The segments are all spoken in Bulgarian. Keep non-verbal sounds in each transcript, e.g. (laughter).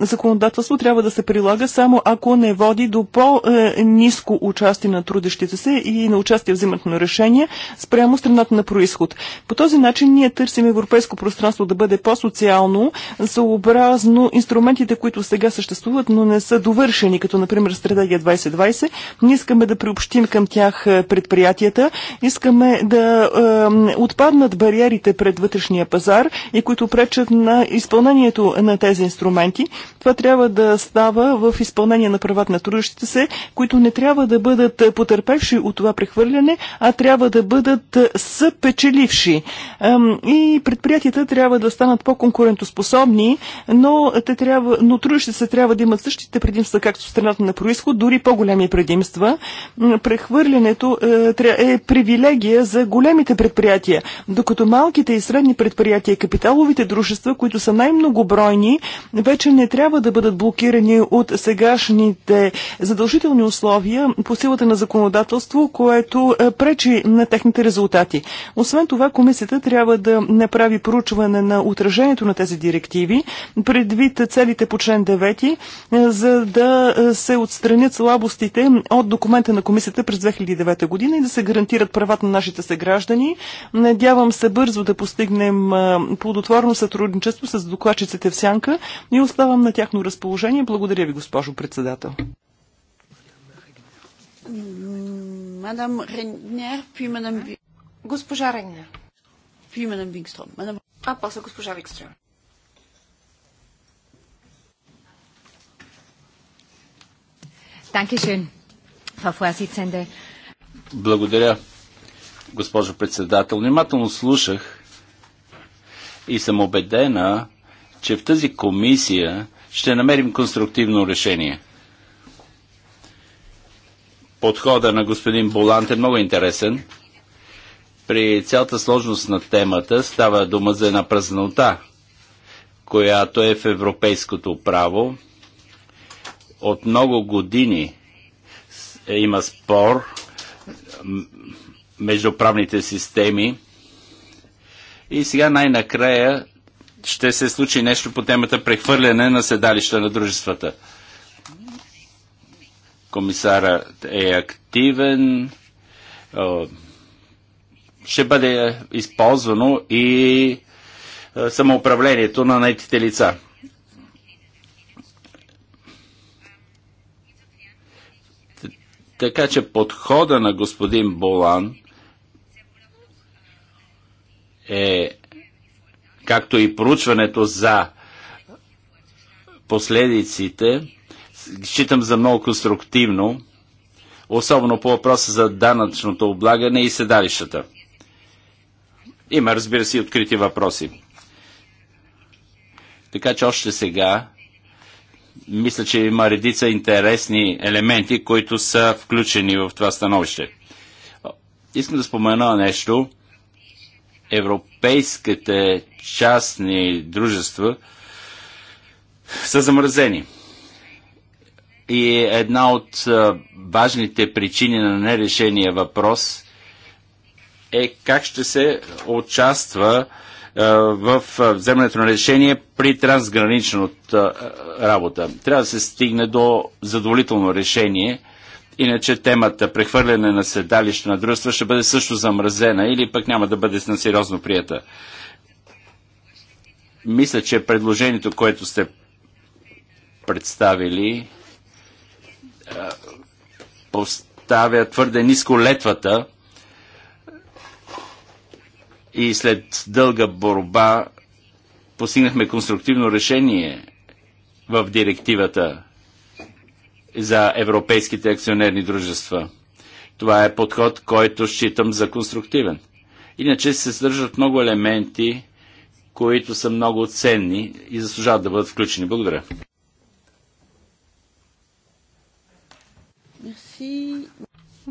законодателство трябва да се прилага само ако не води до по-низко участие на трудещите се и на участие в взимането на решения спрямо страната на происход. По този начин ние търсим европейско пространство да бъде по-социално, съобразно инструментите, които сега съществуват, но не са довършени, като например стратегия 2020. Ние искаме да приобщим към тях е, предприятията, искаме да е, отпаднат бариерите пред вътрешния пазар и които пречат на изпълнението на тези инструменти това трябва да става в изпълнение на правата на трудещите се, които не трябва да бъдат потерпевши от това прехвърляне, а трябва да бъдат съпечеливши. И предприятията трябва да станат по-конкурентоспособни, но, те трябва, но трудещите се трябва да имат същите предимства, както страната на происход, дори по-големи предимства. Прехвърлянето е, е привилегия за големите предприятия, докато малките и средни предприятия, капиталовите дружества, които са най-многобройни, вече не не трябва да бъдат блокирани от сегашните задължителни условия по силата на законодателство, което е, пречи на техните резултати. Освен това, комисията трябва да направи проучване на отражението на тези директиви, предвид целите по член 9, е, за да е, се отстранят слабостите от документа на комисията през 2009 година и да се гарантират правата на нашите съграждани. Надявам се бързо да постигнем плодотворно сътрудничество с докладчиците в Сянка и остава Оставам на тяхно разположение. Благодаря ви, госпожо председател. Мадам Ренер, име на... Госпожа Ренер. Пи мадам Викстром. Мадам... А после госпожа Викстром. Танкишен, фафуасиценде. Благодаря, госпожо председател. Внимателно слушах и съм убедена, че в тази комисия ще намерим конструктивно решение. Подхода на господин Болант е много интересен. При цялата сложност на темата става дума за една празнота, която е в европейското право. От много години е, има спор между правните системи и сега най-накрая ще се случи нещо по темата прехвърляне на седалища на дружествата. Комисарът е активен. Ще бъде използвано и самоуправлението на найтите лица. Така че подхода на господин Болан е както и проучването за последиците, считам за много конструктивно, особено по въпроса за данъчното облагане и седалищата. Има, разбира се, и открити въпроси. Така че още сега мисля, че има редица интересни елементи, които са включени в това становище. Искам да спомена нещо европейските частни дружества са замразени. И е една от важните причини на нерешения въпрос е как ще се участва в вземането на решение при трансграничната работа. Трябва да се стигне до задоволително решение – Иначе темата прехвърляне на седалище на дружества ще бъде също замразена или пък няма да бъде сериозно прията. Мисля, че предложението, което сте представили, поставя твърде ниско летвата и след дълга борба постигнахме конструктивно решение в директивата за европейските акционерни дружества. Това е подход, който считам за конструктивен. Иначе се съдържат много елементи, които са много ценни и заслужават да бъдат включени. Благодаря.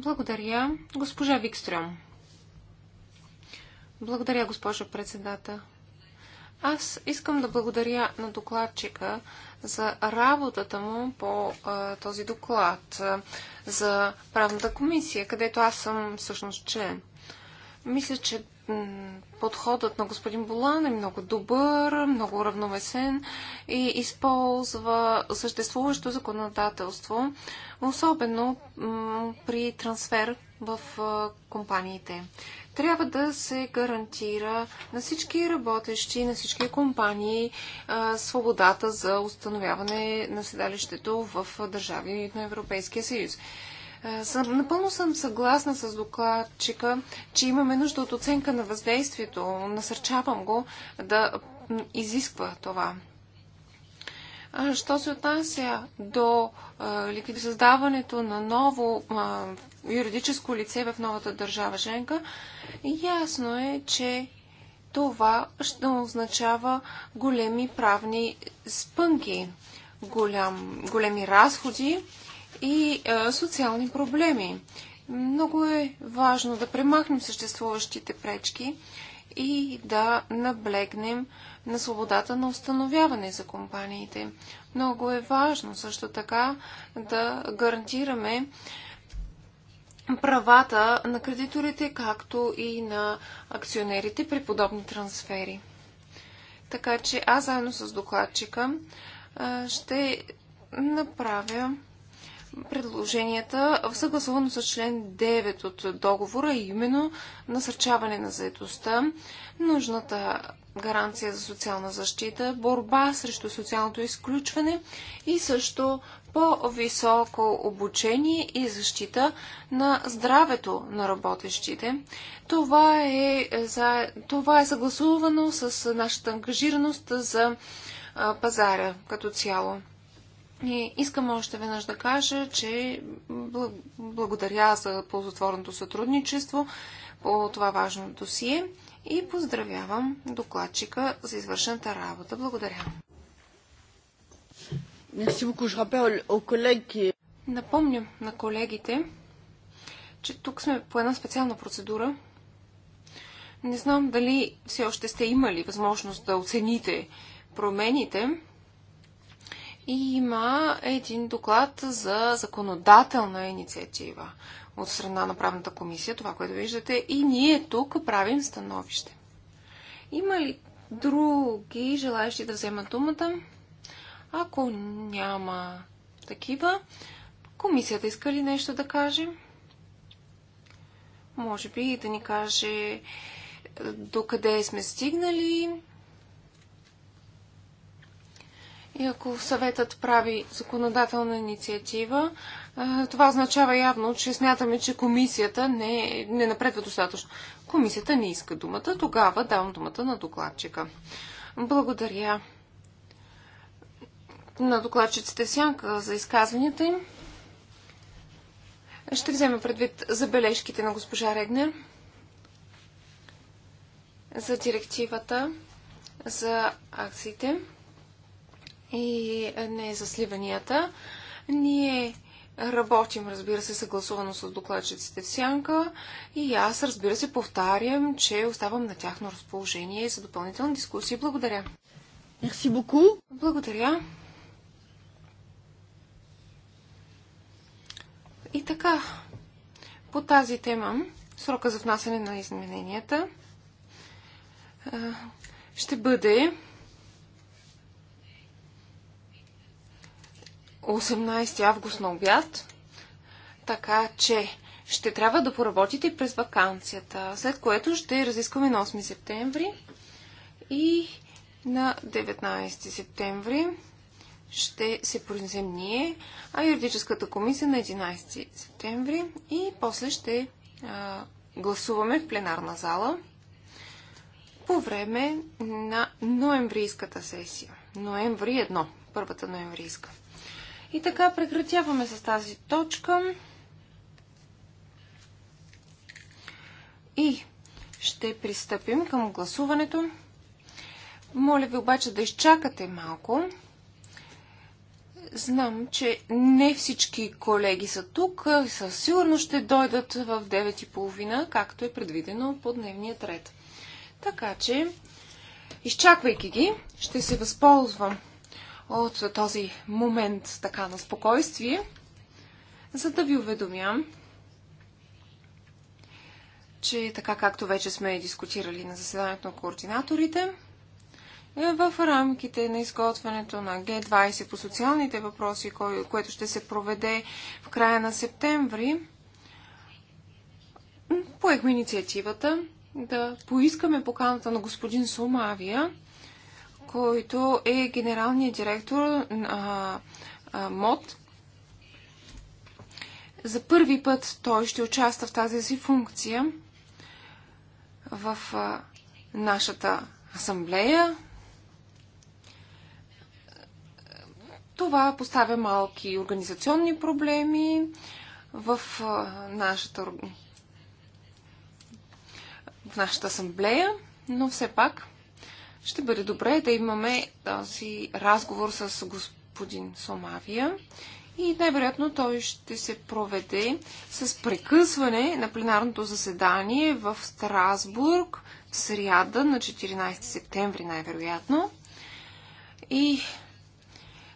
Благодаря. Госпожа Викстрем. Благодаря, госпожа председател. Аз искам да благодаря на докладчика за работата му по а, този доклад а, за правната комисия, където аз съм всъщност член. Мисля, че подходът на господин Болан е много добър, много равновесен и използва съществуващо законодателство, особено при трансфер в компаниите трябва да се гарантира на всички работещи, на всички компании свободата за установяване на седалището в държави на Европейския съюз. Съм, напълно съм съгласна с докладчика, че имаме нужда от оценка на въздействието. Насърчавам го да изисква това. Що се отнася до създаването на ново юридическо лице в новата държава женка, ясно е, че това ще означава големи правни спънки, голям, големи разходи и е, социални проблеми. Много е важно да премахнем съществуващите пречки и да наблегнем на свободата на установяване за компаниите. Много е важно също така да гарантираме правата на кредиторите, както и на акционерите при подобни трансфери. Така че аз заедно с докладчика ще направя предложенията в съгласувано с член 9 от договора, е именно насърчаване на заедостта, нужната гаранция за социална защита, борба срещу социалното изключване и също по-високо обучение и защита на здравето на работещите. Това е, за, това е съгласувано с нашата ангажираност за пазара като цяло. И искам още веднъж да кажа, че благодаря за ползотворното сътрудничество по това важно досие и поздравявам докладчика за извършената работа. Благодаря. Напомням на колегите, че тук сме по една специална процедура. Не знам дали все още сте имали възможност да оцените промените, и има един доклад за законодателна инициатива от страна на правната комисия, това, което виждате. И ние тук правим становище. Има ли други желаящи да вземат думата? Ако няма такива, комисията иска ли нещо да каже? Може би да ни каже докъде сме стигнали, И ако съветът прави законодателна инициатива, това означава явно, че смятаме, че комисията не, не напредва достатъчно. Комисията не иска думата, тогава давам думата на докладчика. Благодаря на докладчиците Сянка за изказванията им. Ще взема предвид забележките на госпожа Регнер за директивата за акциите и не за сливанията. Ние работим, разбира се, съгласувано с докладчиците в сянка и аз, разбира се, повтарям, че оставам на тяхно разположение за допълнителни дискусии. Благодаря. Мерси боку. Благодаря. И така, по тази тема, срока за внасяне на измененията ще бъде 18 август на обяд, така че ще трябва да поработите през вакансията, след което ще разискваме на 8 септември и на 19 септември ще се произнесем ние, а юридическата комисия на 11 септември и после ще а, гласуваме в пленарна зала по време на ноемврийската сесия. Ноември 1, първата ноемврийска. И така прекратяваме с тази точка. И ще пристъпим към гласуването. Моля ви обаче да изчакате малко. Знам, че не всички колеги са тук. Със сигурност ще дойдат в 9.30, както е предвидено по дневния ред. Така че, изчаквайки ги, ще се възползвам от този момент така на спокойствие, за да ви уведомя, че така както вече сме дискутирали на заседанието на координаторите, е, в рамките на изготвянето на Г20 по социалните въпроси, което ще се проведе в края на септември, поехме инициативата да поискаме поканата на господин Сумавия който е генералният директор на МОД. За първи път той ще участва в тази си функция в нашата асамблея. Това поставя малки организационни проблеми в нашата, в нашата асамблея, но все пак ще бъде добре да имаме този разговор с господин Сомавия и най-вероятно той ще се проведе с прекъсване на пленарното заседание в Страсбург в сряда на 14 септември най-вероятно. И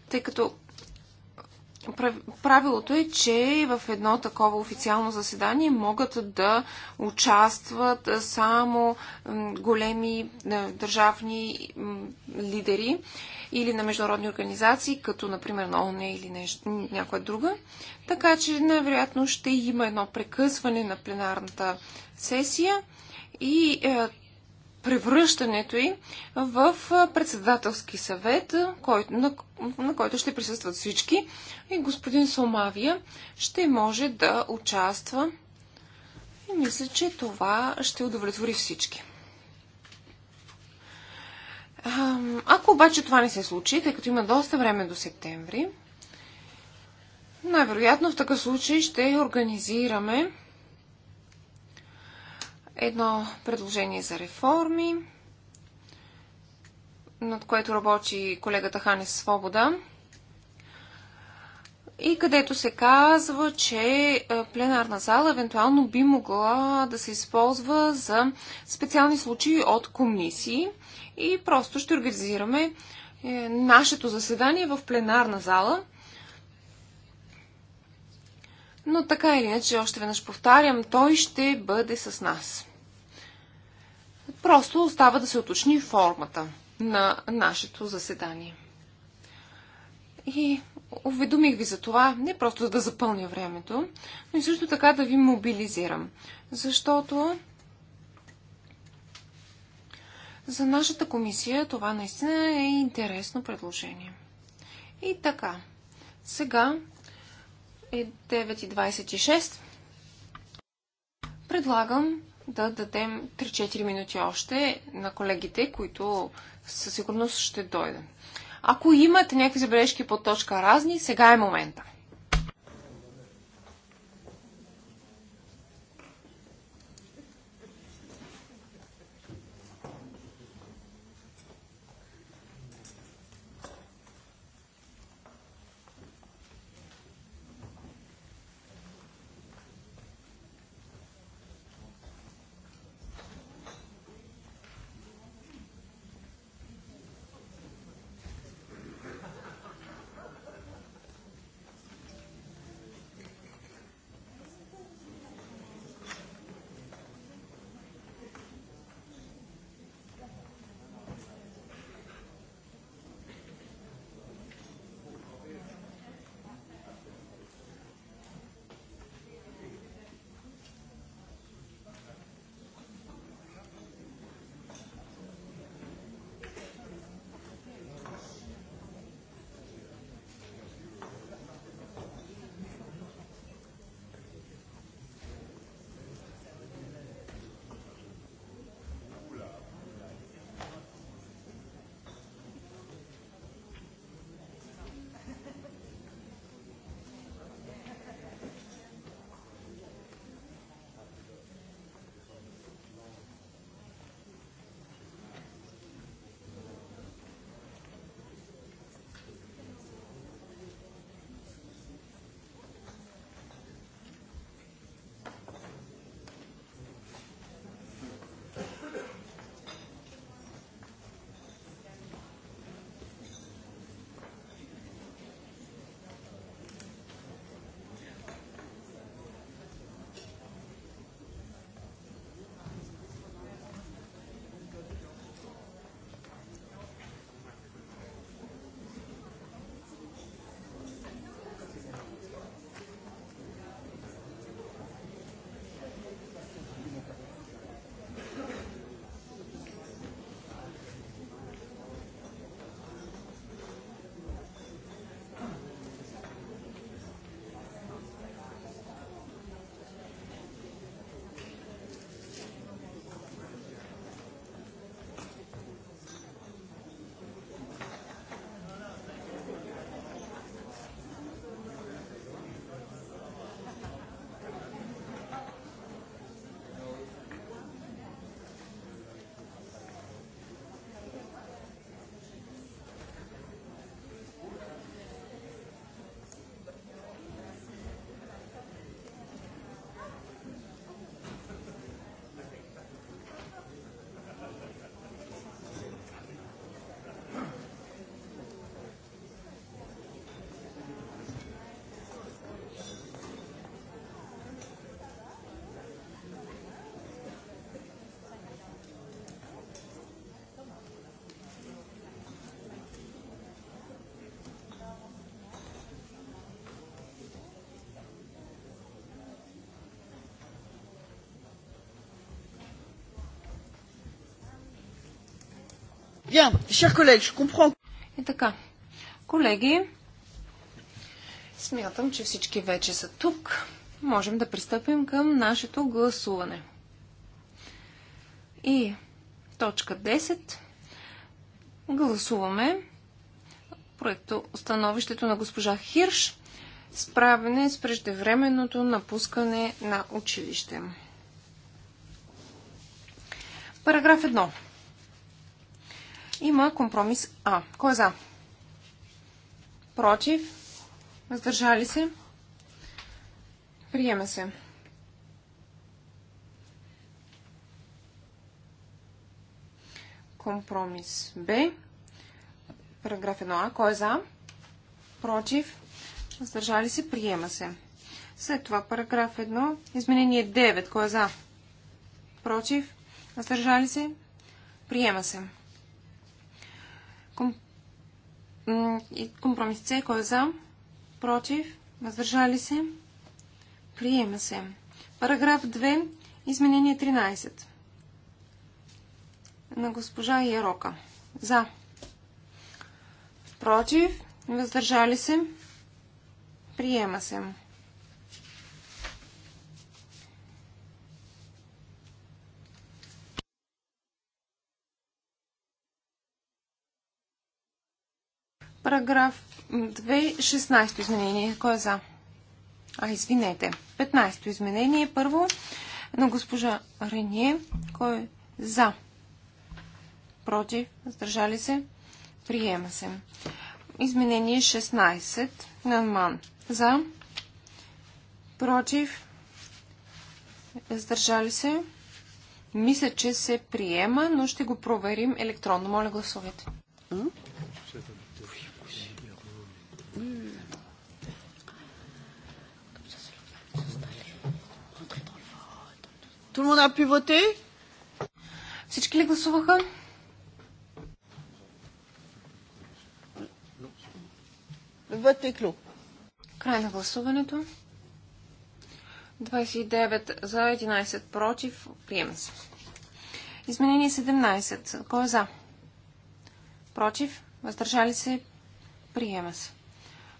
тъй като Правилото е, че в едно такова официално заседание могат да участват само големи е, държавни лидери или на международни организации, като например на ОНЕ или нещо, някоя друга. Така че най-вероятно ще има едно прекъсване на пленарната сесия и е, превръщането й в председателски съвет, на, който ще присъстват всички и господин Сомавия ще може да участва. И мисля, че това ще удовлетвори всички. Ако обаче това не се случи, тъй като има доста време до септември, най-вероятно в такъв случай ще организираме едно предложение за реформи, над което работи колегата Ханес Свобода и където се казва, че е, пленарна зала евентуално би могла да се използва за специални случаи от комисии и просто ще организираме е, нашето заседание в пленарна зала. Но така или иначе, още веднъж повтарям, той ще бъде с нас. Просто остава да се уточни формата на нашето заседание. И уведомих ви за това, не просто за да запълня времето, но и също така да ви мобилизирам. Защото за нашата комисия това наистина е интересно предложение. И така, сега е 9.26. Предлагам да дадем 3-4 минути още на колегите, които със сигурност ще дойдат. Ако имате някакви забележки по точка разни, сега е момента. Bien, chers collègues, je comprends. И така, колеги, смятам, че всички вече са тук. Можем да пристъпим към нашето гласуване. И точка 10. Гласуваме проекто становището на госпожа Хирш справяне с преждевременното напускане на училище. Параграф 1. Има компромис А. Кой е за? Против? Въздържали се? Приема се. Компромис Б. Параграф 1А. Кой е за? Против? Въздържали се? Приема се. След това параграф 1. Изменение 9. Кой е за? Против? Въздържали се? Приема се. И компромис С, кой е за? Против? Въздържали се? Приема се. Параграф 2. Изменение 13. На госпожа Ярока. За. Против? Въздържали се? Приема се. Параграф 2, 16 изменение. Кой е за? А, извинете. 15 то изменение първо на госпожа Рене. Кой е за? Против? Сдържали се? Приема се. Изменение 16 на МАН. За? Против? Сдържали се? Мисля, че се приема, но ще го проверим електронно. Моля, гласувайте. Mm-hmm. Tout le monde a pu voter? Всички ли гласуваха? Вътре е клюк. Край на гласуването. 29 за 11 против. Приема се. Изменение 17. Кой е за? Против. Въздържали се. Приема се.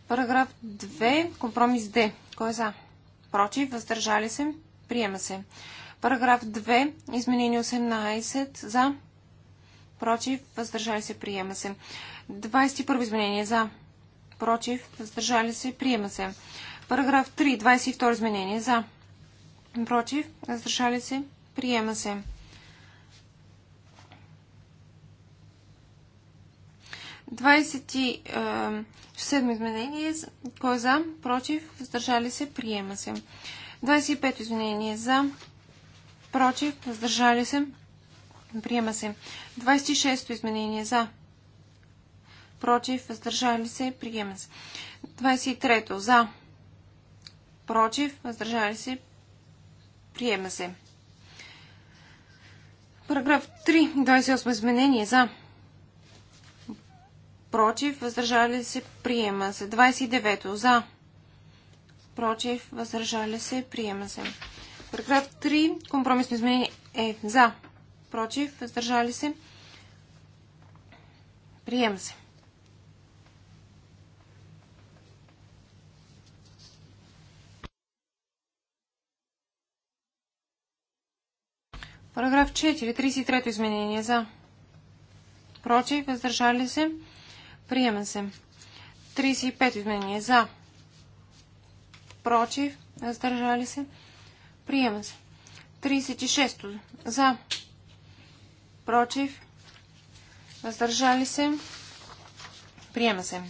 Параграф 2. Компромис Д. Кой е за? Против. Въздържали се. Приема се. Параграф 2. Изменение 18. За. Против. Въздържали се. Приема се. 21 изменение. За. Против. Въздържали се. Приема се. Параграф 3. 22 изменение. За. Против. Въздържали се. Приема се. Двадесет и седмо изменение. Кой е за? Против? Въздържали се? Приема се. 25 изменение за, против, въздържали се, приема се. 26-то изменение за, против, въздържали се, приема се. 23-то за, против, въздържали се, приема се. Параграф 3, 28 изменение за, против, въздържали се, приема се. 29-то за, против, въздържали се, приема се. Параграф 3. Компромисно изменение е за. Против. Въздържали се. Приема се. Параграф 4. 33 изменение за. Против. Въздържали се. Приема се. 35 изменение за. Против. Въздържали се. Приема се. 36 за. Против. Въздържали се. Приема се.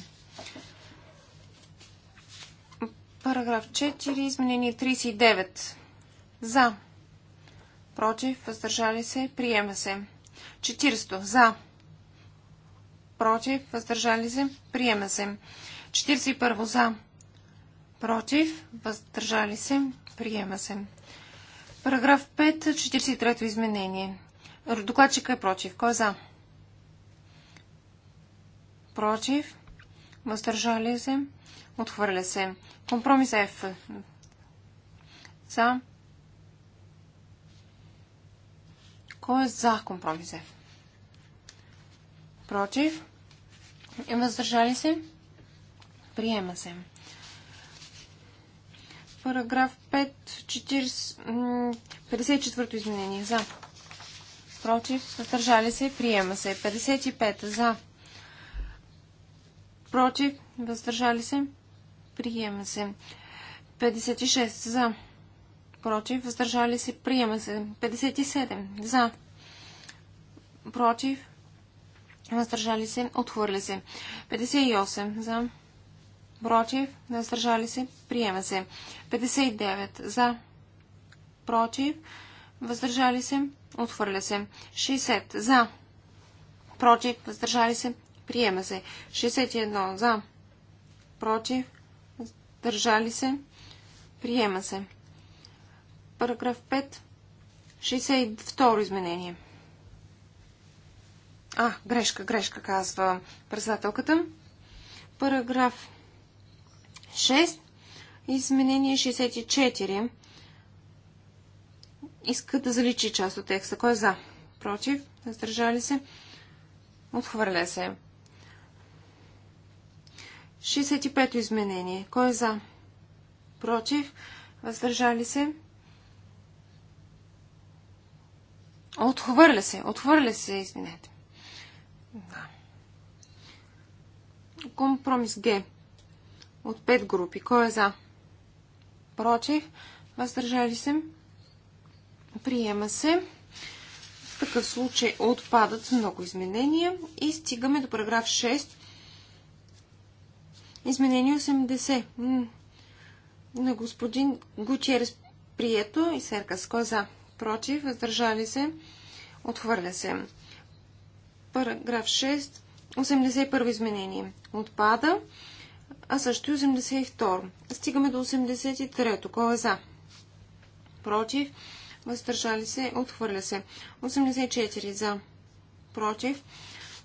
Параграф 4. Изменение 39. За. Против. Въздържали се. Приема се. 40. За. Против. Въздържали се. Приема се. 41. За. Против. Въздържали се. Приема се. Параграф 5, 43-то изменение. Докладчика е против. Кой е за? Против. Въздържали се. Отхвърля се. Компромис F. За. Кой е за компромис F? Против. въздържали се. Приема се. Параграф 5, 40, 54 изменение. За. Против. съдържали се. Приема се. 55. За. Против. Въздържали се. Приема се. 56. За. Против. Въздържали се. Приема се. 57. За. Против. Въздържали се. Отхвърля се. 58. За против, сдържали се, приема се. 59 за, против, въздържали се, отхвърля се. 60 за, против, въздържали се, приема се. 61 за, против, въздържали се, приема се. Параграф 5, 62 изменение. А, грешка, грешка, казва председателката. Параграф 6. Изменение 64. Иска да заличи част от текста. Кой е за? Против? Въздържали се? Отхвърля се. 65 изменение. Кой е за? Против? Въздържали се? Отхвърля се. Отхвърля се, извинете. Да. Компромис Г от пет групи. Кой е за? Против? Въздържали се? Приема се. В такъв случай отпадат много изменения и стигаме до параграф 6. Изменение 80. М на господин Гутиерес прието и серка, с е за? Против? Въздържали се? Отхвърля се. Параграф 6. 81 изменение. Отпада а също и 82. Стигаме до 83. Кой е за? Против. Въздържали се. Отхвърля се. 84. За. Против.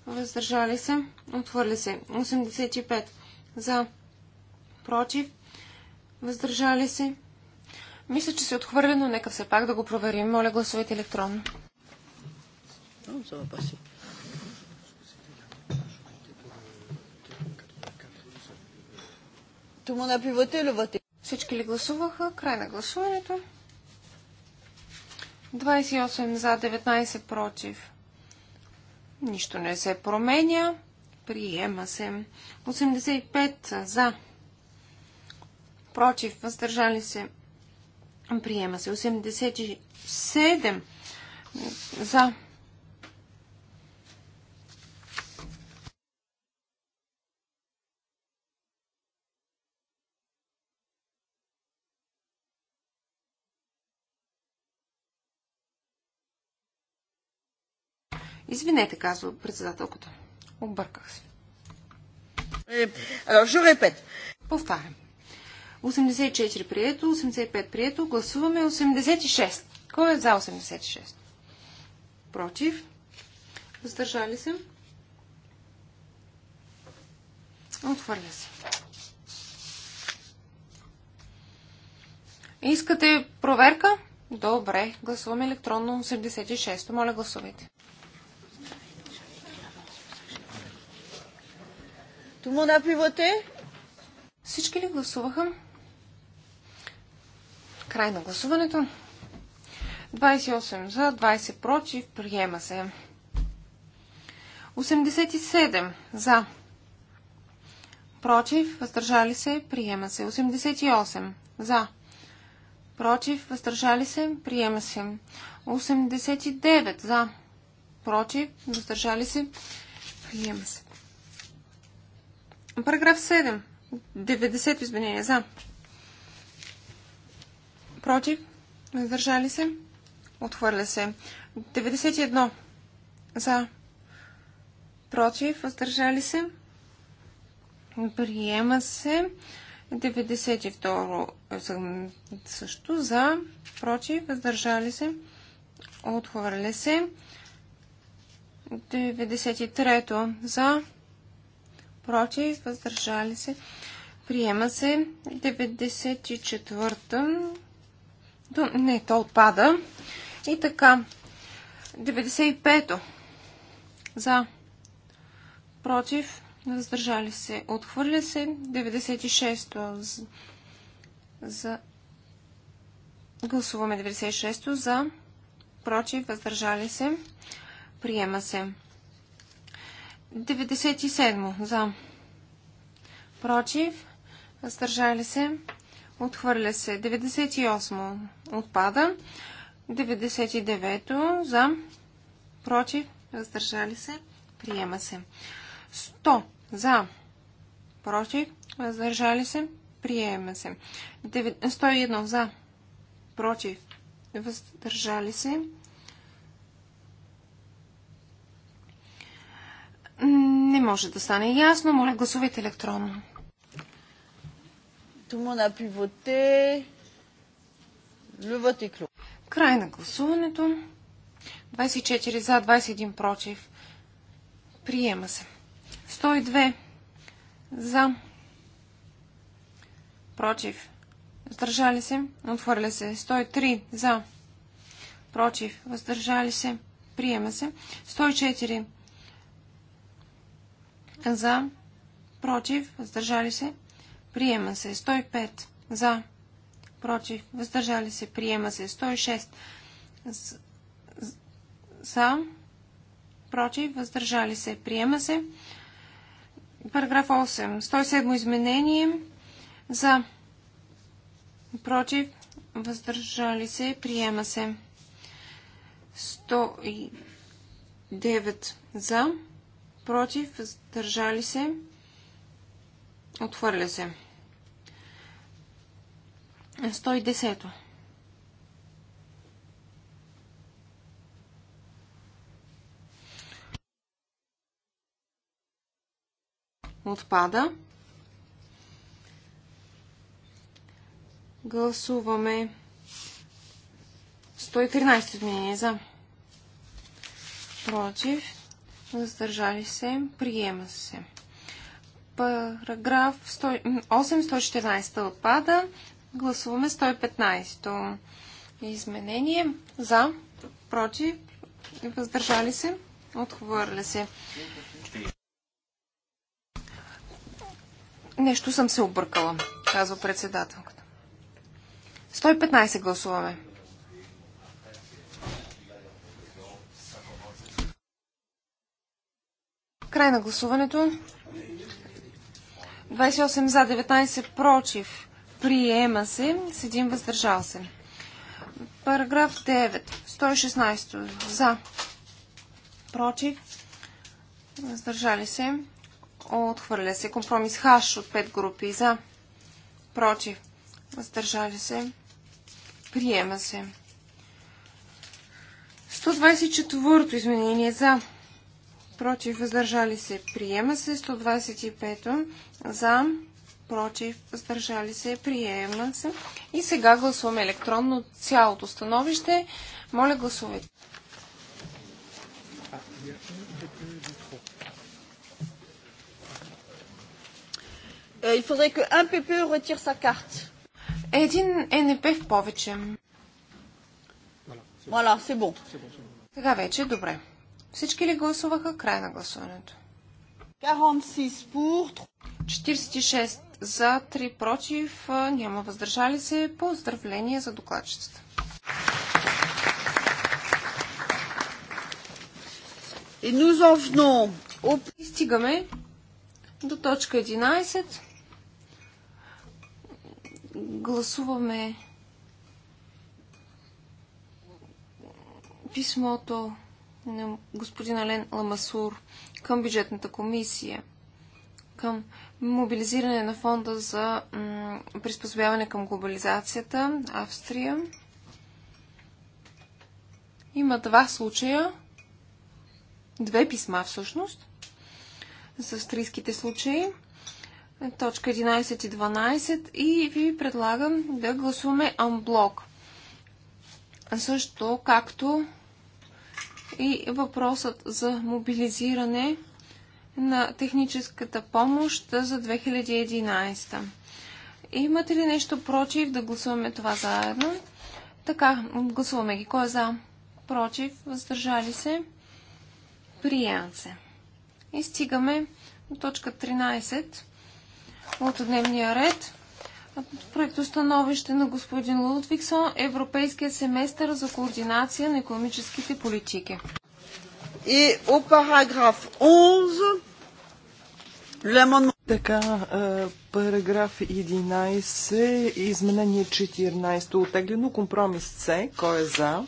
Въздържали се. Отхвърля се. 85. За. Против. Въздържали се. Мисля, че се отхвърля, но нека все пак да го проверим. Моля, гласувайте електронно. Non, ça va Всички ли гласуваха? Край на гласуването. 28 за, 19 против. Нищо не се променя. Приема се. 85 за. Против. Въздържали се. Приема се. 87 за. Извинете, казва председателката. Обърках се. Е, Жо репет. Повтарям. 84 прието, 85 прието. Гласуваме 86. Кой е за 86? Против? Въздържали се? Отхвърля се. Искате проверка? Добре, гласуваме електронно 86. Моля, гласувайте. Tout le monde a pu voter? Всички ли гласуваха? Край на гласуването. 28 за, 20 против. Приема се. 87 за. Против. Въздържали се. Приема се. 88 за. Против. Въздържали се. Приема се. 89 за. Против. Въздържали се. Приема се. Параграф 7. 90 изменения за. Против. Въздържали се. Отхвърля се. 91 за. Против. Въздържали се. Приема се. 92 също за. Против. Въздържали се. Отхвърля се. 93 за против, въздържали се, приема се. 94-та, не, то отпада. И така, 95-то, за, против, въздържали се, отхвърля се. 96-то, за, гласуваме 96-то, за, против, въздържали се, приема се. 97 за. Против. Въздържали се. Отхвърля се. 98 отпада. 99 за. Против. Въздържали се. Приема се. 100 за. Против. Въздържали се. Приема се. 101 за. Против. Въздържали се. Не може да стане ясно. Моля, гласувайте електронно. Край на гласуването. 24 за, 21 против. Приема се. 102 за, против. Въздържали се. Отхвърля се. 103 за, против. Въздържали се. Приема се. 104 за, против, въздържали се, приема се. 105 за, против, въздържали се, приема се. 106 за, против, въздържали се, приема се. Параграф 8. 107 изменение за, против, въздържали се, приема се. 109 за, против, въздържали се, отвърля се. 110. Отпада. Гласуваме 113 изменение за против въздържали се, приема се. Параграф 814 отпада. Гласуваме 115 изменение. За, против, въздържали се, отхвърля се. Нещо съм се объркала, казва председателката. 115 гласуваме. Край на гласуването. 28 за, 19 против. Приема се с един въздържал се. Параграф 9. 116 за. Против. Въздържали се. Отхвърля се. Компромис хаш от 5 групи за. Против. Въздържали се. Приема се. 124 изменение за против, въздържали се, приема се. 125 за, против, въздържали се, приема се. И сега гласуваме електронно цялото становище. Моля, гласувайте. Euh, il faudrait que un PP e retire sa carte. Един НП в повече. Voilà, c'est bon. Сега вече добре. Всички ли гласуваха? Край на гласуването. 46 за, 3 против, няма въздържали се. Поздравление за докладчицата. И Стигаме до точка 11. Гласуваме писмото на господин Ален Ламасур към бюджетната комисия, към мобилизиране на фонда за приспособяване към глобализацията, Австрия. Има два случая, две писма всъщност, за австрийските случаи, точка 11 и 12 и ви предлагам да гласуваме анблок. Също както и въпросът за мобилизиране на техническата помощ за 2011. Имате ли нещо против да гласуваме това заедно? Така, гласуваме ги. Кой е за? Против? Въздържали се? Прият се. И стигаме до точка 13 от дневния ред. Проекто становище на господин Лутвиксон Европейския семестър за координация на економическите политики. И о параграф 11 така, е, параграф 11, изменение 14, отеглено, компромис С, кой е за,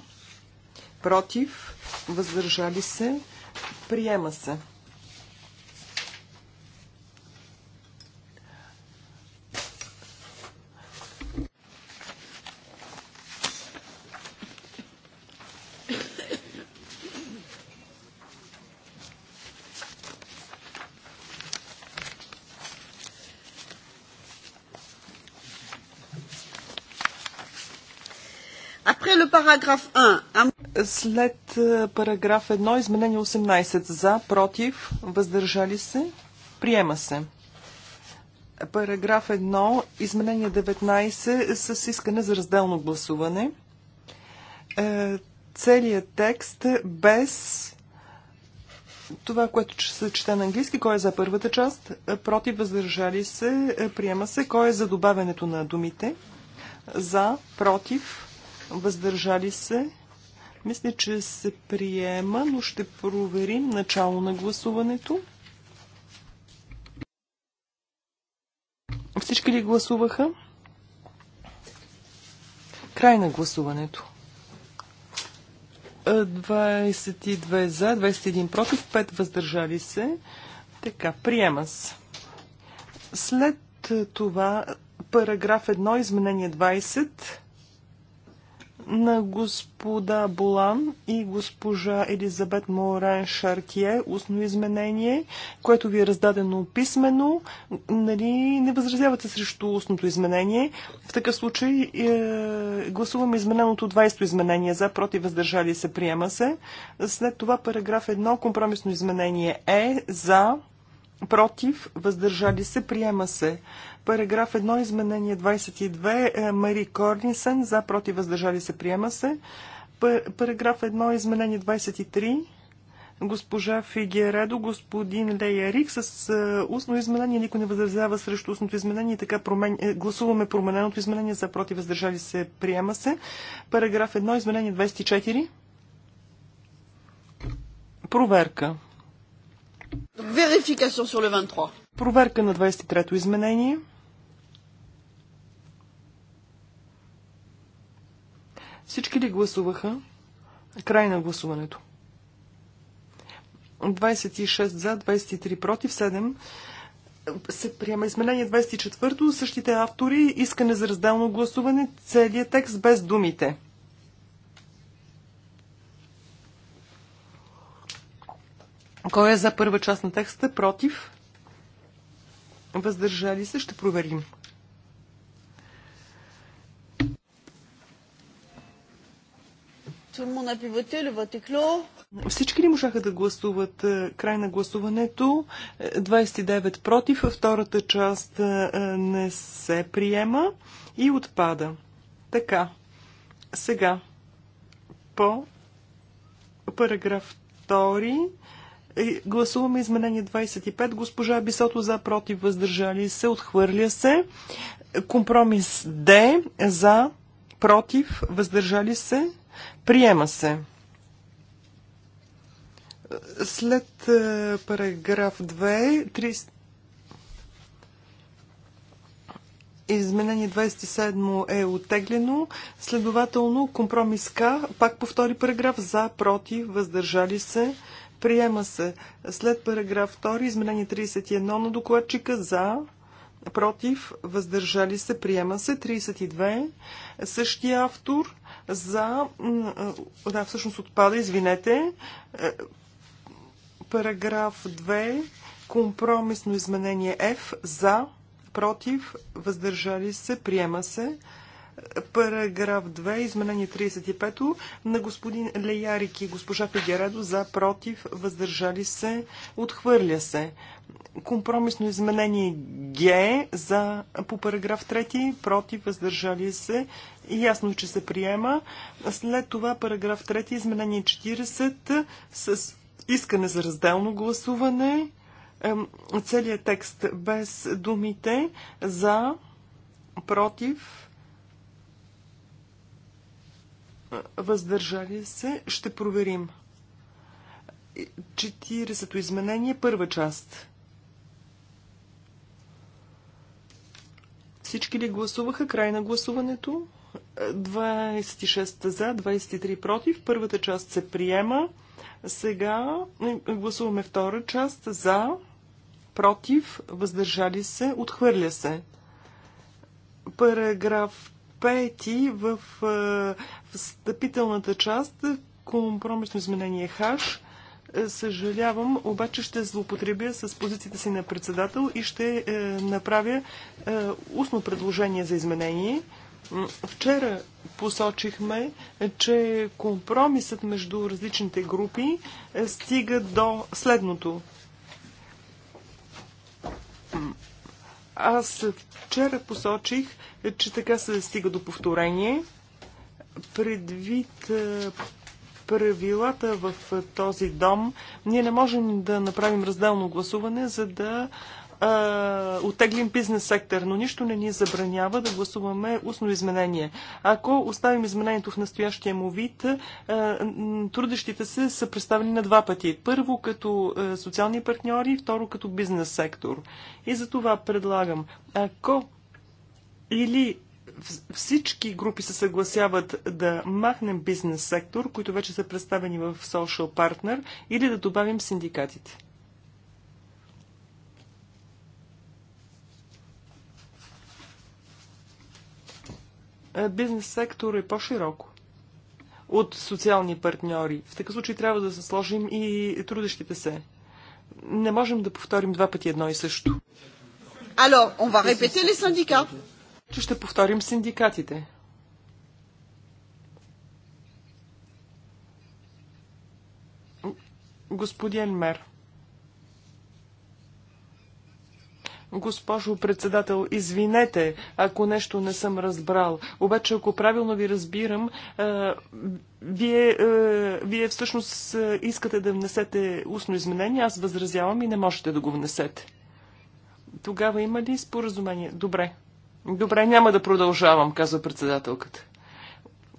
против, въздържали се, приема се. параграф 1. След параграф 1, изменение 18. За, против, въздържали се, приема се. Параграф 1, изменение 19 с искане за разделно гласуване. Е, целият текст без това, което се чете на английски, кой е за първата част, е, против въздържали се, е, приема се, кой е за добавянето на думите, за, против, въздържали се. Мисля, че се приема, но ще проверим начало на гласуването. Всички ли гласуваха? Край на гласуването. 22 е, за, 21 против, 5 въздържали се. Така, приема се. След това параграф 1, изменение 20 на господа Болан и госпожа Елизабет Моран Шаркие устно изменение, което ви е раздадено писменно. Нали, не възразявате срещу устното изменение. В такъв случай е, гласуваме измененото 20-то изменение за, против, въздържали се, приема се. След това параграф 1, компромисно изменение е за, против, въздържали се, приема се. Параграф 1, изменение 22, е, Мари Корнисен, за, против, въздържали се, приема се. Параграф 1, изменение 23, госпожа Фигередо, господин Лея Рик с е, устно изменение. Никой не възразява срещу устното изменение. Така промен... Е, гласуваме промененото изменение за против въздържали се. Приема се. Параграф 1, изменение 24. Проверка. Проверка на 23-то изменение. Всички ли гласуваха? Край на гласуването. 26 за, 23 против, 7 се приема изменение 24-то, същите автори, искане за разделно гласуване, целият текст без думите. Кой е за първа част на текста? Против? Въздържали се? Ще проверим. Всички ли можаха да гласуват е, край на гласуването? 29 е, против, втората част е, не се приема и отпада. Така, сега по параграф 2 е, гласуваме изменение 25. Госпожа Бисото за, против, въздържали се, отхвърля се. Компромис Д за, против, въздържали се, приема се. След е, параграф 2, 3... изменение 27 е оттеглено. Следователно, компромис К, пак повтори параграф, за, против, въздържали се, се. Приема се след параграф 2 изменение 31 на докладчика за против, въздържали се, приема се. 32, същия автор, за, да, всъщност отпада, извинете, е, параграф 2, компромисно изменение F, за, против, въздържали се, приема се. Параграф 2, изменение 35 на господин Леярик и госпожа Фегередо за против, въздържали се, отхвърля се. Компромисно изменение Г за, по параграф 3, против, въздържали се, ясно, че се приема. След това параграф 3, изменение 40 с искане за разделно гласуване. Целият текст без думите за, против, въздържали се, ще проверим. 40-то изменение, първа част. Всички ли гласуваха? Край на гласуването. 26 за, 23 против. Първата част се приема. Сега гласуваме втора част за, против, въздържали се, отхвърля се. Параграф пети в е, встъпителната част, компромисно изменение ХАШ. Е, съжалявам, обаче ще злоупотребя с позицията си на председател и ще е, направя е, устно предложение за изменение. Вчера посочихме, че компромисът между различните групи е, стига до следното. Аз вчера посочих, че така се стига до повторение. Предвид е, правилата в този дом, ние не можем да направим разделно гласуване, за да а, отеглим бизнес сектор, но нищо не ни забранява да гласуваме устно изменение. Ако оставим изменението в настоящия му вид, а, трудещите се са представени на два пъти. Първо като а, социални партньори, второ като бизнес сектор. И за това предлагам, ако или всички групи се съгласяват да махнем бизнес сектор, които вече са представени в Social Partner, или да добавим синдикатите. Е, бизнес сектор е по-широко от социални партньори. В такъв случай трябва да се сложим и трудещите се. Не можем да повторим два пъти едно и също. Alors, on va répéter les syndicats. Че ще повторим синдикатите. Господин Мер. Госпожо председател, извинете, ако нещо не съм разбрал. Обаче, ако правилно ви разбирам, е, вие, е, вие всъщност е, искате да внесете устно изменение, аз възразявам и не можете да го внесете. Тогава има ли споразумение? Добре. Добре, няма да продължавам, казва председателката.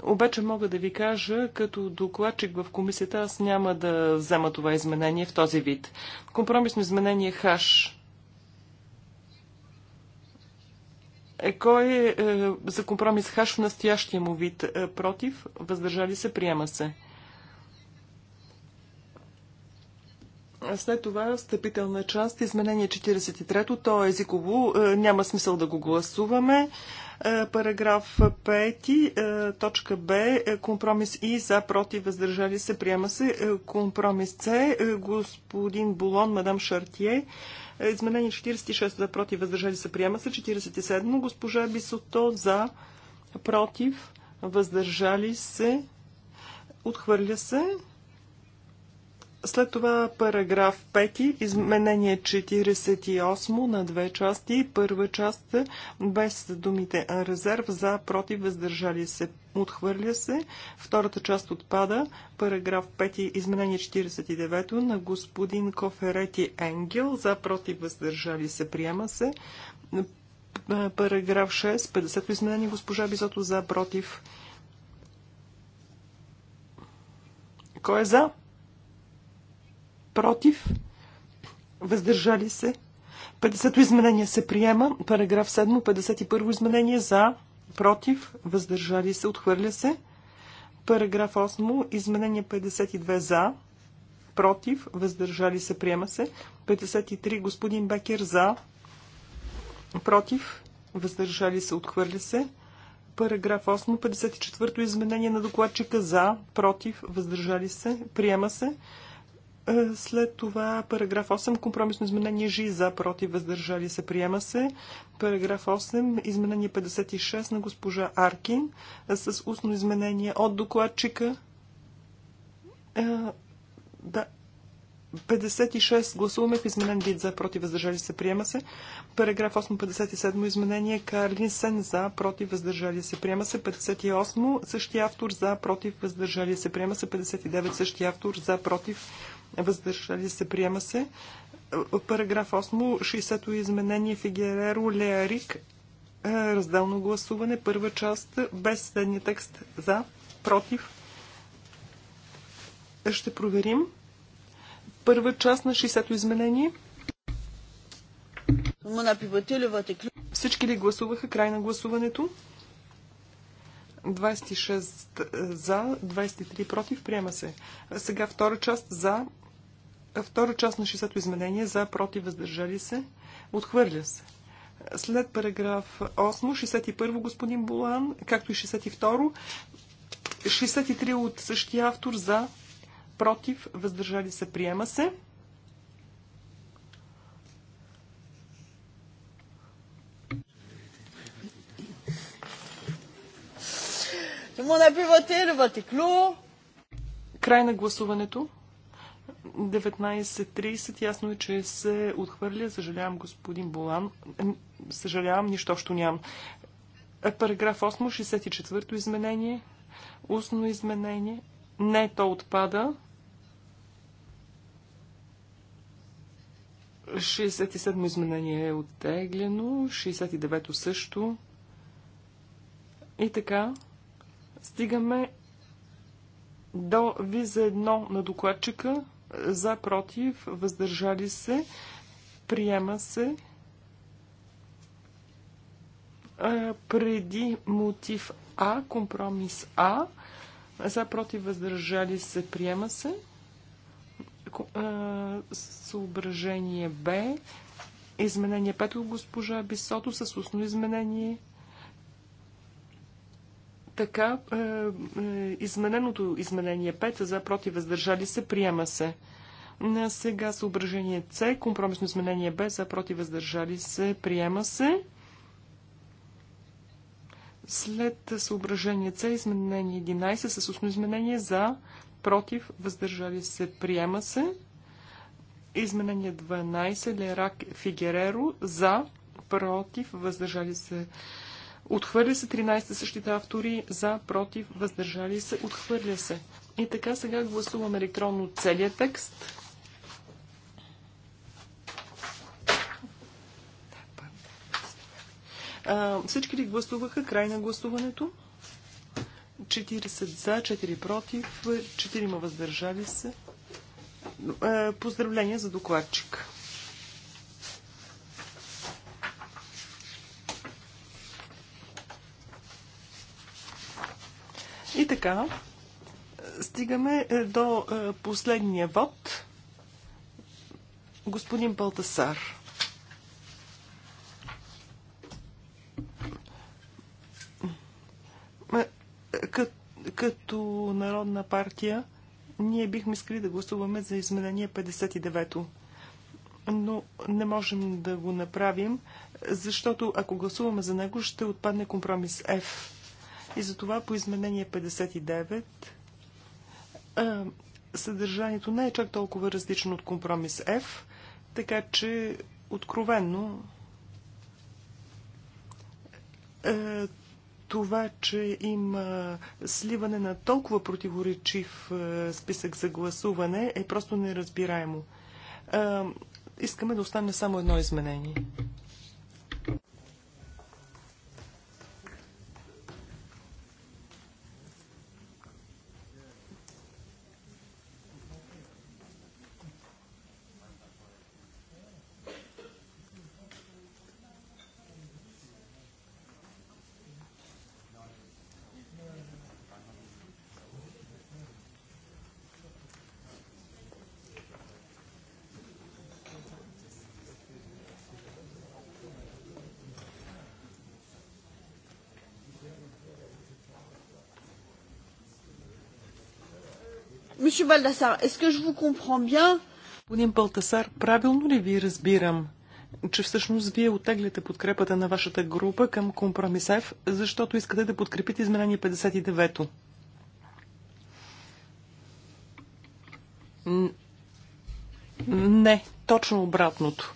Обаче мога да ви кажа, като докладчик в комисията, аз няма да взема това изменение в този вид. Компромисно изменение хаш. Е, кой е, е за компромис хаш в настоящия му вид? Е, против? Въздържали се? Приема се. След това встъпителна част, изменение 43-то, то е езиково, е, няма смисъл да го гласуваме. Е, параграф 5, е, точка Б, компромис И за, против, въздържали се, приема се. Компромис С, господин Болон, мадам Шартие, Изменение 46 за против, въздържали се, приема се. 47. Госпожа Бисото за против, въздържали се, отхвърля се. След това параграф 5, изменение 48 на две части. Първа част без думите резерв за, против, въздържали се, отхвърля се. Втората част отпада. Параграф 5, изменение 49 на господин Коферети Енгел за, против, въздържали се, приема се. Параграф 6, 50 изменение госпожа Бизото за, против. Кой е за? против, въздържали се. 50-то изменение се приема. Параграф 7, 51 изменение за, против, въздържали се, отхвърля се. Параграф 8, изменение 52 за, против, въздържали се, приема се. 53, господин Бекер за, против, въздържали се, отхвърля се. Параграф 8, 54 изменение на докладчика за, против, въздържали се, приема се. Е, след това параграф 8, компромисно изменение Жи за, против, въздържали се, приема се. Параграф 8, изменение 56 на госпожа Аркин е, с устно изменение от докладчика. Е, да, 56 гласуваме в изменен вид за, против, въздържали се, приема се. Параграф 8, 57 изменение Карлин Сен за, против, въздържали се, приема се. 58 същия автор за, против, въздържали се, приема се. 59 същия автор за, против, въздържали се, приема се. Параграф 8, 60-то изменение Фигереро Леарик, е, разделно гласуване, първа част, без следния текст, за, против. Ще проверим. Първа част на 60-то изменение. Всички ли гласуваха край на гласуването? 26 е, за, 23 против, приема се. Сега втора част за, Втора част на 60-то изменение за против въздържали се. Отхвърля се. След параграф 8, 61 господин Болан, както и 62, 63 от същия автор за против въздържали се приема се. Край на гласуването. 19.30 ясно е, че се отхвърля. Съжалявам, господин Болан. Съжалявам, нищо общо нямам. Е, параграф 8, 64-то изменение. Устно изменение. Не, то отпада. 67 изменение е оттеглено, 69 също. И така, стигаме до виза 1 на докладчика, за, против, въздържали се, приема се. Преди мотив А, компромис А, за, против, въздържали се, приема се. Съображение Б, изменение 5 от госпожа Бисото с устно изменение така, е, е, измененото изменение 5 за против въздържали се приема се. На сега съображение С, компромисно изменение Б за против въздържали се приема се. След съображение С, изменение 11 с устно изменение за против въздържали се приема се. Изменение 12 Лерак Фигереро за против въздържали се приема се. Отхвърля се 13 същите автори за, против, въздържали се, отхвърля се. И така сега гласувам електронно целия текст. А, всички ли гласуваха край на гласуването? 40 за, 4 против, 4 въздържали се. А, поздравления за докладчик. така, стигаме е, до е, последния вод. Господин Балтасар. Е, като Народна партия, ние бихме искали да гласуваме за изменение 59-то. Но не можем да го направим, защото ако гласуваме за него, ще отпадне компромис F. И затова по изменение 59 съдържанието не е чак толкова различно от компромис F, така че откровенно това, че има сливане на толкова противоречив списък за гласуване е просто неразбираемо. Искаме да остане само едно изменение. Monsieur Балдасар, est-ce que je vous comprends bien? Господин Балтасар, правилно ли ви разбирам, че всъщност вие отегляте подкрепата на вашата група към компромисев, защото искате да подкрепите изменение 59-то? Не, точно обратното.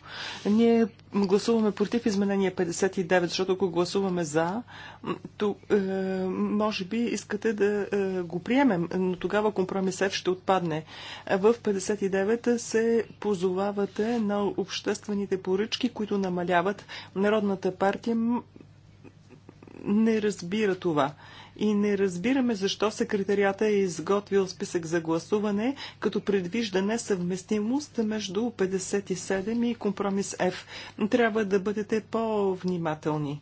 Ние гласуваме против изменение 59, защото ако гласуваме за, то е, може би искате да е, го приемем, но тогава компромисът ще отпадне. В 59 се позовавате на обществените поръчки, които намаляват. Народната партия не разбира това. И не разбираме защо секретарията е изготвил списък за гласуване, като предвижда несъвместимост между 57 и компромис F. Трябва да бъдете по-внимателни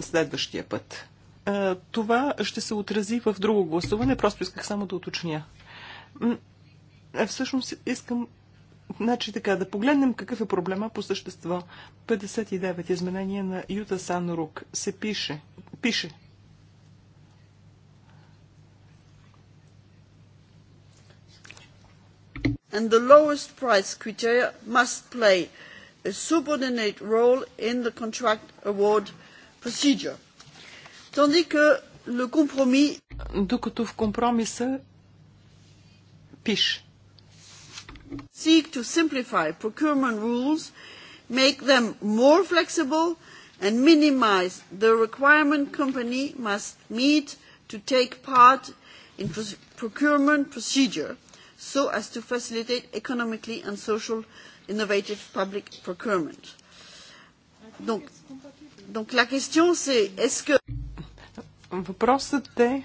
следващия път. Това ще се отрази в друго гласуване, просто исках само да уточня. Всъщност искам Значи така, да погледнем какъв е проблема по същество. 59 изменение на Юта Сан Рук. се пише. Пише. And the lowest price criteria must play a subordinate role in the contract award procedure. Tandis que le compromis... Докато в компромиса пише Seek to simplify procurement rules, make them more flexible and minimize the requirement company must meet to take part in procurement procedure so as to facilitate economically and social innovative public procurement. Donc, donc la question c'est est-ce que е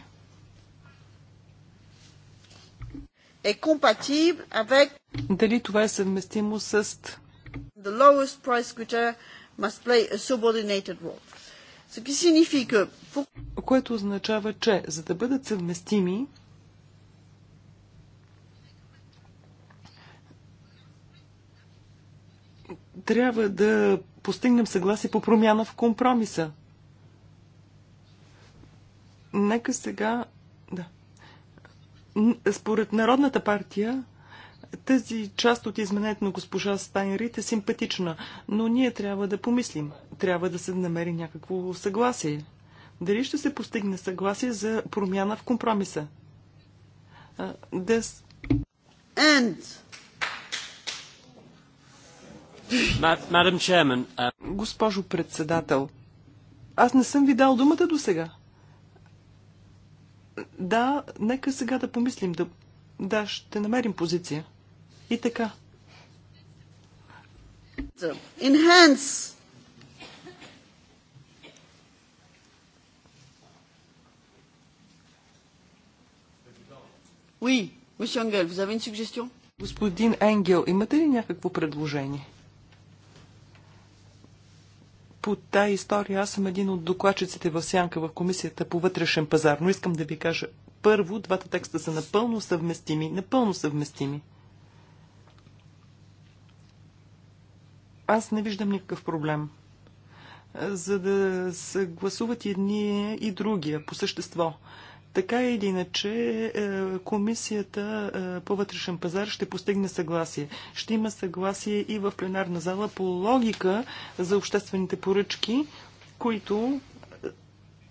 е компатибл avec дали това е съвместимо с the lowest price criteria must play a subordinated role. Ce qui signifie que... Което означава, че за да бъдат съвместими, трябва да постигнем съгласие по промяна в компромиса. Нека сега според Народната партия, тази част от изменението на госпожа Стайнрит е симпатична, но ние трябва да помислим. Трябва да се намери някакво съгласие. Дали ще се постигне съгласие за промяна в компромиса? Да. And... Госпожо председател, аз не съм ви дал думата до сега. Да, нека сега да помислим. Да, да ще намерим позиция. И така. Enhance Oui, monsieur Engel, vous avez une suggestion Господин Енгел, имате ли някакво предложение? по тази история аз съм един от докладчиците в Сянка в Комисията по вътрешен пазар, но искам да ви кажа първо, двата текста са напълно съвместими, напълно съвместими. Аз не виждам никакъв проблем. За да се гласуват едни и другия по същество. Така или иначе, е, комисията е, по вътрешен пазар ще постигне съгласие. Ще има съгласие и в пленарна зала по логика за обществените поръчки, които е,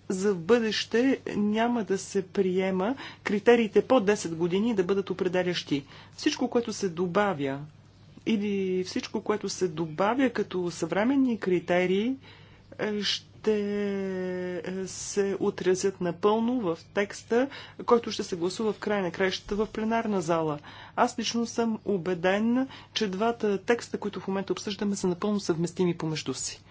за бъдеще няма да се приема критериите по 10 години да бъдат определящи. Всичко, което се добавя или всичко, което се добавя като съвременни критерии, ще е, се отразят напълно в текста, който ще се гласува в край на краищата в пленарна зала. Аз лично съм убеден, че двата текста, които в момента обсъждаме, са напълно съвместими помежду си.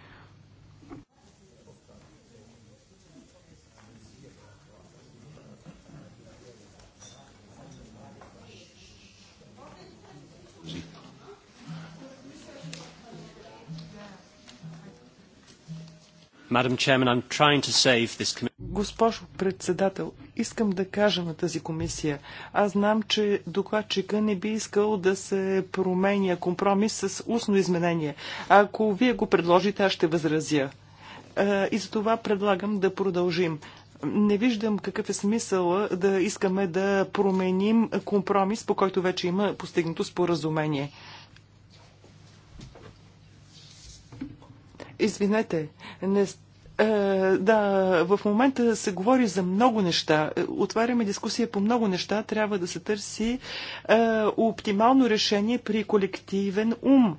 Госпожо председател, искам да кажа на тази комисия. Аз знам, че докладчика не би искал да се променя компромис с устно изменение. Ако вие го предложите, аз ще възразя. Е, и за това предлагам да продължим. Не виждам какъв е смисъл да искаме да променим компромис, по който вече има постигнато споразумение. Извинете, не е, да, в момента се говори за много неща. Е, отваряме дискусия по много неща. Трябва да се търси е, оптимално решение при колективен ум.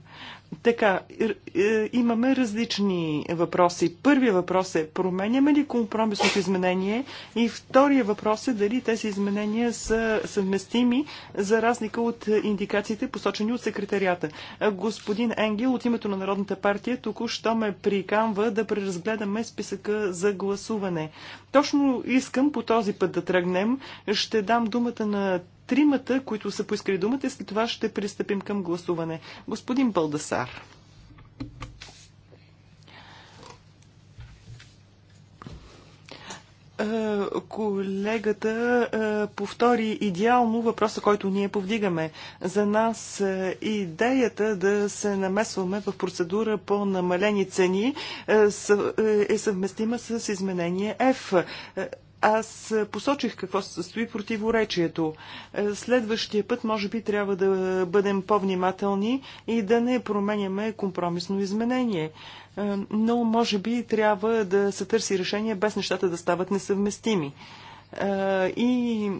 Така, е, имаме различни въпроси. Първият въпрос е, променяме ли компромисното изменение? И втория въпрос е, дали тези изменения са съвместими за разлика от индикациите, посочени от секретарията. Господин Енгел от името на Народната партия току-що ме приканва да преразгледаме списъка за гласуване. Точно искам по този път да тръгнем. Ще дам думата на тримата, които са поискали думата и след това ще пристъпим към гласуване. Господин Балдасар. Е, колегата е, повтори идеално въпроса, който ние повдигаме. За нас е, идеята да се намесваме в процедура по намалени цени е съвместима с изменение F. Аз посочих какво се състои противоречието. Е, следващия път, може би, трябва да бъдем по-внимателни и да не променяме компромисно изменение. Е, но, може би, трябва да се търси решение без нещата да стават несъвместими. Е, и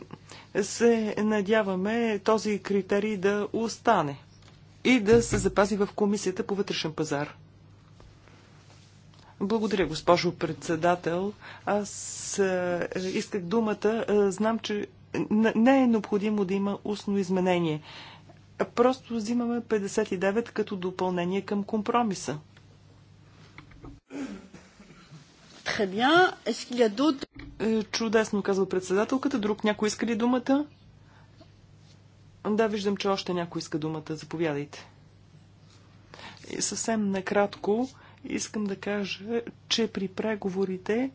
се надяваме този критерий да остане и да се запази в Комисията по вътрешен пазар. Благодаря, госпожо председател. Аз е, исках думата. Е, знам, че не е необходимо да има устно изменение. Просто взимаме 59 като допълнение към компромиса. Е, чудесно, казва председателката. Друг някой иска ли думата? Да, виждам, че още някой иска думата. Заповядайте. И съвсем накратко Искам да кажа, че при преговорите е,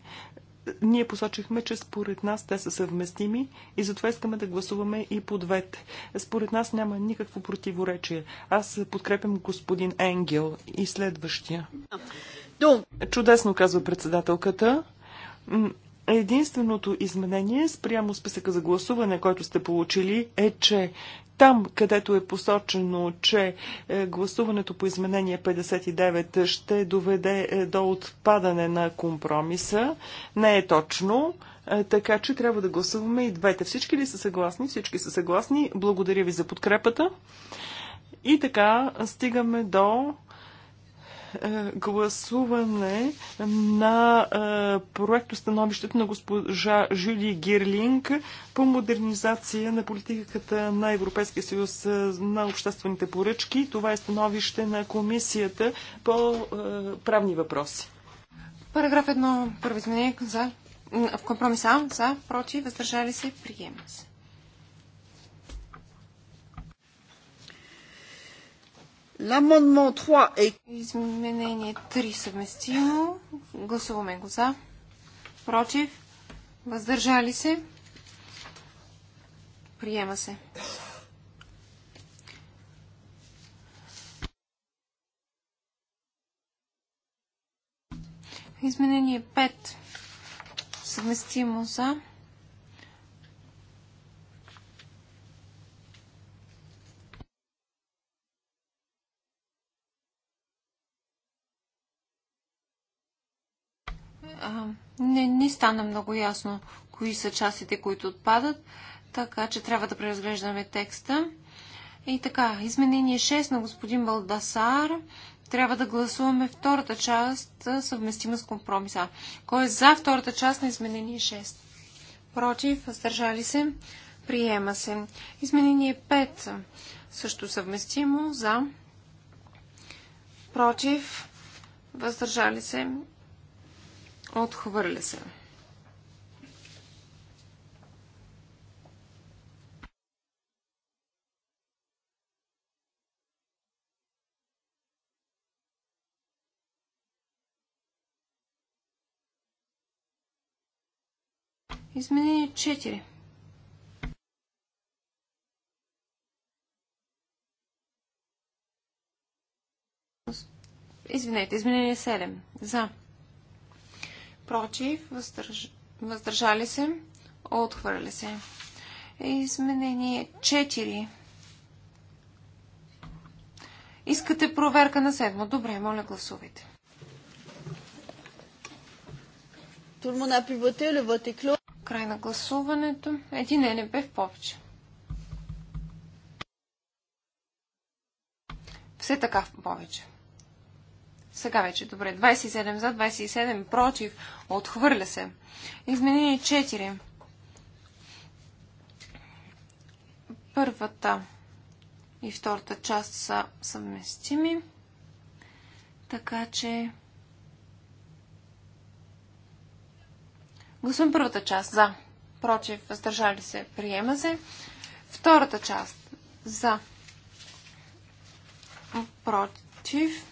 ние посочихме, че според нас те са съвместими и затова искаме да гласуваме и по двете. Според нас няма никакво противоречие. Аз подкрепям господин Енгел и следващия. Чудесно, казва председателката. Единственото изменение спрямо списъка за гласуване, който сте получили, е, че там, където е посочено, че е, гласуването по изменение 59 ще доведе е, до отпадане на компромиса, не е точно. Е, така че трябва да гласуваме и двете. Всички ли са съгласни? Всички са съгласни. Благодаря ви за подкрепата. И така стигаме до гласуване на проекто становището на госпожа Жюли Гирлинг по модернизация на политиката на Европейския съюз на обществените поръчки. Това е становище на комисията по правни въпроси. Параграф 1. Първо изменение за в компромиса за, против, въздържали се, приема се. L'amendement 3 est... Изменение 3 съвместимо. Гласуваме го за. Против. Въздържали се. Приема се. Изменение 5 съвместимо за. не не стана много ясно кои са частите, които отпадат, така че трябва да преразглеждаме текста. И така, изменение 6 на господин Балдасар. Трябва да гласуваме втората част съвместима с компромиса. Кой е за втората част на изменение 6? Против, въздържали се, приема се. Изменение 5 също съвместимо за. Против, въздържали се, Отхвърля се. Изменение 4. Извинете, изменение 7. За против, въздърж... въздържали се, отхвърля се. Изменение 4. Искате проверка на седмо. Добре, моля гласувайте. Край на гласуването. Един НП в повече. Все така в повече. Сега вече, добре. 27 за, 27 против. Отхвърля се. Изменение 4. Първата и втората част са съвместими. Така че... Гласувам първата част. За. Против. Въздържали се. Приема се. Втората част. За. Против.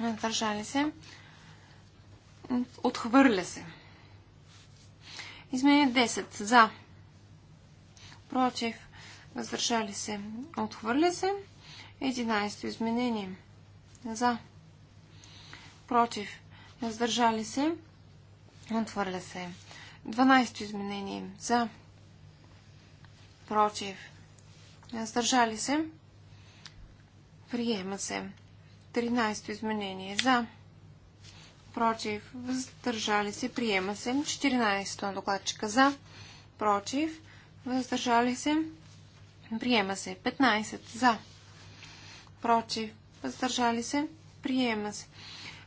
Въздържали се. Отхвърля се. Изменение 10. За. Против. Въздържали се. Отхвърля се. 11. Изменение. За. Против. Въздържали се. Отхвърля се. 12. Изменение. За. Против. Въздържали се. Приема се. 13 изменение за. Против. Въздържали се. Приема се. 14 на докладчика за. Против. Въздържали се. Приема се. 15 за. Против. Въздържали се. Приема се.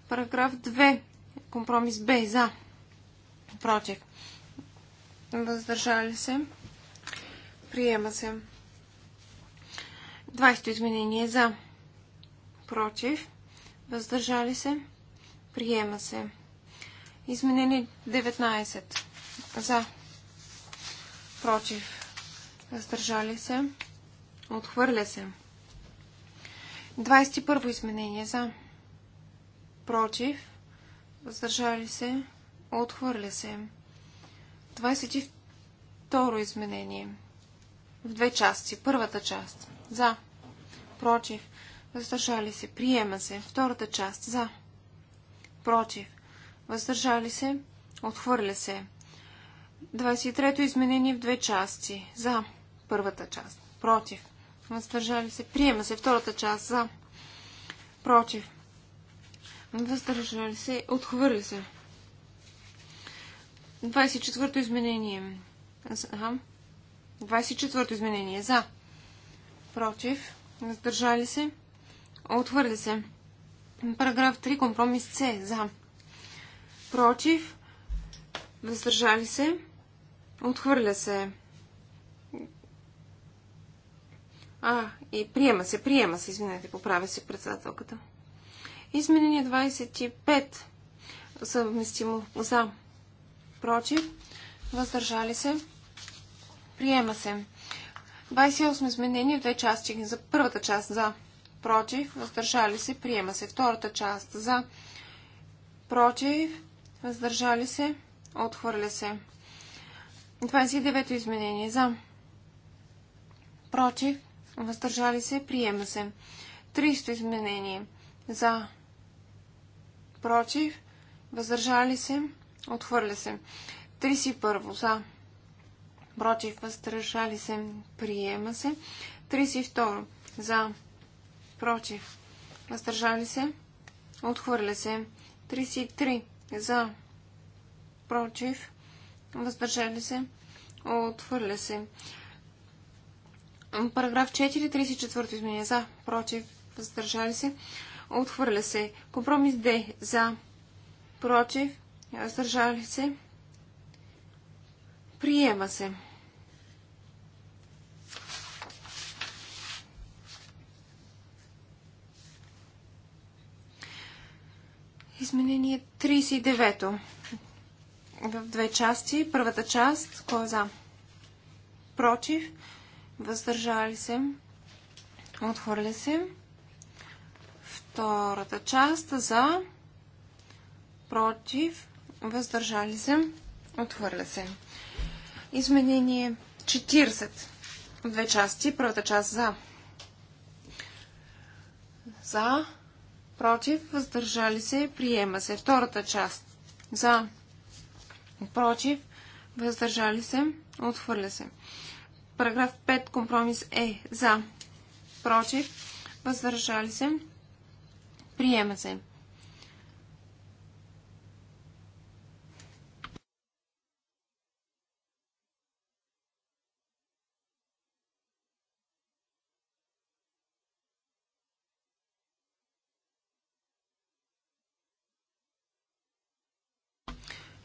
Параграф 2. Компромис Б. За. Против. Въздържали се. Приема се. 20 изменение за против, въздържали се, приема се. Изменени 19 за, против, въздържали се, отхвърля се. 21 изменение за, против, въздържали се, отхвърля се. 22 изменение в две части. Първата част за, против, Въздържали се. Приема се. Втората част. За. Против. Въздържали се. Отхвърля се. 23-то изменение в две части. За. Първата част. Против. Въздържали се. Приема се. Втората част. За. Против. Въздържали се. Отхвърля се. 24-то изменение. За. 24-то изменение. За. Против. Въздържали се. Отхвърля се. Параграф 3. Компромис С. За. Против. Въздържали се. Отхвърля се. А, и приема се, приема се, извинете, поправя се председателката. Изменение 25. Съвместимо за. Против. Въздържали се. Приема се. 28 изменение в две части. За първата част за против, въздържали се, приема се. Втората част за, против, въздържали се, отхвърля се. 29 изменение за, против, въздържали се, приема се. 300 изменение за, против, въздържали се, отхвърля се. 31 за, против, въздържали се, приема се. 32 за, против, въздържали се, отхвърля се. 33 за, против, въздържали се, отхвърля се. Параграф 4, 34 изменение за, против, въздържали се, отхвърля се. Компромис Д за, против, въздържали се, приема се. Изменение 39-то. В две части. Първата част, кой е за? Против. Въздържали се. Отхвърля се. Втората част за. Против. Въздържали се. Отхвърля се. Изменение 40. Две части. Първата част за. За против, въздържали се, приема се. Втората част за, против, въздържали се, отхвърля се. Параграф 5, компромис Е, за, против, въздържали се, приема се.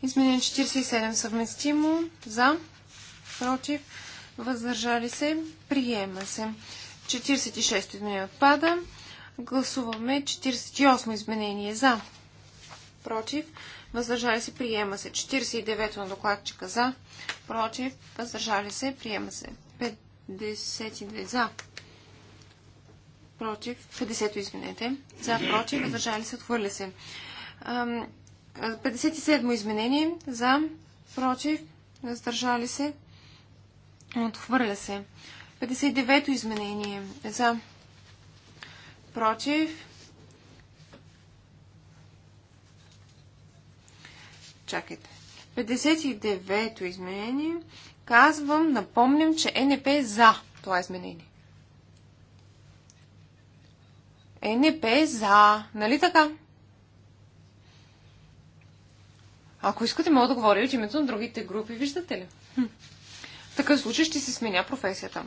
Изменение 47 съвместимо. За. Против. Въздържали се. Приема се. 46 изменение отпада. Гласуваме 48 изменение за. Против. Въздържали се. Приема се. 49 на докладчика за. Против. Въздържали се. Приема се. 52 за. Против. 50 извинете. За. Против. Въздържали се. Отхвърля се. 57 изменение за, против, въздържали се, отхвърля се. 59 то изменение за, против, чакайте. 59-то изменение. Казвам, напомням, че НП е за това изменение. НП е за. Нали така? Ако искате, мога да говоря от името на другите групи, виждате ли? В такъв случай ще се сменя професията.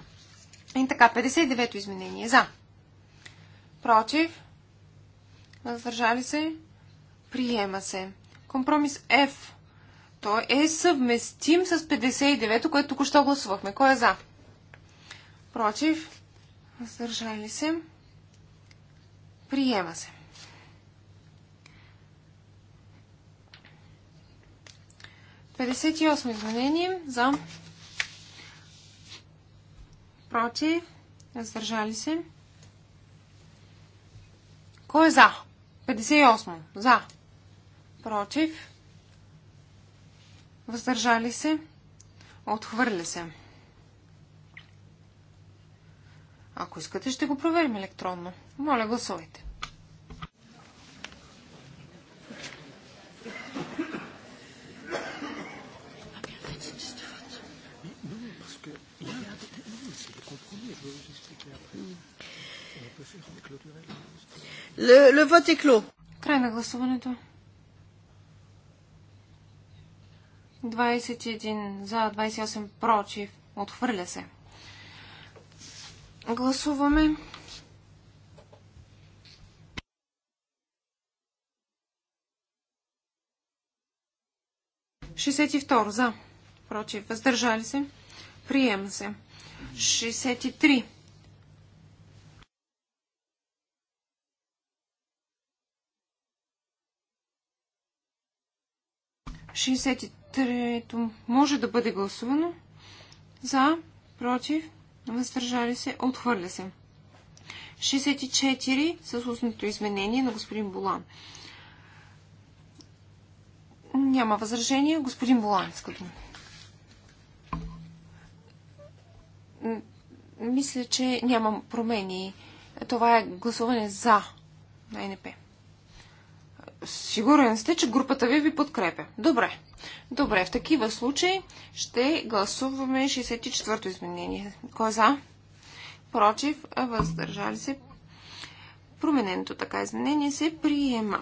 И така, 59-то изменение. За. Против. Въздържали се. Приема се. Компромис F. Той е съвместим с 59-то, което току-що гласувахме. Кой е за? Против. Въздържали се. Приема се. 58 изменение за против, въздържали се. Кой е за? 58. За. Против. Въздържали се. Отхвърля се. Ако искате, ще го проверим електронно. Моля, гласувайте. Le, le vote est clos. Край на гласуването. 21 за, 28 против. Отхвърля се. Гласуваме. Шестдесет и второ за. Против. Въздържали се. Приема се. 63. Шестдесет трето може да бъде гласувано. За, против, въздържали се, отхвърля се. 64 с устното изменение на господин Болан. Няма възражение. Господин Болан иска мисля, че нямам промени. Това е гласуване за на НП. Сигурен сте, че групата ви ви подкрепя. Добре. Добре, в такива случаи ще гласуваме 64-то изменение. Кой е за? Против, въздържали се. Промененото така изменение се приема.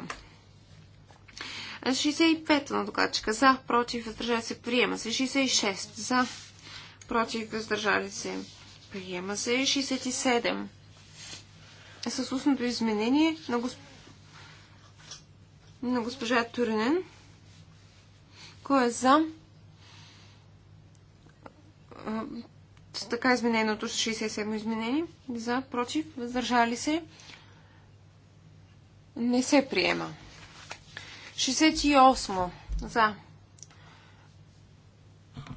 65 на докладчика за, против, въздържали се, приема се. 66 за, против, въздържали се. Приема се 67. С устното изменение на, госп... на госпожа Туринен. Кой е за? С така измененото 67 изменение. За, против, въздържали се. Не се приема. 68. За.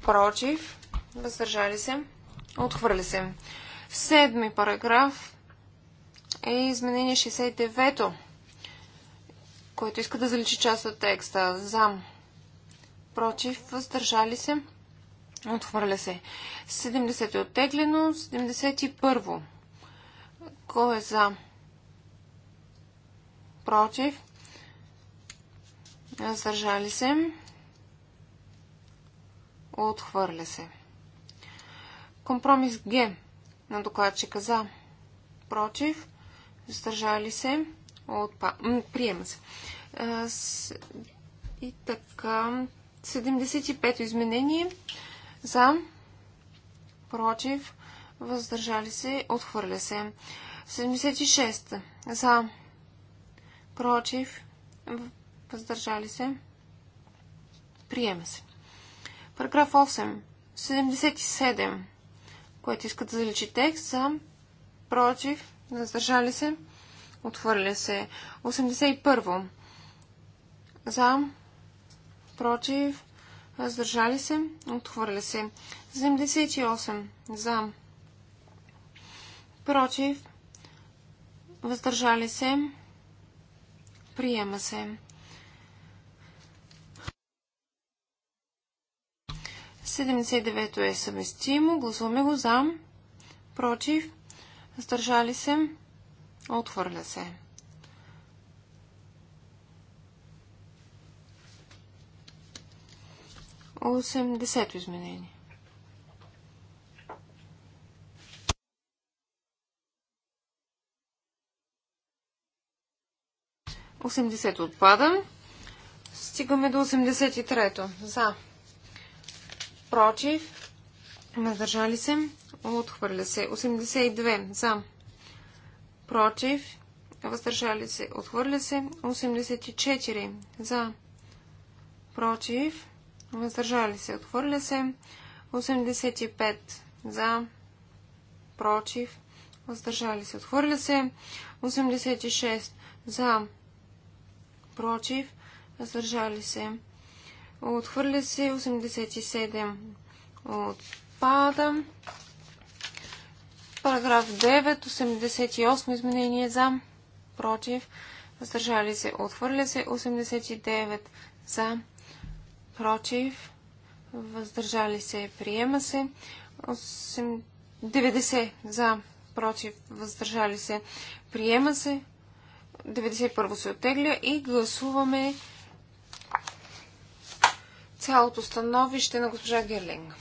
Против. Въздържали се. Отхвърли се. Седми параграф е изменение 69-то, който иска да заличи част от текста. За. Против. Въздържали се. Отхвърля се. 70 е оттеглено. 71. Кой е за? Против. Въздържали се. Отхвърля се. Компромис Г на докладчика за, против, Задържали се, отпа... приема се. И така, 75 изменение за, против, въздържали се, отхвърля се. 76 за, против, въздържали се, приема се. Параграф 8. 77 което иска да заличи текст, за, против, въздържали се, отхвърля се. 81. За, против, въздържали се, отхвърля се. 78. За, против, въздържали се, приема се. 79 е съвместимо. Гласуваме го за. Против. Сдържали се. Отвърля се. Осемдесето изменение. Осемдесето отпада. Стигаме до 83-то. За против, въздържали се, отхвърля се. 82 за, против, въздържали се, отхвърля се. 84 за, против, въздържали се, отхвърля се. 85 за, против, въздържали се, отхвърля се. 86 за, против, въздържали се, Отхвърля се 87. Отпада. Параграф 9. 88 изменение за. Против. Въздържали се. Отхвърля се 89 за. Против. Въздържали се. Приема се. 8... 90 за. Против. Въздържали се. Приема се. 91 се оттегля и гласуваме цялото становище на госпожа Герлинг.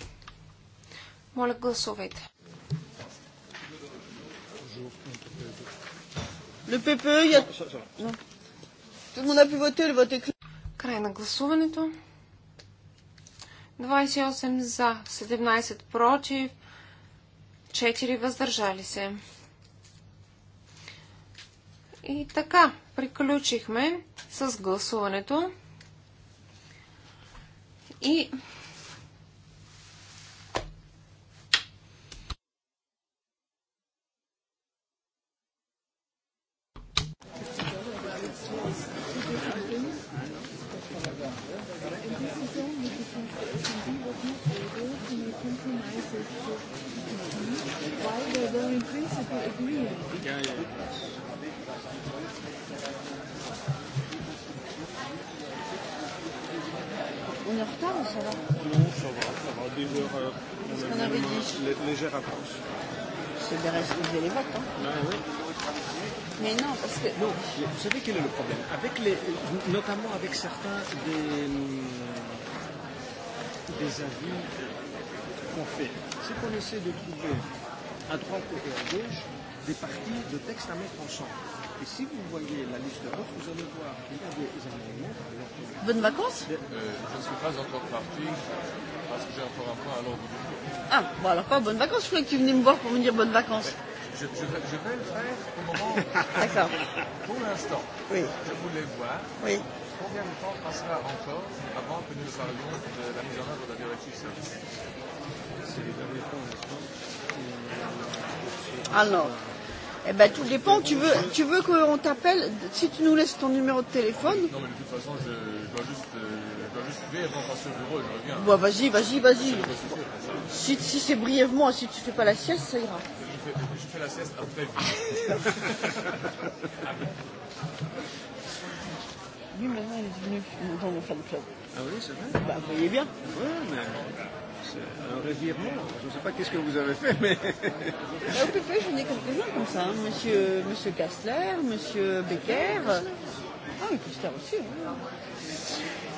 Моля, гласувайте. E, Край на гласуването. 28 за, 17 против, 4 въздържали се. И така, приключихме с гласуването. И Why they were in principle agreeing. Yeah, yeah. Non, ça va, ça va. Des heures, Légère avance. C'est des restes les votes, hein ben, oui. Mais non, parce que... Non, vous savez quel est le problème avec les, Notamment avec certains des, des avis qu'on fait. C'est qu'on essaie de trouver, à droite et à gauche, des parties de textes à mettre ensemble Et si vous voyez la liste haute, vous allez voir qu'il y a des Bonnes vacances euh, Je ne suis pas encore parti parce que j'ai encore un point à l'ordre du jour. Ah, bon alors pas bonnes vacances, je voulais que tu venais me voir pour me dire bonnes vacances. Je, je, je vais le faire au moment. D'accord. Pour l'instant, oui. je voulais voir. Oui combien de temps passera encore avant que nous parlions de la mise en œuvre de la directive service Alors, Eh ben, tout dépend. Tu veux, tu veux qu'on t'appelle Si tu nous laisses ton numéro de téléphone. Non, mais de toute façon, je, dois juste, je dois juste suivre, passer au bureau, et je reviens. Bon, vas-y, vas-y, vas-y. Si, si c'est brièvement, si tu fais pas la sieste, ça ira. Je fais, je fais la sieste après. Lui, maintenant, il est venu dans le fan club. Ah oui, c'est vrai Bah, vous voyez bien. Ouais, mais... Un revirement Je ne sais pas qu'est-ce que vous avez fait, mais... Au PP, j'en ai quelques-uns comme ça. Monsieur, monsieur Kastler, Monsieur Becker. Ah oui, Kastler aussi. Hein.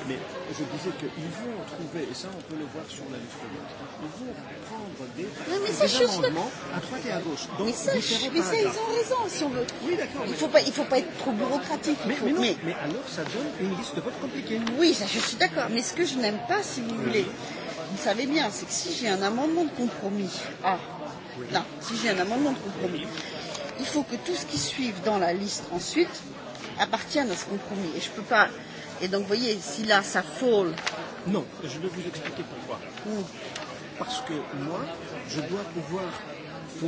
Mais je disais qu'ils vont trouver, et ça on peut le voir sur la liste ils vont prendre des, non, mais ça, des amendements à droite et à gauche. Donc, mais ça, mais ça ils ont raison si on veut. Oui, d'accord. Il ne faut, pas, faut pas être trop bureaucratique. Mais, mais, non, mais... mais alors ça donne une liste de vote compliquée. Oui, ça je suis d'accord. Mais ce que je n'aime pas, si vous voulez, vous savez bien, c'est que si j'ai un amendement de compromis, ah, non, si j'ai un amendement de compromis, il faut que tout ce qui suive dans la liste ensuite appartienne à ce compromis. Et je peux pas. Et donc, vous voyez, si là, ça fall. Non, je vais vous expliquer pourquoi. Parce que moi, je dois pouvoir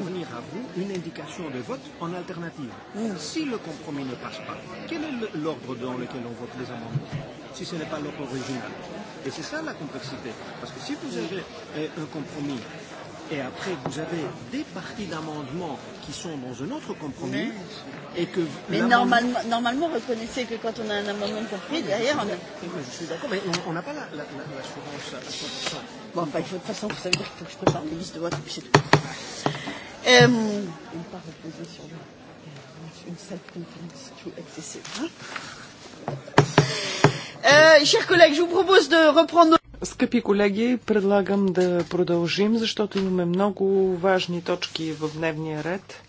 fournir à vous une indication de vote en alternative. Mmh. Si le compromis ne passe pas, quel est l'ordre dans lequel on vote les amendements si ce n'est pas l'ordre original Et c'est ça la complexité. Parce que si vous avez euh, un compromis et après vous avez des parties d'amendements qui sont dans un autre compromis mmh. et que mais normalement, normalement reconnaissez que quand on a un amendement de oui, derrière on a... je suis d'accord mais on n'a pas l'assurance la, la, à 100% bon bah, de toute façon vous savez il faut que je prépare les listes de vote et puis c'est tout е, Скъпи колеги, предлагам да продължим, защото имаме много важни точки в дневния ред.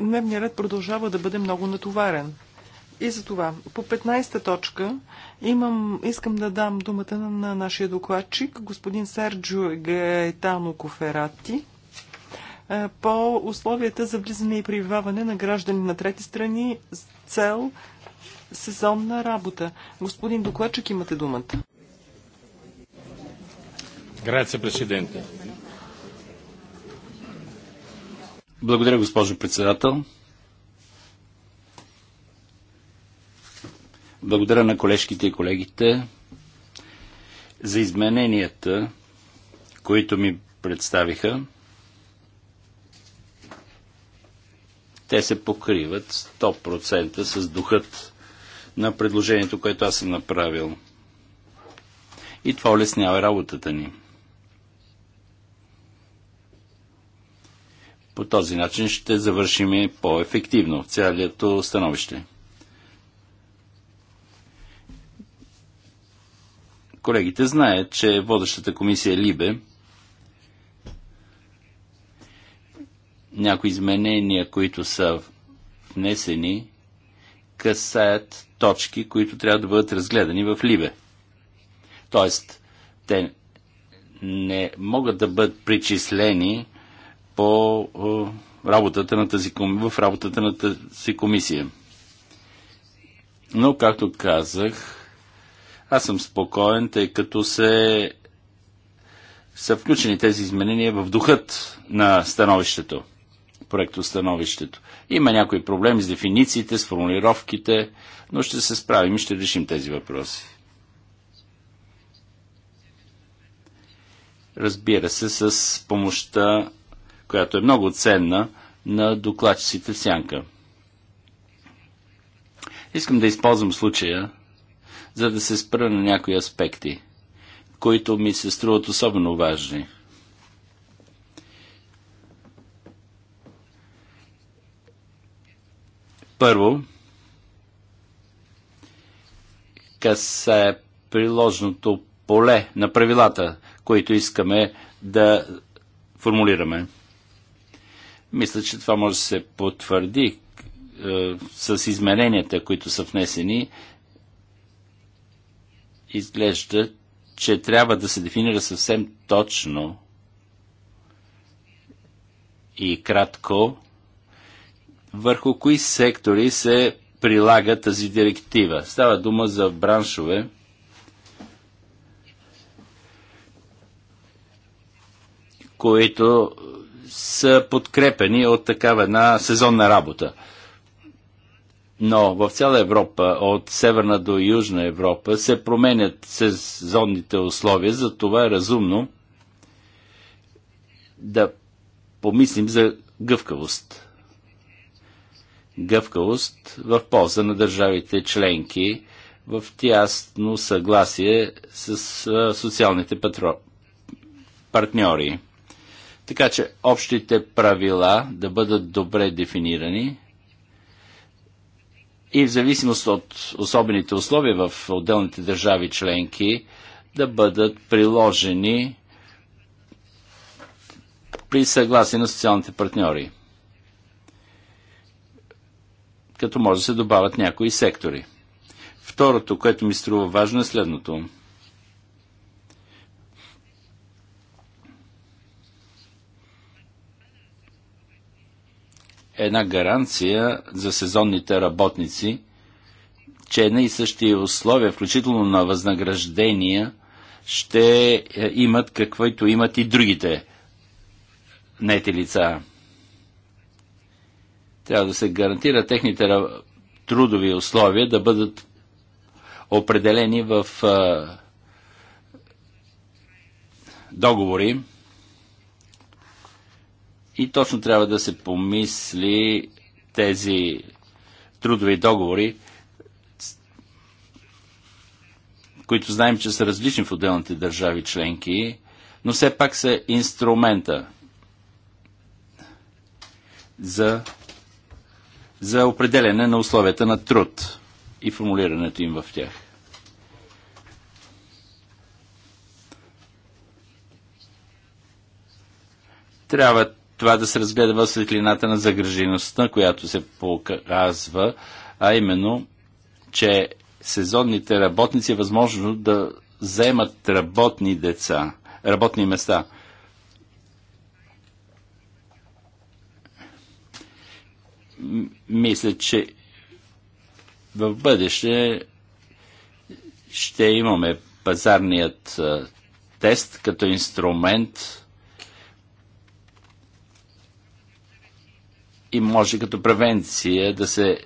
Дневния ред продължава да бъде много натоварен. И за това, по 15-та точка имам, искам да дам думата на нашия докладчик, господин Серджо Гаетано Коферати. Е, по условията за влизане и прибиваване на граждани на трети страни с цел сезонна работа. Господин докладчик, имате думата. Грация, президента. Благодаря, госпожо председател. Благодаря на колежките и колегите за измененията, които ми представиха. Те се покриват 100% с духът на предложението, което аз съм направил. И това улеснява работата ни. По този начин ще завършим по-ефективно цялото становище. Колегите знаят, че водещата комисия е Либе – някои изменения, които са внесени, касаят точки, които трябва да бъдат разгледани в Либе. Тоест, те не могат да бъдат причислени по работата на тази, в работата на тази комисия. Но, както казах, аз съм спокоен, тъй като се са включени тези изменения в духът на становището проектостановището. Има някои проблеми с дефинициите, с формулировките, но ще се справим и ще решим тези въпроси. Разбира се, с помощта, която е много ценна, на докладчиците в сянка. Искам да използвам случая, за да се спра на някои аспекти, които ми се струват особено важни – Първо, касае приложното поле на правилата, които искаме да формулираме. Мисля, че това може да се потвърди е, с измененията, които са внесени. Изглежда, че трябва да се дефинира съвсем точно и кратко върху кои сектори се прилага тази директива. Става дума за браншове, които са подкрепени от такава една сезонна работа. Но в цяла Европа, от Северна до Южна Европа, се променят сезонните условия, за това е разумно да помислим за гъвкавост гъвкавост в полза на държавите членки в тясно съгласие с социалните патро... партньори. Така че общите правила да бъдат добре дефинирани и в зависимост от особените условия в отделните държави членки да бъдат приложени при съгласие на социалните партньори като може да се добавят някои сектори. Второто, което ми струва важно е следното. Една гаранция за сезонните работници, че една и същи условия, включително на възнаграждения, ще е, имат каквито имат и другите нети лица. Трябва да се гарантира техните трудови условия да бъдат определени в договори. И точно трябва да се помисли тези трудови договори, които знаем, че са различни в отделните държави членки, но все пак са инструмента за за определене на условията на труд и формулирането им в тях. Трябва това да се разгледа в светлината на загрежеността, която се показва, а именно, че сезонните работници е възможно да вземат работни деца, работни места – мисля, че в бъдеще ще имаме пазарният тест като инструмент и може като превенция да се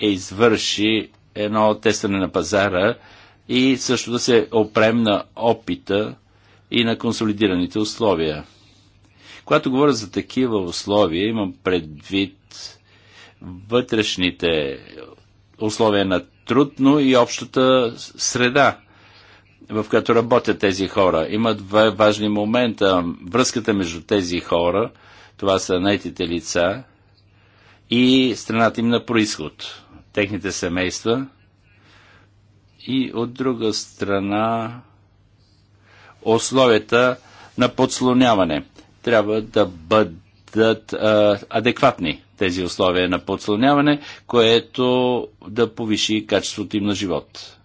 извърши едно тестване на пазара и също да се опрем на опита и на консолидираните условия. Когато говоря за такива условия, имам предвид вътрешните условия на труд, но и общата среда, в която работят тези хора. Има два важни момента. Връзката между тези хора, това са найтите лица, и страната им на происход, техните семейства, и от друга страна условията на подслоняване трябва да бъдат бъдат а, адекватни тези условия на подслоняване, което да повиши качеството им на живот.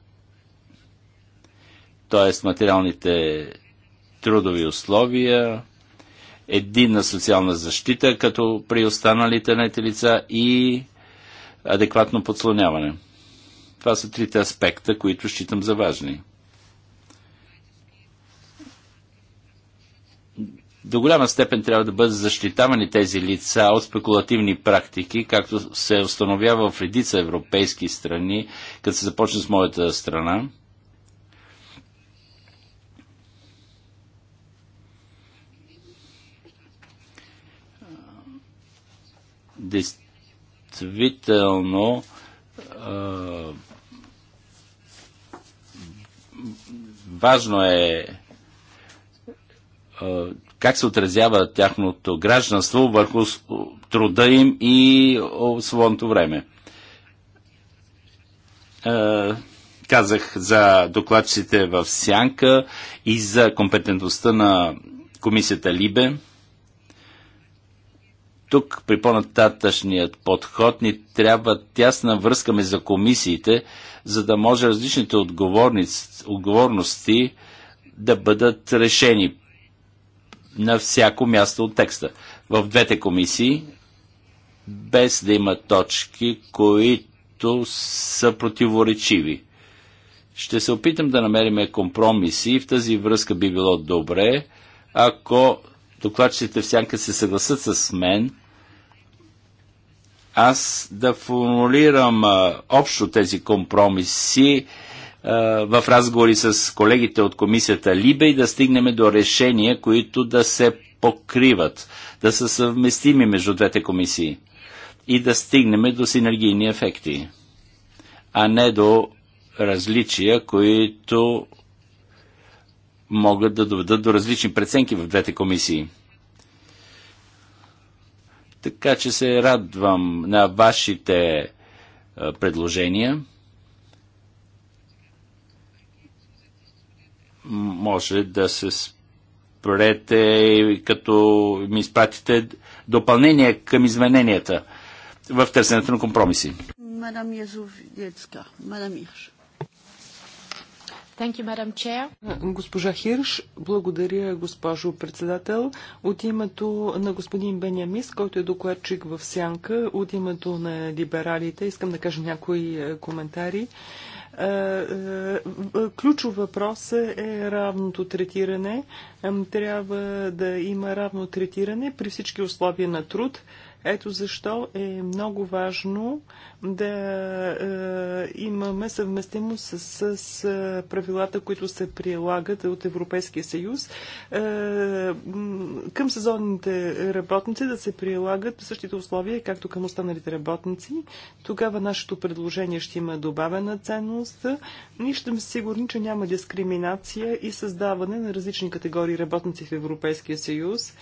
Тоест материалните трудови условия, единна социална защита, като при останалите наети лица и адекватно подслоняване. Това са трите аспекта, които считам за важни. до голяма степен трябва да бъдат защитавани тези лица от спекулативни практики, както се установява в редица европейски страни, като се започне с моята страна. Действително, важно е как се отразява тяхното гражданство върху труда им и свободното време. Е, казах за докладчите в Сянка и за компетентността на комисията Либе. Тук при по-нататъчният подход ни трябва тясна връзка между комисиите, за да може различните отговорности да бъдат решени на всяко място от текста. В двете комисии, без да има точки, които са противоречиви. Ще се опитам да намерим компромиси и в тази връзка би било добре, ако докладчите в сянка се съгласат с мен, аз да формулирам а, общо тези компромиси в разговори с колегите от комисията Либе и да стигнем до решения, които да се покриват, да са съвместими между двете комисии и да стигнем до синергийни ефекти, а не до различия, които могат да доведат до различни преценки в двете комисии. Така че се радвам на вашите предложения може да се спрете, като ми изпратите допълнение към измененията в търсенето на компромиси. Мадам Язовецка, мадам Ирш. You, госпожа Хирш, благодаря, госпожо председател. От името на господин Бенямис, който е докладчик в Сянка, от името на либералите, искам да кажа някои е, коментари. Е, е, е, ключов въпрос е равното третиране. Трябва да има равно третиране при всички условия на труд. Ето защо е много важно да е, имаме съвместимост с, с, с правилата, които се прилагат от Европейския съюз. Е, към сезонните работници да се прилагат същите условия, както към останалите работници. Тогава нашето предложение ще има добавена ценност и ще сме сигурни, че няма дискриминация и създаване на различни категории работници в Европейския съюз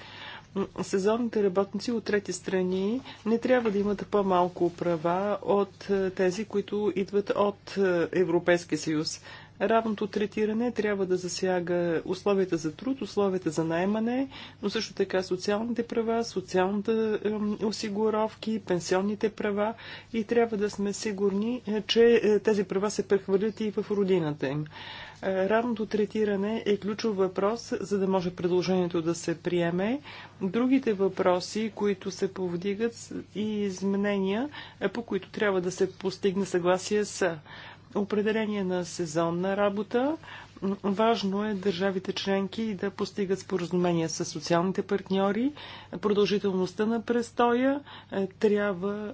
сезонните работници от трети страни не трябва да имат по-малко права от е, тези, които идват от е, Европейския съюз. Равното третиране трябва да засяга условията за труд, условията за найемане, но също така социалните права, социалните осигуровки, пенсионните права и трябва да сме сигурни, е, че тези права се прехвърлят и в родината им. Равното третиране е ключов въпрос, за да може предложението да се приеме. Другите въпроси, които се повдигат и изменения, по които трябва да се постигне съгласие са определение на сезонна работа. Важно е държавите членки да постигат споразумения с социалните партньори. Продължителността на престоя е, трябва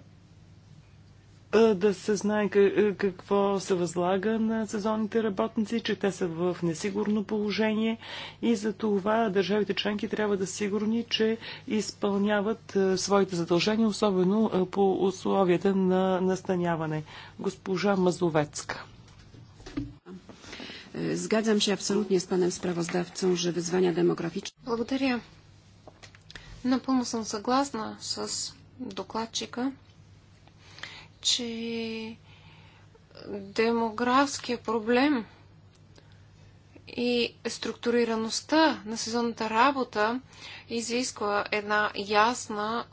да се знае какво се възлага на сезонните работници, че те са в несигурно положение и за това държавите членки трябва да са сигурни, че изпълняват своите задължения, особено по условията на настаняване. Госпожа Мазовецка. Zgadzam się absolutnie z panem sprawozdawcą, że wyzwania demograficzne. Благодаря. Напълно съм съгласна с докладчика, че демографския проблем и структурираността на сезонната работа изисква една ясна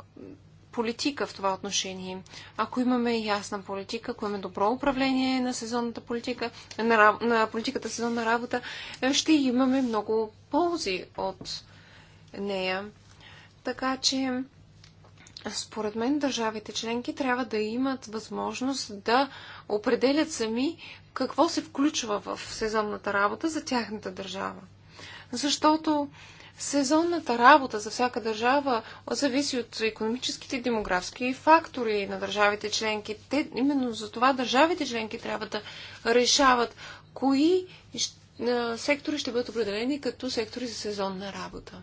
политика в това отношение. Ако имаме ясна политика, ако имаме добро управление на сезонната политика, на, на политиката сезонна работа, ще имаме много ползи от нея. Така че според мен държавите членки трябва да имат възможност да определят сами какво се включва в сезонната работа за тяхната държава. Защото сезонната работа за всяка държава зависи от економическите и демографски фактори на държавите членки. Те, именно за това държавите членки трябва да решават кои сектори ще бъдат определени като сектори за сезонна работа.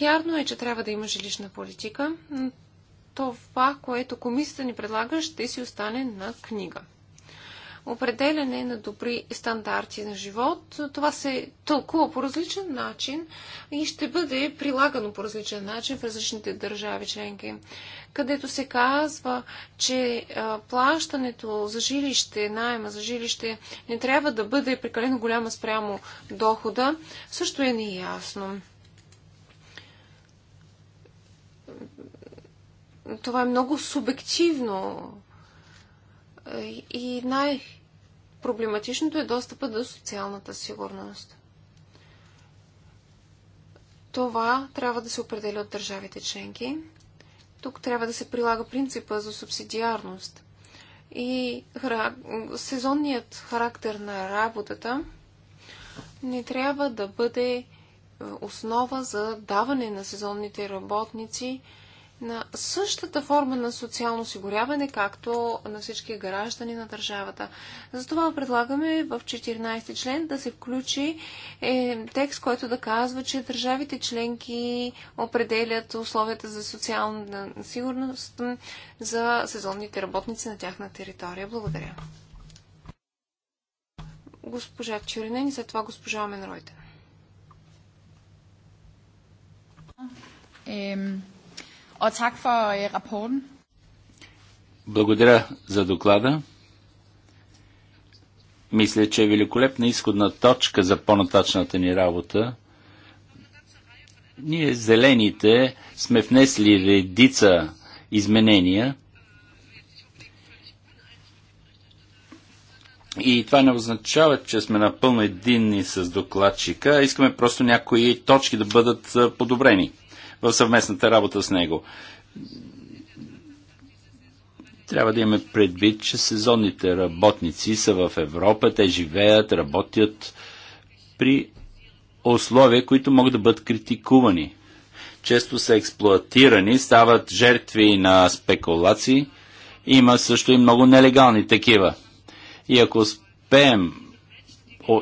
Вярно е, че трябва да има жилищна политика, но това, което комисията ни предлага, ще си остане на книга. Определяне на добри стандарти на живот, това се тълкува по различен начин и ще бъде прилагано по различен начин в различните държави членки, където се казва, че плащането за жилище, найема за жилище не трябва да бъде прекалено голяма спрямо дохода, също е неясно. това е много субективно. И най-проблематичното е достъпа до социалната сигурност. Това трябва да се определя от държавите членки. Тук трябва да се прилага принципа за субсидиарност. И хра... сезонният характер на работата не трябва да бъде е, основа за даване на сезонните работници на същата форма на социално осигуряване, както на всички граждани на държавата. Затова предлагаме в 14 член да се включи е, текст, който да казва, че държавите членки определят условията за социална сигурност за сезонните работници на тяхна територия. Благодаря. Госпожа Чиринен и след това госпожа Оменройте. Ем og tak for øh, rapporten. Благодаря за доклада. Мисля, че е великолепна изходна точка за по-нататъчната ни работа. Ние, зелените, сме внесли редица изменения. И това не означава, че сме напълно единни с докладчика. Искаме просто някои точки да бъдат подобрени в съвместната работа с него. Трябва да имаме предвид, че сезонните работници са в Европа, те живеят, работят при условия, които могат да бъдат критикувани. Често са експлуатирани, стават жертви на спекулации. Има също и много нелегални такива. И ако успеем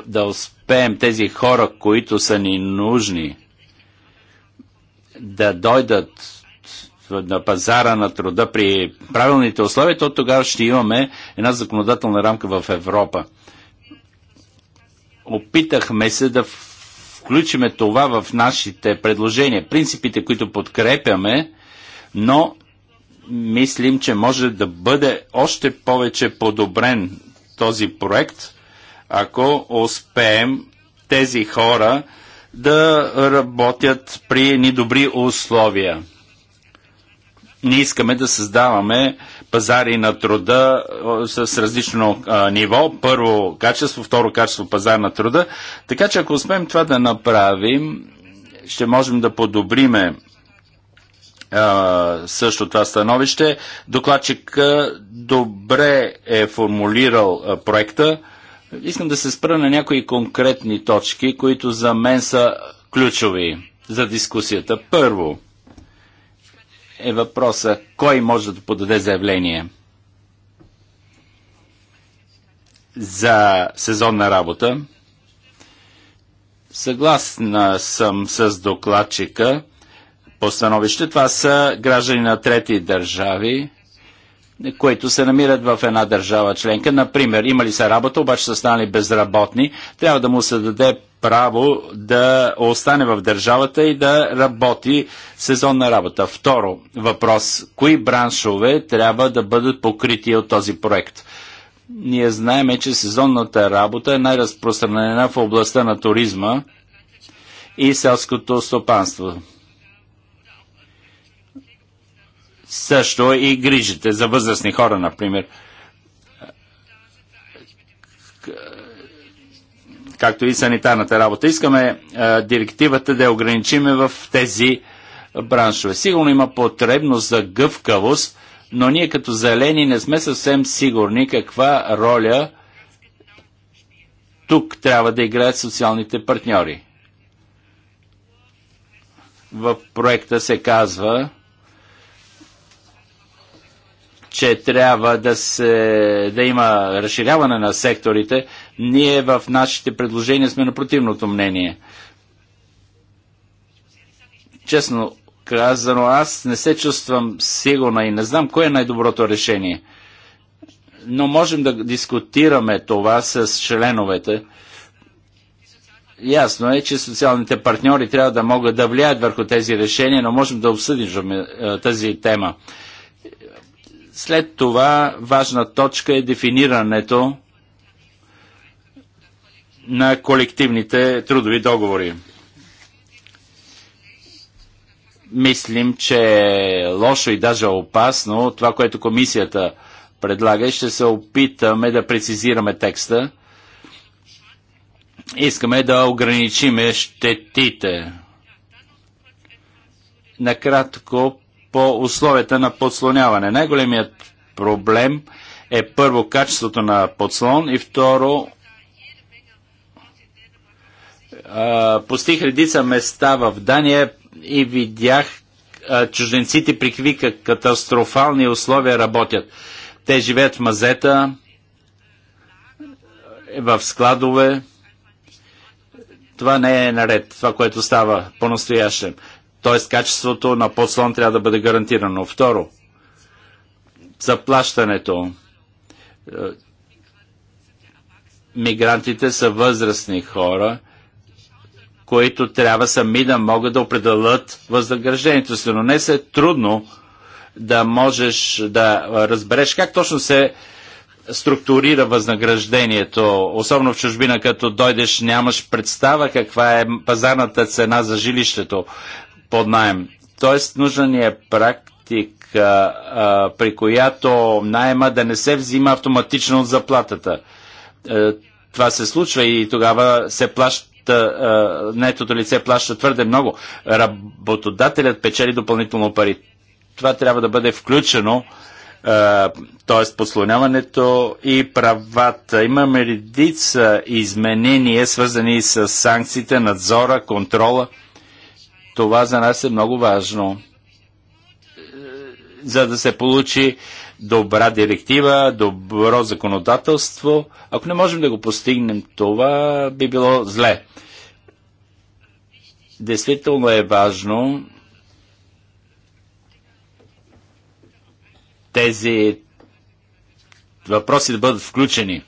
да успеем тези хора, които са ни нужни, да дойдат на пазара на труда при правилните условия, то тогава ще имаме една законодателна рамка в Европа. Опитахме се да включиме това в нашите предложения, принципите, които подкрепяме, но мислим, че може да бъде още повече подобрен този проект, ако успеем тези хора да работят при ни добри условия. Не искаме да създаваме пазари на труда с различно ниво. Първо качество, второ качество пазар на труда. Така че ако успеем това да направим, ще можем да подобриме също това становище. Докладчик добре е формулирал проекта Искам да се спра на някои конкретни точки, които за мен са ключови за дискусията. Първо е въпроса кой може да подаде заявление за сезонна работа. Съгласна съм с докладчика по становище. Това са граждани на трети държави, които се намират в една държава членка. Например, имали са работа, обаче са станали безработни, трябва да му се даде право да остане в държавата и да работи сезонна работа. Второ въпрос. Кои браншове трябва да бъдат покрити от този проект? Ние знаем, че сезонната работа е най-разпространена в областта на туризма и селското стопанство. Също и грижите за възрастни хора, например. Както и санитарната работа. Искаме а, директивата да я ограничиме в тези браншове. Сигурно има потребност за гъвкавост, но ние като зелени не сме съвсем сигурни каква роля тук трябва да играят социалните партньори. В проекта се казва, че трябва да, се, да има разширяване на секторите, ние в нашите предложения сме на противното мнение. Честно казано, аз не се чувствам сигурна и не знам кое е най-доброто решение. Но можем да дискутираме това с членовете. Ясно е, че социалните партньори трябва да могат да влияят върху тези решения, но можем да обсъдим е, тази тема. След това важна точка е дефинирането на колективните трудови договори. Мислим, че е лошо и даже опасно това, което комисията предлага и ще се опитаме да прецизираме текста. Искаме да ограничиме щетите. Накратко по условията на подслоняване. Най-големият проблем е първо качеството на подслон и второ постих редица места в Дания и видях чужденците при какви катастрофални условия работят. Те живеят в мазета, в складове. Това не е наред, това, което става по-настоящем. Тоест качеството на подслон трябва да бъде гарантирано. Второ, заплащането. Е, мигрантите са възрастни хора, които трябва сами да могат да определят възнаграждението си. Но не се е трудно да можеш да разбереш как точно се структурира възнаграждението, особено в чужбина, като дойдеш, нямаш представа каква е пазарната цена за жилището под найем. Тоест, нужна ни е практика, а, при която найема да не се взима автоматично от заплатата. А, е, това се случва и тогава се плаща, нетото лице плаща твърде много. Работодателят печели допълнително пари. Това трябва да бъде включено т.е. послоняването и правата. Имаме редица изменения, свързани с санкциите, надзора, контрола. Това за нас е много важно, за да се получи добра директива, добро законодателство. Ако не можем да го постигнем, това би било зле. Действително е важно тези въпроси да бъдат включени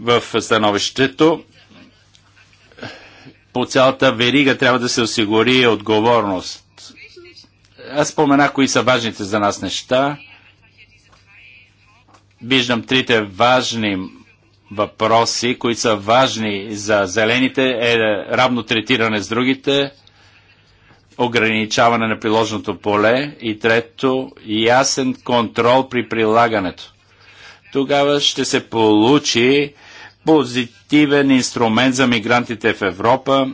в становището по цялата верига трябва да се осигури отговорност. Аз споменах кои са важните за нас неща. Виждам трите важни въпроси, които са важни за зелените, е равно третиране с другите, ограничаване на приложното поле и трето, ясен контрол при прилагането. Тогава ще се получи позитивен инструмент за мигрантите в Европа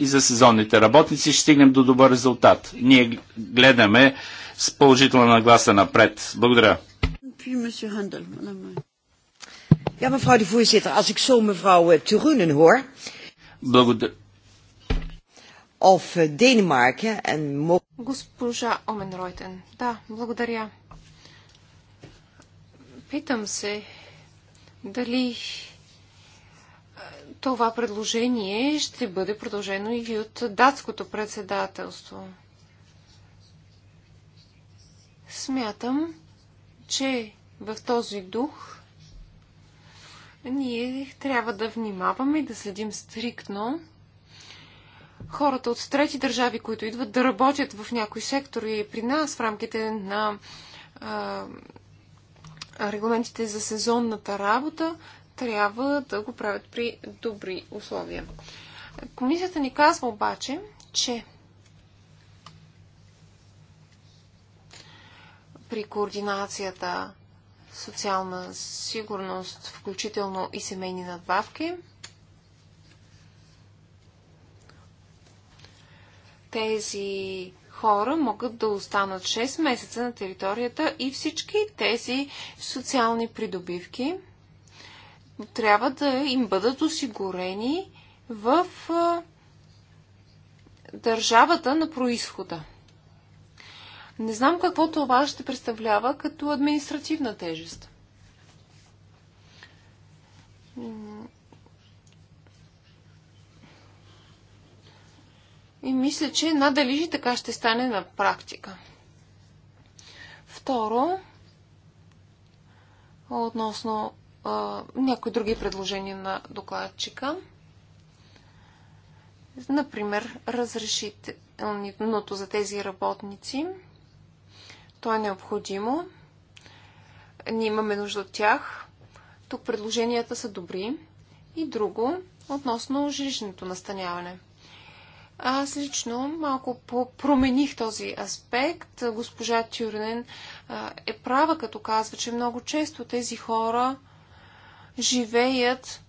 и за сезонните работници. Ще стигнем до добър резултат. Ние гледаме с положителна нагласа напред. Благодаря. Ja, mevrouw de voorzitter, als ik zo mevrouw Turunen hoor. Of Denemarken е, en... Госпожа Оменройтен, да, благодаря. Питам се дали това предложение ще бъде продължено и от датското председателство. Смятам, че в този дух ние трябва да внимаваме и да следим стриктно хората от трети държави, които идват да работят в някои сектори при нас в рамките на а, регламентите за сезонната работа, трябва да го правят при добри условия. Комисията ни казва обаче, че при координацията социална сигурност, включително и семейни надбавки, тези хора могат да останат 6 месеца на територията и всички тези социални придобивки – трябва да им бъдат осигурени в държавата на происхода. Не знам какво това ще представлява като административна тежест. И мисля, че надали така ще стане на практика. Второ, относно а, някои други предложения на докладчика. Например, разрешителното за тези работници. То е необходимо. Ние имаме нужда от тях. Тук предложенията са добри. И друго, относно жилищното настаняване. Аз лично малко промених този аспект. Госпожа Тюрнен е права, като казва, че много често тези хора живеят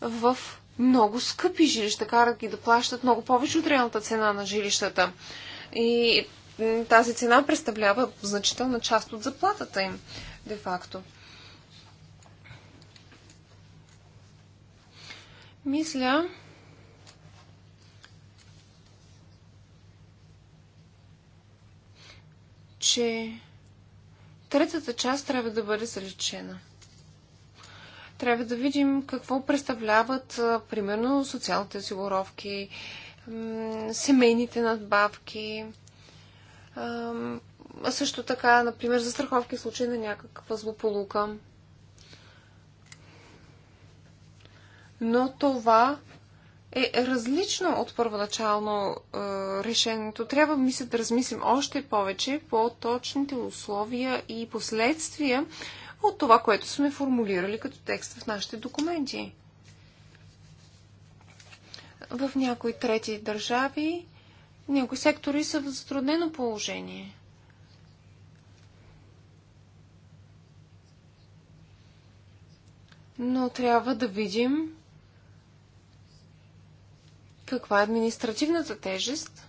в много скъпи жилища, карат ги да плащат много повече от реалната цена на жилищата. И тази цена представлява значителна част от заплатата им, де-факто. Мисля, че третата част трябва да бъде заличена – трябва да видим какво представляват, примерно, социалните осигуровки, семейните надбавки, също така, например, за страховки в случай на някаква злополука. Но това е различно от първоначално е, решението. Трябва, мисля, да размислим още повече по точните условия и последствия от това, което сме формулирали като текст в нашите документи. В някои трети държави някои сектори са в затруднено положение. Но трябва да видим каква е административната тежест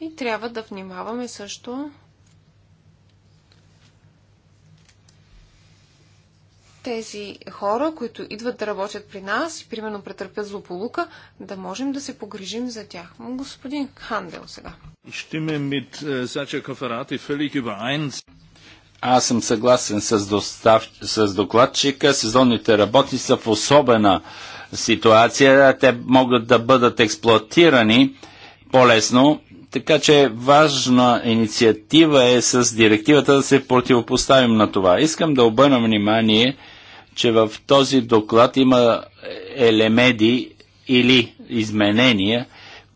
и трябва да внимаваме също тези хора, които идват да работят при нас и примерно претърпят злополука, да можем да се погрижим за тях. Господин Хандел сега. Е, Аз съм съгласен с, достав... с докладчика. Сезонните работи са в особена ситуация. Те могат да бъдат експлуатирани по-лесно, така че важна инициатива е с директивата да се противопоставим на това. Искам да обърна внимание, че в този доклад има елемеди или изменения,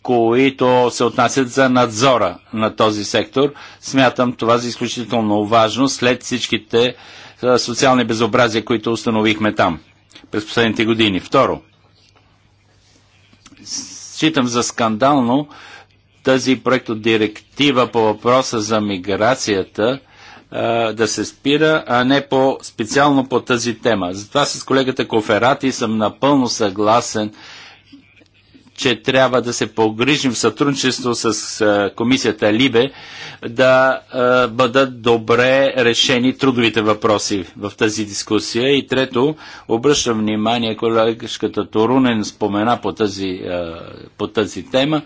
които се отнасят за надзора на този сектор. Смятам това за изключително важно след всичките е, социални безобразия, които установихме там през последните години. Второ, считам за скандално тази директива по въпроса за миграцията да се спира, а не по, специално по тази тема. Затова с колегата Коферати съм напълно съгласен, че трябва да се погрижим в сътрудничество с комисията Либе да бъдат добре решени трудовите въпроси в тази дискусия. И трето, обръщам внимание, колегашката Торунен спомена по тази, по тази тема,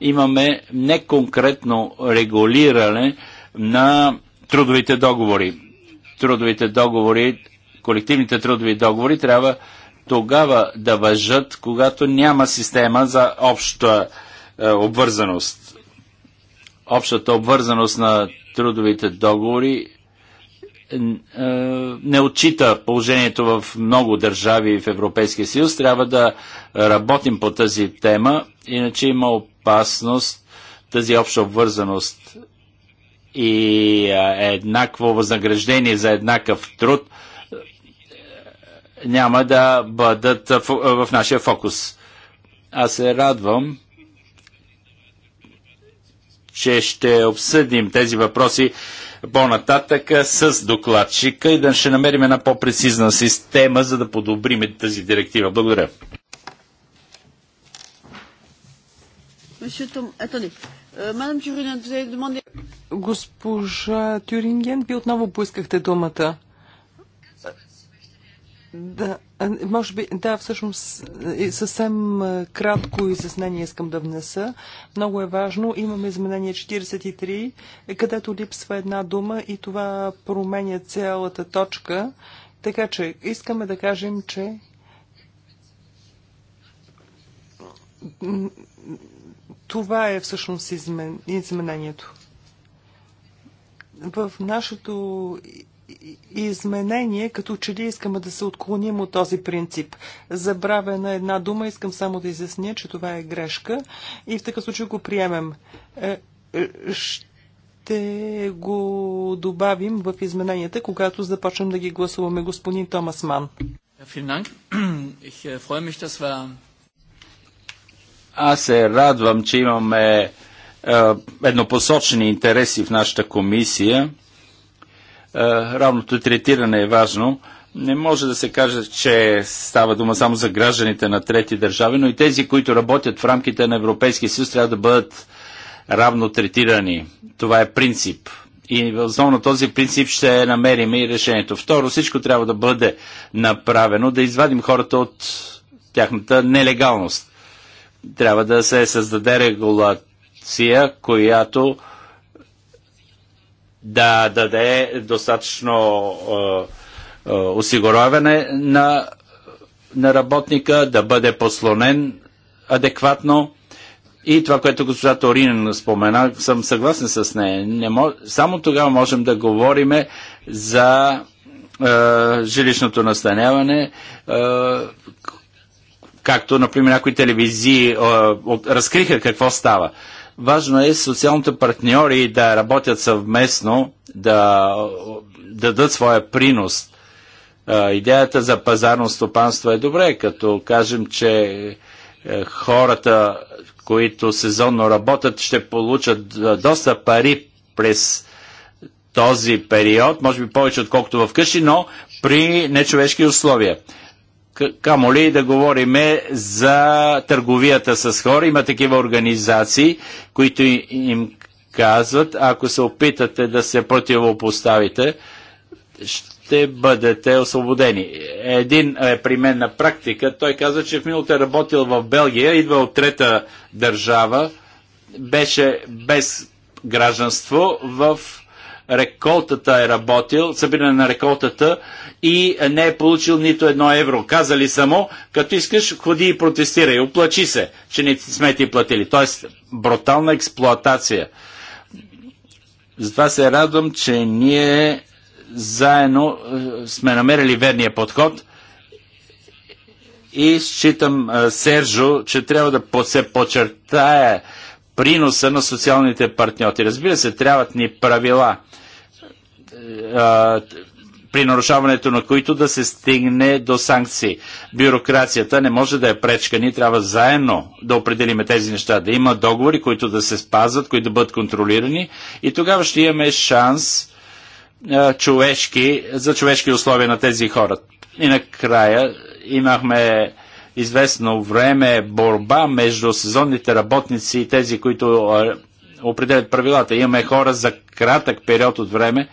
имаме неконкретно регулиране на трудовите договори. Трудовите договори, колективните трудови договори трябва тогава да въжат, когато няма система за обща е, обвързаност. Общата обвързаност на трудовите договори е, не отчита положението в много държави в Европейския съюз. Трябва да работим по тази тема, иначе има опасност тази обща обвързаност и еднакво възнаграждение за еднакъв труд няма да бъдат в нашия фокус. Аз се радвам, че ще обсъдим тези въпроси по-нататък с докладчика и да ще намерим една по-прецизна система, за да подобрим тази директива. Благодаря. Госпожа Тюринген, ви отново поискахте думата. Да, може би, да, всъщност съвсем кратко изяснение искам да внеса. Много е важно. Имаме изменение 43, където липсва една дума и това променя цялата точка. Така че искаме да кажем, че това е всъщност измен... изменението в нашето изменение, като че ли искаме да се отклоним от този принцип. Забравена е една дума, искам само да изясня, че това е грешка и в такъв случай го приемем. Е, е, ще го добавим в измененията, когато започнем да ги гласуваме господин Томас Ман. (clears throat) Äh, Аз се радвам, че имаме е, еднопосочни интереси в нашата комисия. Е, равното третиране е важно. Не може да се каже, че става дума само за гражданите на трети държави, но и тези, които работят в рамките на Европейския съюз, трябва да бъдат равно третирани. Това е принцип. И основно на този принцип ще намерим и решението. Второ, всичко трябва да бъде направено, да извадим хората от тяхната нелегалност. Трябва да се създаде регулат реакция, която да даде достатъчно е, е, осигуряване на, на работника, да бъде послонен адекватно. И това, което госпожа Торин спомена, съм съгласен с нея. Не мож... Само тогава можем да говорим за е, жилищното настаняване, е, както, например, някои телевизии е, от, разкриха какво става. Важно е социалните партньори да работят съвместно, да, да дадат своя принос. Идеята за пазарно стопанство е добре, като кажем, че е, хората, които сезонно работят, ще получат доста пари през този период, може би повече отколкото в къщи, но при нечовешки условия камо ли да говориме за търговията с хора. Има такива организации, които им казват, ако се опитате да се противопоставите, ще бъдете освободени. Един е при мен на практика. Той каза, че в миналото е работил в Белгия, идва от трета държава, беше без гражданство в реколтата е работил, събиране на реколтата и не е получил нито едно евро. Казали само, като искаш, ходи и протестирай, оплачи се, че не сме ти платили. Тоест, брутална експлоатация. Затова се радвам, че ние заедно е, сме намерили верния подход и считам, е, Сержо, че трябва да се подчертая приноса на социалните партньори. Разбира се, трябват ни правила, при нарушаването на които да се стигне до санкции. Бюрокрацията не може да е пречка. Ние трябва заедно да определиме тези неща, да има договори, които да се спазват, които да бъдат контролирани и тогава ще имаме шанс човешки, за човешки условия на тези хора. И накрая имахме известно време борба между сезонните работници и тези, които определят правилата. Имаме хора за кратък период от време,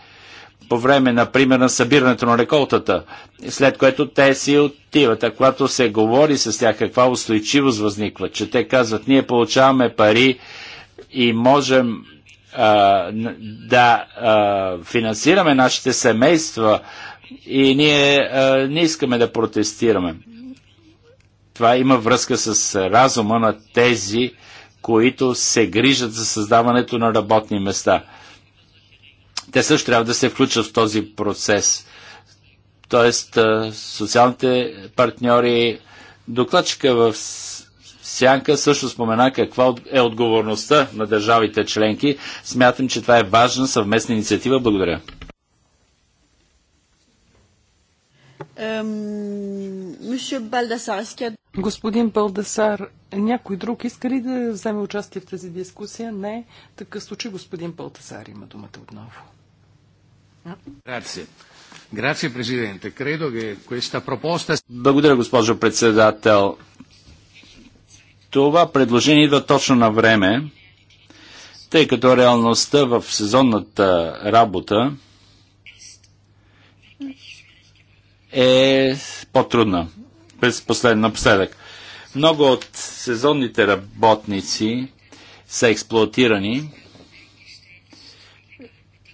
по време, например, на събирането на реколтата, след което те си отиват. А когато се говори с тях каква устойчивост възниква, че те казват, ние получаваме пари и можем а, да а, финансираме нашите семейства и ние а, не искаме да протестираме това има връзка с разума на тези, които се грижат за създаването на работни места. Те също трябва да се включат в този процес. Тоест, социалните партньори, докладчика в Сянка също спомена каква е отговорността на държавите членки. Смятам, че това е важна съвместна инициатива. Благодаря. Господин Балдасар, някой друг иска ли да вземе участие в тази дискусия? Не. В такъв случай господин Балдасар има думата отново. Благодаря, госпожо председател. Това предложение идва точно на време, тъй като реалността в сезонната работа е по-трудна през послед, напоследък. Много от сезонните работници са експлуатирани.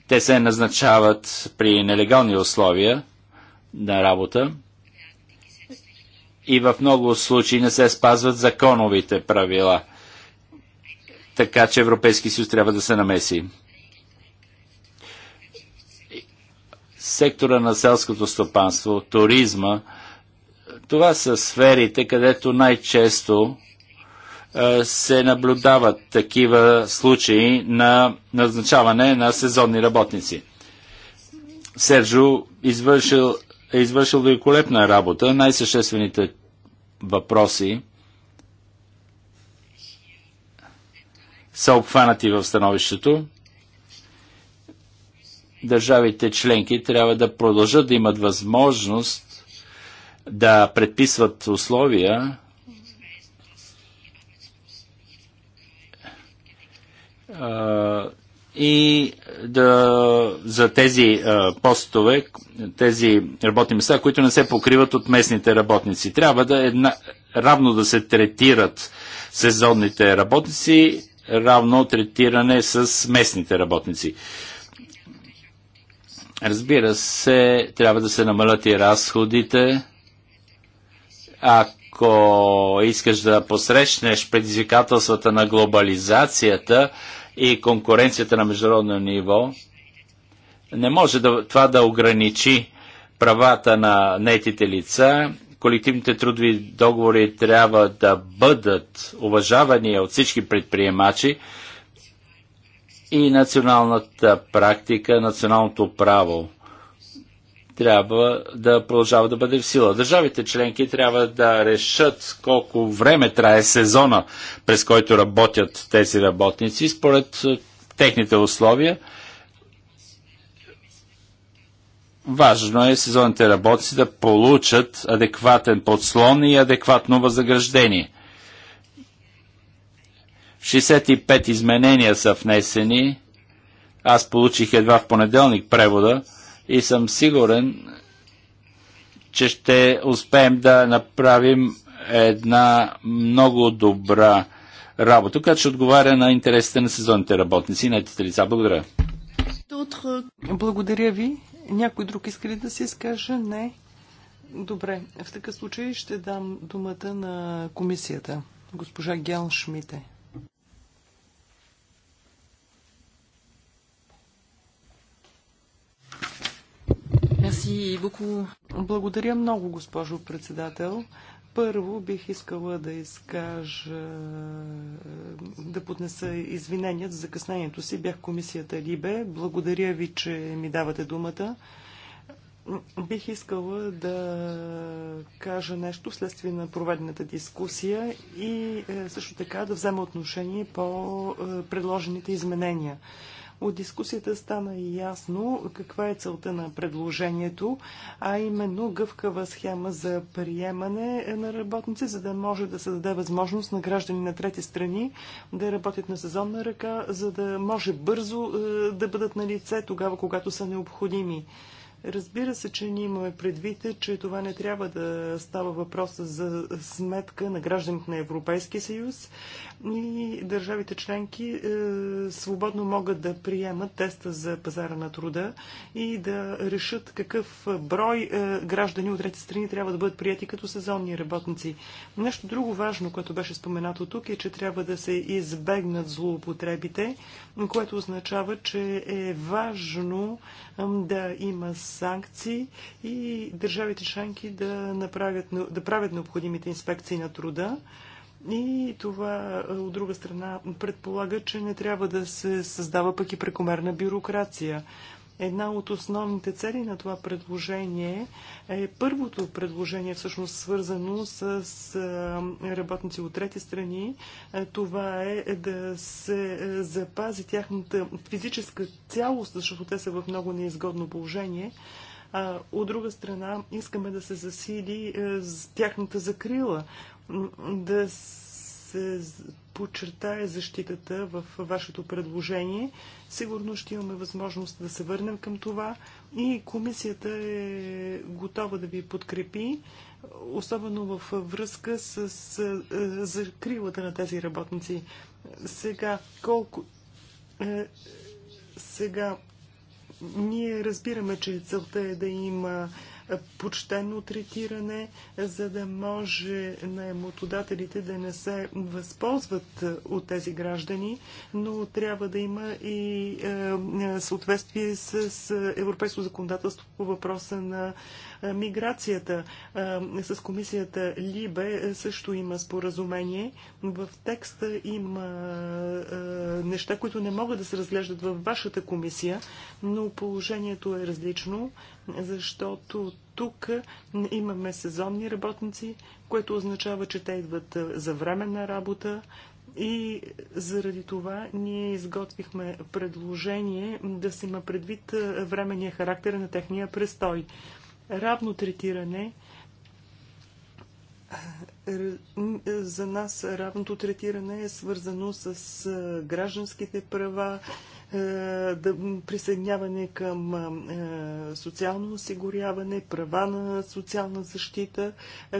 Те се назначават при нелегални условия на работа и в много случаи не се спазват законовите правила. Така че Европейски съюз трябва да се намеси. сектора на селското стопанство, туризма. Това са сферите, където най-често се наблюдават такива случаи на назначаване на сезонни работници. Серджо извършил, е извършил великолепна работа. Най-съществените въпроси са обхванати в становището държавите членки трябва да продължат да имат възможност да предписват условия, и да, за тези а, постове, тези работни места, които не се покриват от местните работници. Трябва да е една, равно да се третират сезонните работници, равно третиране с местните работници. Разбира се, трябва да се намалят и разходите. Ако искаш да посрещнеш предизвикателствата на глобализацията и конкуренцията на международно ниво, не може да, това да ограничи правата на нетите лица. Колективните трудови договори трябва да бъдат уважавани от всички предприемачи и националната практика, националното право трябва да продължава да бъде в сила. Държавите членки трябва да решат колко време трае сезона, през който работят тези работници, според е, техните условия. Важно е сезонните работници да получат адекватен подслон и адекватно възнаграждение. 65 изменения са внесени. Аз получих едва в понеделник превода и съм сигурен, че ще успеем да направим една много добра работа, която ще отговаря на интересите на сезонните работници и на етите лица. Благодаря. Благодаря ви. Някой друг иска ли да се изкаже? Не. Добре. В такъв случай ще дам думата на комисията. Госпожа Гял Шмите. beaucoup. Благодаря много, госпожо председател. Първо бих искала да изкажа, да поднеса извинения за закъснението си. Бях комисията Либе. Благодаря ви, че ми давате думата. Бих искала да кажа нещо вследствие на проведената дискусия и е, също така да взема отношение по е, предложените изменения. От дискусията стана и ясно каква е целта на предложението, а именно гъвкава схема за приемане на работници, за да може да се даде възможност на граждани на трети страни да работят на сезонна ръка, за да може бързо е, да бъдат на лице тогава, когато са необходими. Разбира се, че ние имаме предвид, че това не трябва да става въпрос за сметка на гражданите на Европейския съюз и държавите членки е, свободно могат да приемат теста за пазара на труда и да решат какъв брой е, граждани от трети страни трябва да бъдат прияти като сезонни работници. Нещо друго важно, което беше споменато тук е, че трябва да се избегнат злоупотребите, което означава, че е важно да има санкции и държавите членки да, направят, да правят необходимите инспекции на труда. И това, от друга страна, предполага, че не трябва да се създава пък и прекомерна бюрокрация. Една от основните цели на това предложение е първото предложение, всъщност свързано с работници от трети страни. Това е да се запази тяхната физическа цялост, защото те са в много неизгодно положение. от друга страна, искаме да се засили тяхната закрила, да се подчертая защитата в вашето предложение. Сигурно ще имаме възможност да се върнем към това и комисията е готова да ви подкрепи, особено в връзка с, с закрилата на тези работници. Сега, колко... Е, сега, ние разбираме, че целта е да има почтено третиране, за да може наемотодателите да не се възползват е, от тези граждани, но трябва да има и е, е, съответствие с европейско законодателство по въпроса на Миграцията с комисията Либе е, също има споразумение. В текста има неща, които не могат да се разглеждат във вашата комисия, но положението е различно, защото тук имаме сезонни работници, което означава, че те идват за временна работа, и заради това ние изготвихме предложение да се има предвид временния характер на техния престой равно третиране. За нас равното третиране е свързано с гражданските права, да присъединяване към социално осигуряване, права на социална защита,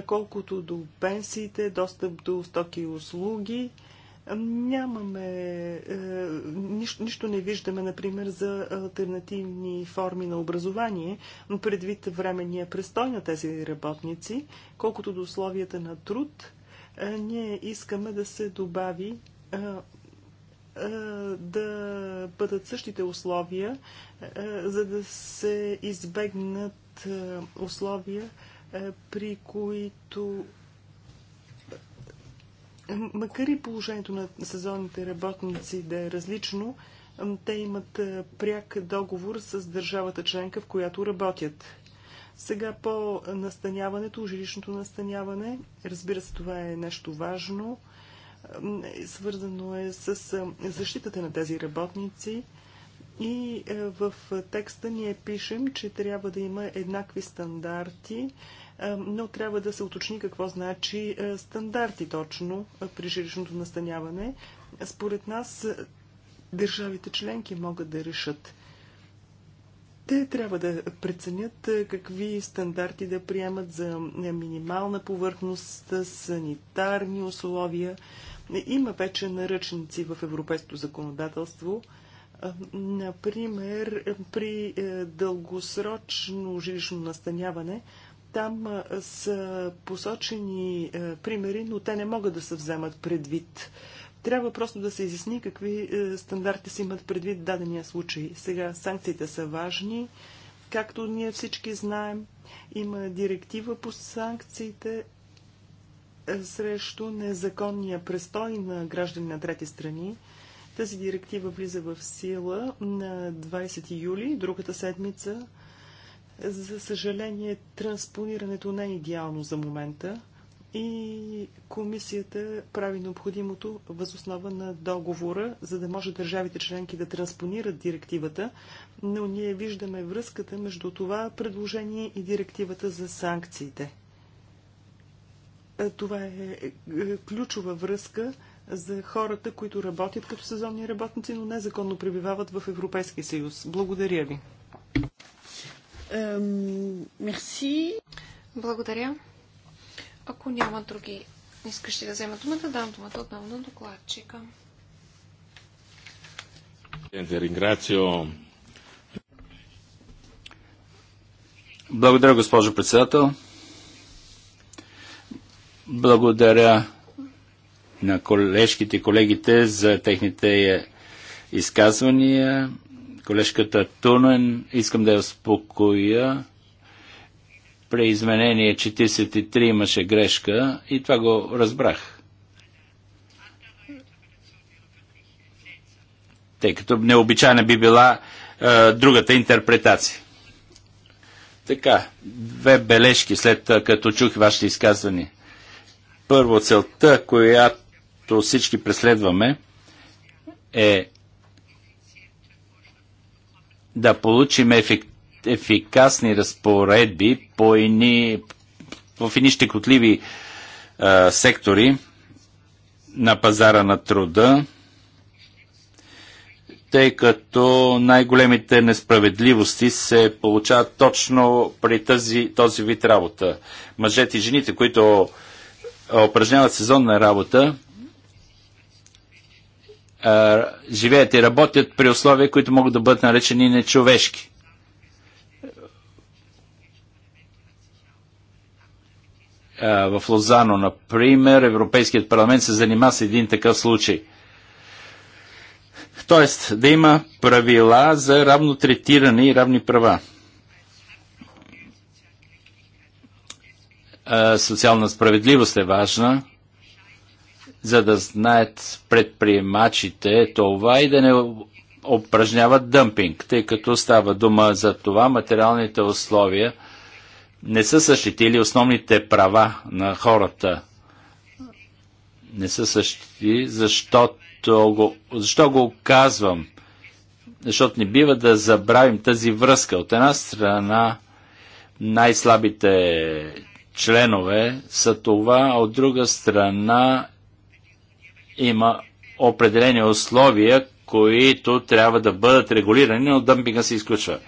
колкото до пенсиите, достъп до стоки и услуги. Нямаме, е, нищо, нищо не виждаме, например, за альтернативни форми на образование, но предвид времения престой на тези работници, колкото до условията на труд, е, ние искаме да се добави е, е да бъдат същите условия, е, за да се избегнат е, условия, при които макар и положението на сезонните работници да е различно, те имат пряк договор с държавата членка, в която работят. Сега по настаняването, жилищното настаняване, разбира се, това е нещо важно. Е, свързано е с защитата на тези работници. И е, в текста ние пишем, че трябва да има еднакви стандарти е, но трябва да се уточни какво значи е, стандарти точно е, при жилищното настаняване. Според нас държавите членки могат да решат. Те трябва да преценят какви стандарти да приемат за минимална повърхност, санитарни условия. Има вече наръчници в европейското законодателство. Например, при дългосрочно жилищно настаняване там са посочени е, примери, но те не могат да се вземат предвид. Трябва просто да се изясни какви е, стандарти се имат предвид в дадения случай. Сега санкциите са важни. Както ние всички знаем, има директива по санкциите е, срещу незаконния престой на граждани на трети страни. Тази директива влиза в сила на 20 юли, другата седмица. За съжаление, транспонирането не е идеално за момента и комисията прави необходимото възоснова на договора, за да може държавите членки да транспонират директивата, но ние виждаме връзката между това предложение и директивата за санкциите. Това е, е ключова връзка за хората, които работят като сезонни работници, но незаконно пребивават в Европейския съюз. Благодаря ви. Мерси. Благодаря. Ако няма други искащи да вземат думата, дам думата отново на докладчика. Благодаря, госпожо председател. Благодаря на колежките и колегите за техните е, изказвания колежката Тунен. Искам да я успокоя. При изменение 43 имаше грешка и това го разбрах. Тъй като необичайна би била е, другата интерпретация. Така, две бележки след е, като чух вашите изказвания. Първо, целта, която всички преследваме, е да получим ефик, ефикасни разпоредби по ини, в едни щекотливи а, сектори на пазара на труда, тъй като най-големите несправедливости се получават точно при тази, този вид работа. Мъжете и жените, които упражняват сезонна работа, живеят и работят при условия, които могат да бъдат наречени нечовешки. в Лозано, например, Европейският парламент се занимава с един такъв случай. Тоест, да има правила за равно третиране и равни права. социална справедливост е важна за да знаят предприемачите това и да не упражняват дъмпинг, тъй като става дума за това материалните условия не са или основните права на хората. Не са същи, защото го, защо го казвам? Защото не бива да забравим тази връзка. От една страна най-слабите членове са това, а от друга страна има определени условия, които трябва да бъдат регулирани, но дъмпинга се изключва.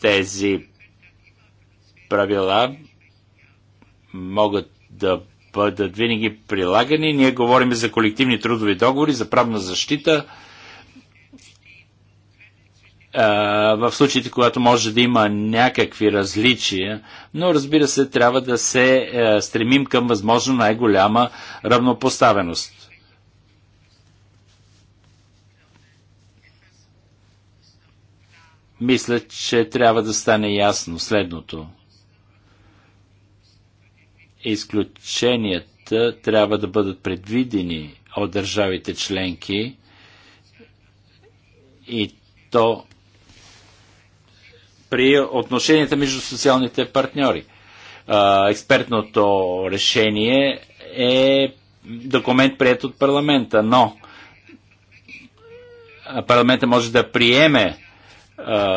Тези правила могат да бъдат винаги прилагани. Ние говорим за колективни трудови договори, за правна защита – в случаите, когато може да има някакви различия, но разбира се, трябва да се е, стремим към възможно най-голяма равнопоставеност. Мисля, че трябва да стане ясно следното. Изключенията трябва да бъдат предвидени от държавите членки и то при отношенията между социалните партньори. Експертното решение е документ прият от парламента, но парламента може да приеме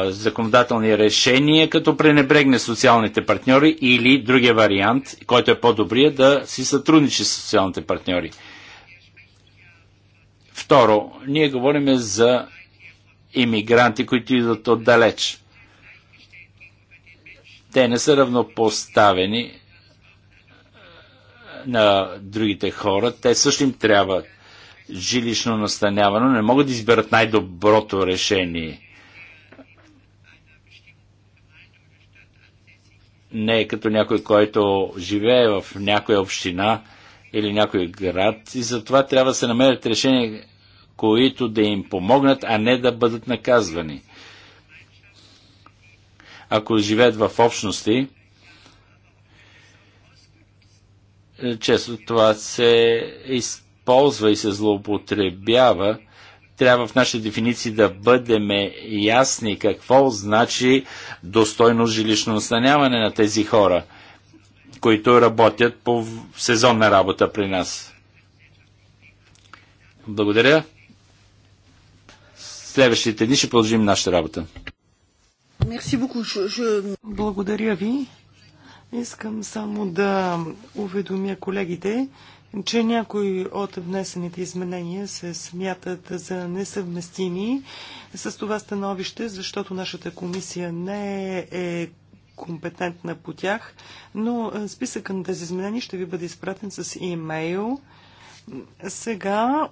законодателни решения, като пренебрегне социалните партньори или другия вариант, който е по-добрия, да си сътрудничи с социалните партньори. Второ, ние говорим за иммигранти, които идват отдалеч те не са равнопоставени е, на другите хора. Те също им трябва жилищно настаняване, не могат да изберат най-доброто решение. Не е като някой, който живее в някоя община или някой град и затова трябва да се намерят решения, които да им помогнат, а не да бъдат наказвани ако живеят в общности, е, често това се използва и се злоупотребява. Трябва в нашите дефиниции да бъдем ясни какво значи достойно жилищно настаняване на тези хора, които работят по сезонна работа при нас. Благодаря. Следващите дни ще продължим нашата работа. Благодаря ви. Искам само да уведомя колегите, че някои от внесените изменения се смятат за несъвместими с това становище, защото нашата комисия не е компетентна по тях, но списъкът на тези изменения ще ви бъде изпратен с имейл. Сега,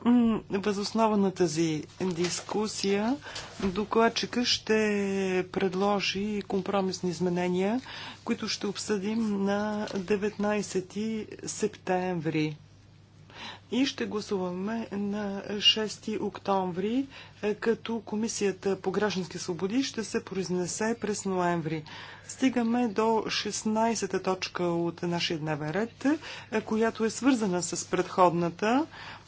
възоснова на тази дискусия, докладчика ще предложи компромисни изменения, които ще обсъдим на 19 септември. И ще гласуваме на 6 октомври, е, като Комисията по граждански свободи ще се произнесе през ноември стигаме до 16-та точка от нашия дневен ред, е, която е свързана с предходната.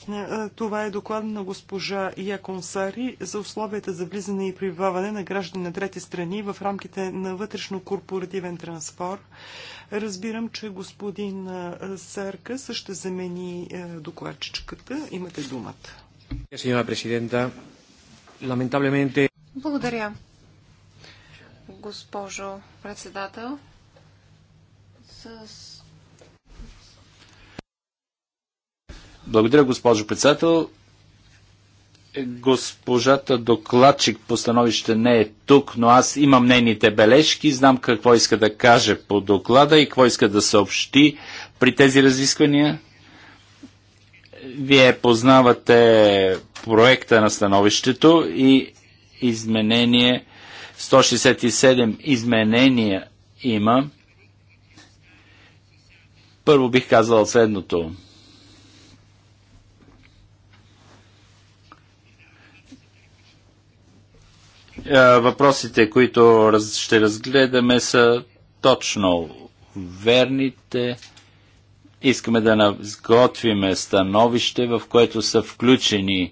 Е, е, това е доклад на госпожа Яконсари за условията за влизане и прибиваване на граждани на трети страни в рамките на вътрешно-корпоративен транспорт. Разбирам, че господин Сарка ще замени докладчичката. Имате думата. Благодаря госпожо председател. С... Благодаря, госпожо председател. Е, госпожата докладчик по становище не е тук, но аз имам нейните бележки, знам какво иска да каже по доклада и какво иска да съобщи при тези разисквания. Вие познавате проекта на становището и изменение 167 изменения има. Първо бих казал следното. Е, въпросите, които ще разгледаме, са точно верните. Искаме да изготвиме становище, в което са включени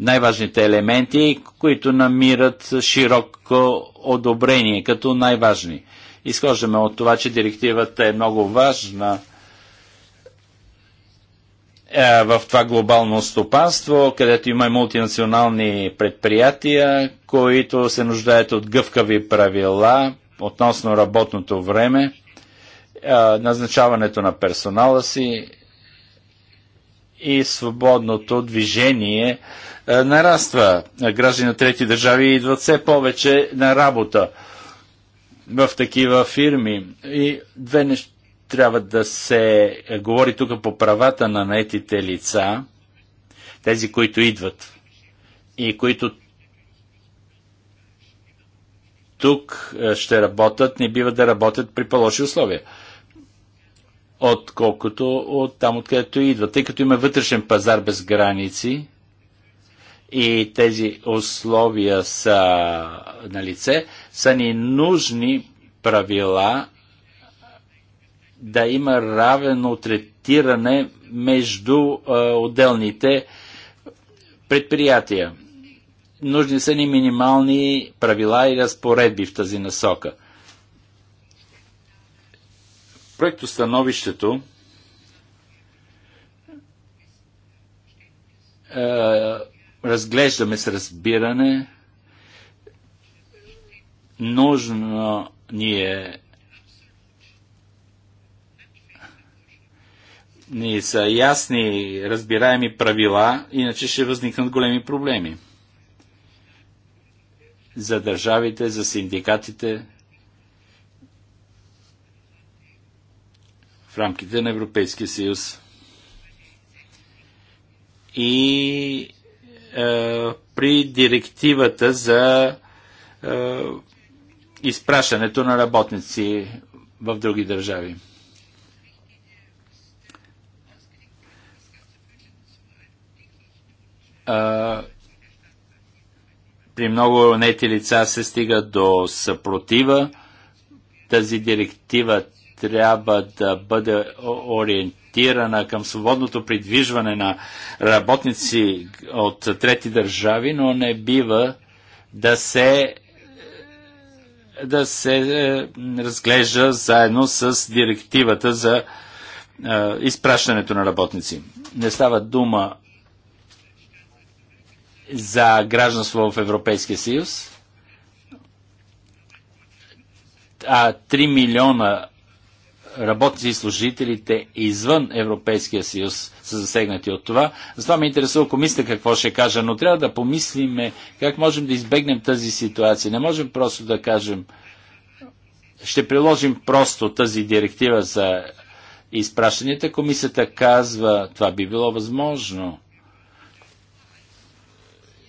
най-важните елементи, които намират широко одобрение като най-важни. Изхождаме от това, че директивата е много важна е, в това глобално стопанство, където има мултинационални предприятия, които се нуждаят от гъвкави правила относно работното време, е, назначаването на персонала си и свободното движение е, нараства. Граждани на трети държави идват все повече на работа в такива фирми. И две неща трябва да се говори тук по правата на наетите лица, тези, които идват и които тук е, ще работят, не бива да работят при по-лоши условия отколкото от там, откъдето идва. Тъй като има вътрешен пазар без граници и тези условия са на лице, са ни нужни правила да има равено третиране между а, отделните предприятия. Нужни са ни минимални правила и разпоредби в тази насока – проектостановището е, разглеждаме с разбиране нужно ни е ни са ясни, разбираеми правила, иначе ще възникнат големи проблеми. За държавите, за синдикатите, в рамките на Европейския съюз. И е, при директивата за е, изпращането на работници в други държави. А, е, при много нети лица се стига до съпротива. Тази директива трябва да бъде ориентирана към свободното придвижване на работници от трети държави, но не бива да се да се е, разглежда заедно с директивата за е, изпращането на работници. Не става дума за гражданство в Европейския съюз, а 3 милиона работници и служителите извън Европейския съюз са засегнати от това. Затова ме интересува комисията какво ще каже, но трябва да помислиме как можем да избегнем тази ситуация. Не можем просто да кажем, ще приложим просто тази директива за изпращанията. Комисията казва, това би било възможно.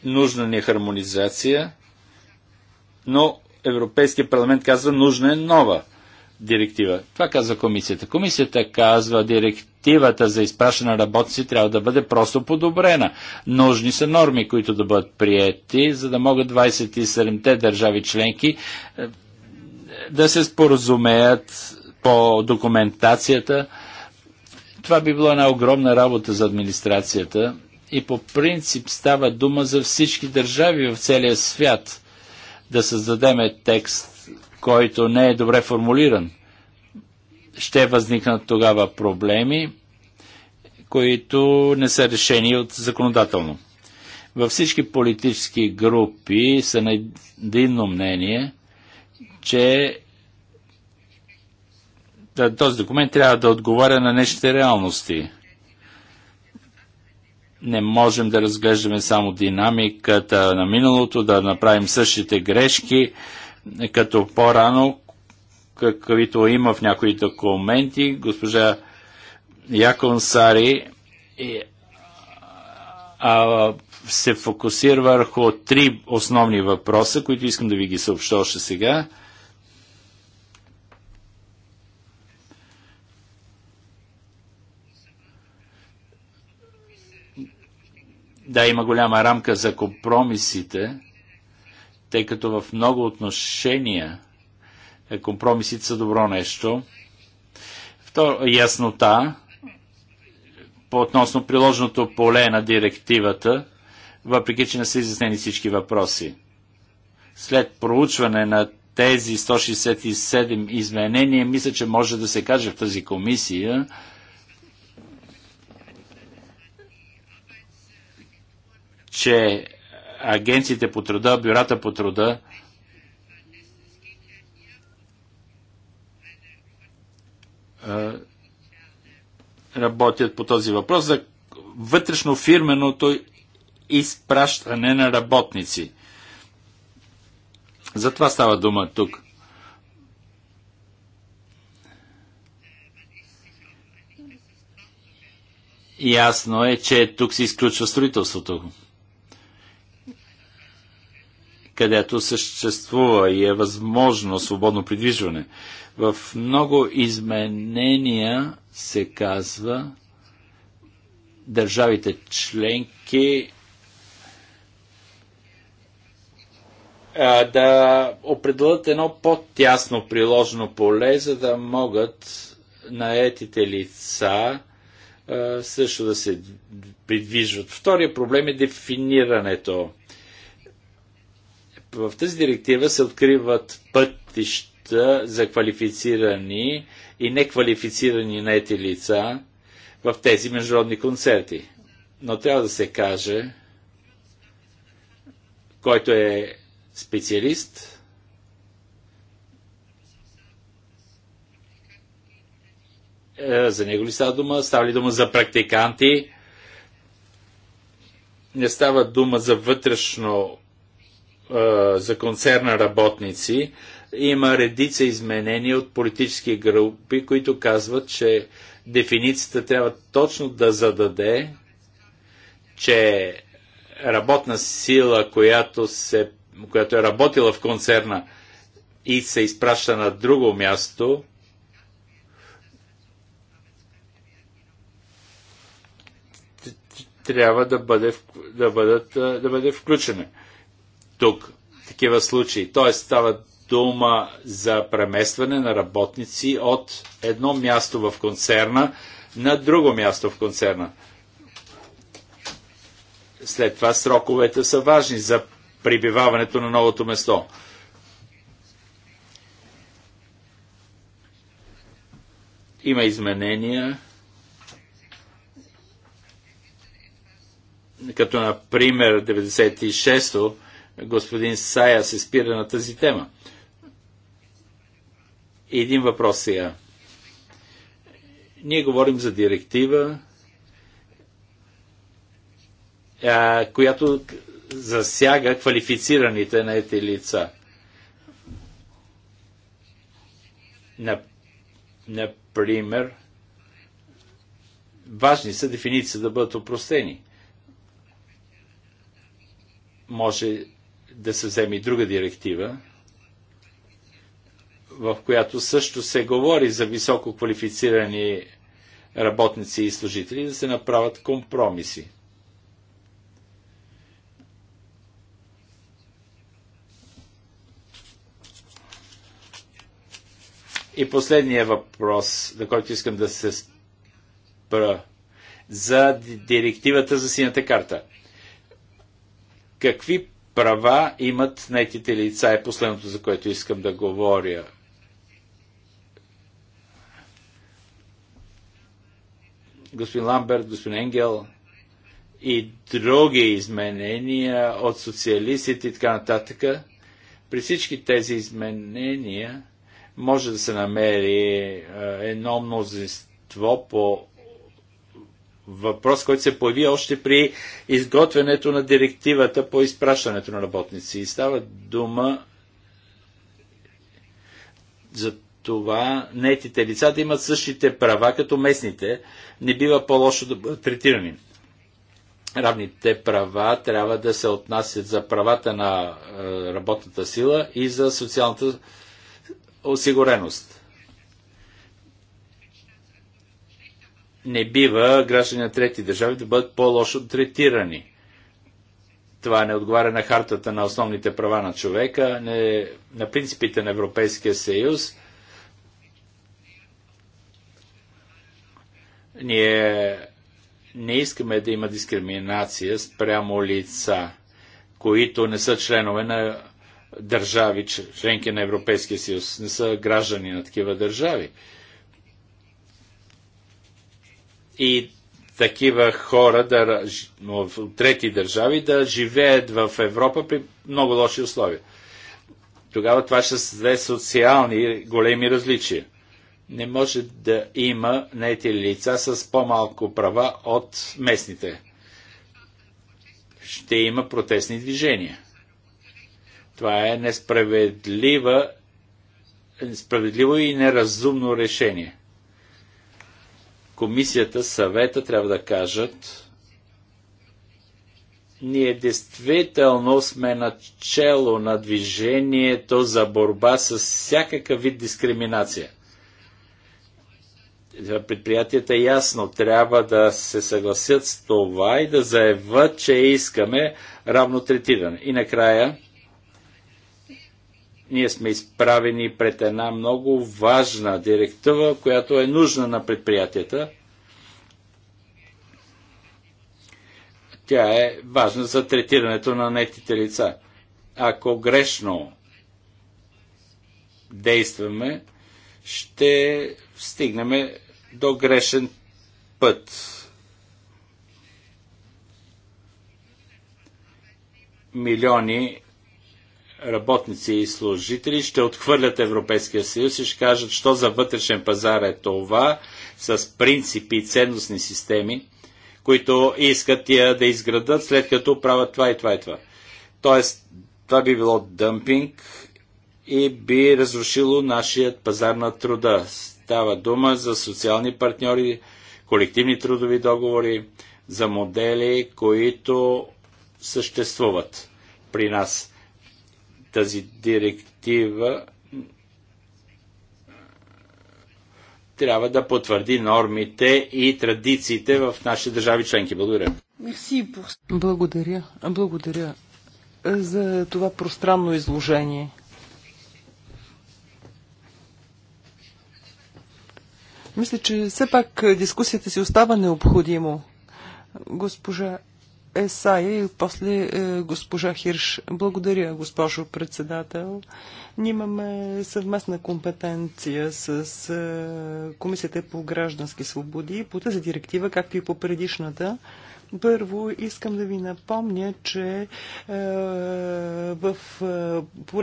Нужна ни е хармонизация, но Европейския парламент казва, нужна е нова директива. Това казва комисията. Комисията казва, директивата за изпращане на работници трябва да бъде просто подобрена. Нужни са норми, които да бъдат приети, за да могат 27-те държави членки е, да се споразумеят по документацията. Това би било една огромна работа за администрацията и по принцип става дума за всички държави в целия свят. Да създадеме текст който не е добре формулиран, ще възникнат тогава проблеми, които не са решени от законодателно. Във всички политически групи са на единно мнение, че този документ трябва да отговаря на нещите реалности. Не можем да разглеждаме само динамиката на миналото, да направим същите грешки, като по-рано, каквито има в някои документи, госпожа Якон Сари а, се фокусира върху три основни въпроса, които искам да ви ги съобща още сега. Да, има голяма рамка за компромисите тъй като в много отношения е, компромисите са добро нещо. Второ, яснота по относно приложеното поле на директивата, въпреки че не са изяснени всички въпроси. След проучване на тези 167 изменения, мисля, че може да се каже в тази комисия, че агенциите по труда, бюрата по труда. работят по този въпрос за вътрешно фирменото изпращане на работници. За това става дума тук. Ясно е, че тук се изключва строителството където съществува и е възможно свободно придвижване. В много изменения се казва държавите членки да определят едно по-тясно приложено поле, за да могат наетите лица също да се придвижват. Втория проблем е дефинирането. В тази директива се откриват пътища за квалифицирани и неквалифицирани наети лица в тези международни концерти. Но трябва да се каже, който е специалист, е, за него ли става дума? Става ли дума за практиканти? Не става дума за вътрешно е, за концерна работници, има редица изменения от политически групи, които казват, че дефиницията трябва точно да зададе, че работна сила, която, се, която е работила в концерна и се изпраща на друго място, трябва да бъде, да бъдат, да бъде включена тук такива случаи. Т.е. става дума за преместване на работници от едно място в концерна на друго място в концерна. След това сроковете са важни за прибиваването на новото место. Има изменения, като например 96-то, господин Сая се спира на тази тема. Един въпрос сега. Ние говорим за директива, която засяга квалифицираните на ети лица. Например, важни са дефиниции да бъдат опростени. Може да се вземе и друга директива, в която също се говори за високо квалифицирани работници и служители да се направят компромиси. И последния въпрос, на който искам да се спра, за директивата за синята карта. Какви права имат нетите лица е последното, за което искам да говоря. Господин Ламберт, господин Енгел и други изменения от социалистите и така нататък. При всички тези изменения може да се намери едно мнозинство по въпрос, който се появи още при изготвянето на директивата по изпращането на работници. И става дума за това нетите лица да имат същите права като местните. Не бива по-лошо да бъдат третирани. Равните права трябва да се отнасят за правата на е, работната сила и за социалната осигуреност не бива граждани на трети държави да бъдат по-лошо третирани. Това не отговаря на хартата на основните права на човека, не, на принципите на Европейския съюз. Ние не искаме да има дискриминация спрямо лица, които не са членове на държави, членки на Европейския съюз, не са граждани на такива държави и такива хора да, в трети държави да живеят в Европа при много лоши условия. Тогава това ще създаде социални големи различия. Не може да има наети лица с по-малко права от местните. Ще има протестни движения. Това е несправедливо и неразумно решение комисията, съвета трябва да кажат, ние действително сме начало на движението за борба с всякакъв вид дискриминация. Предприятията ясно трябва да се съгласят с това и да заявят, че искаме равно третиране. И накрая, ние сме изправени пред една много важна директива, която е нужна на предприятията. Тя е важна за третирането на нетите лица. Ако грешно действаме, ще стигнем до грешен път. Милиони работници и служители ще отхвърлят Европейския съюз и ще кажат, що за вътрешен пазар е това, с принципи и ценностни системи, които искат я да изградат, след като правят това и това и това. Тоест, това би било дъмпинг и би разрушило нашият пазар на труда. Става дума за социални партньори, колективни трудови договори, за модели, които съществуват при нас тази директива трябва да потвърди нормите и традициите в нашите държави членки. Благодаря. Благодаря. Благодаря за това пространно изложение. Мисля, че все пак дискусията си остава необходимо. Госпожа Есая и после е, госпожа Хирш. Благодаря, госпожо председател. Ние имаме съвместна компетенция с е, Комисията по граждански свободи по тази директива, както и по предишната. Първо искам да ви напомня, че е, в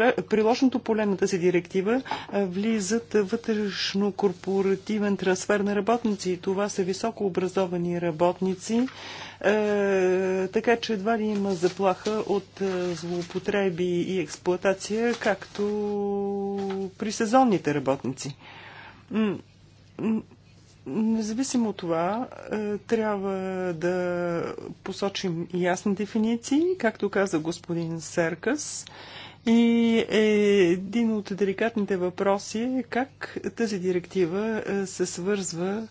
е, приложното поле на тази директива е, влизат вътрешно корпоративен трансфер на работници. Това са високообразовани работници, работници, е, така че едва ли има заплаха от е, злоупотреби и експлоатация, както при сезонните работници Независимо от това, е, трябва да посочим ясни дефиниции, както каза господин Серкас. И е един от деликатните въпроси е как тази директива е, се свързва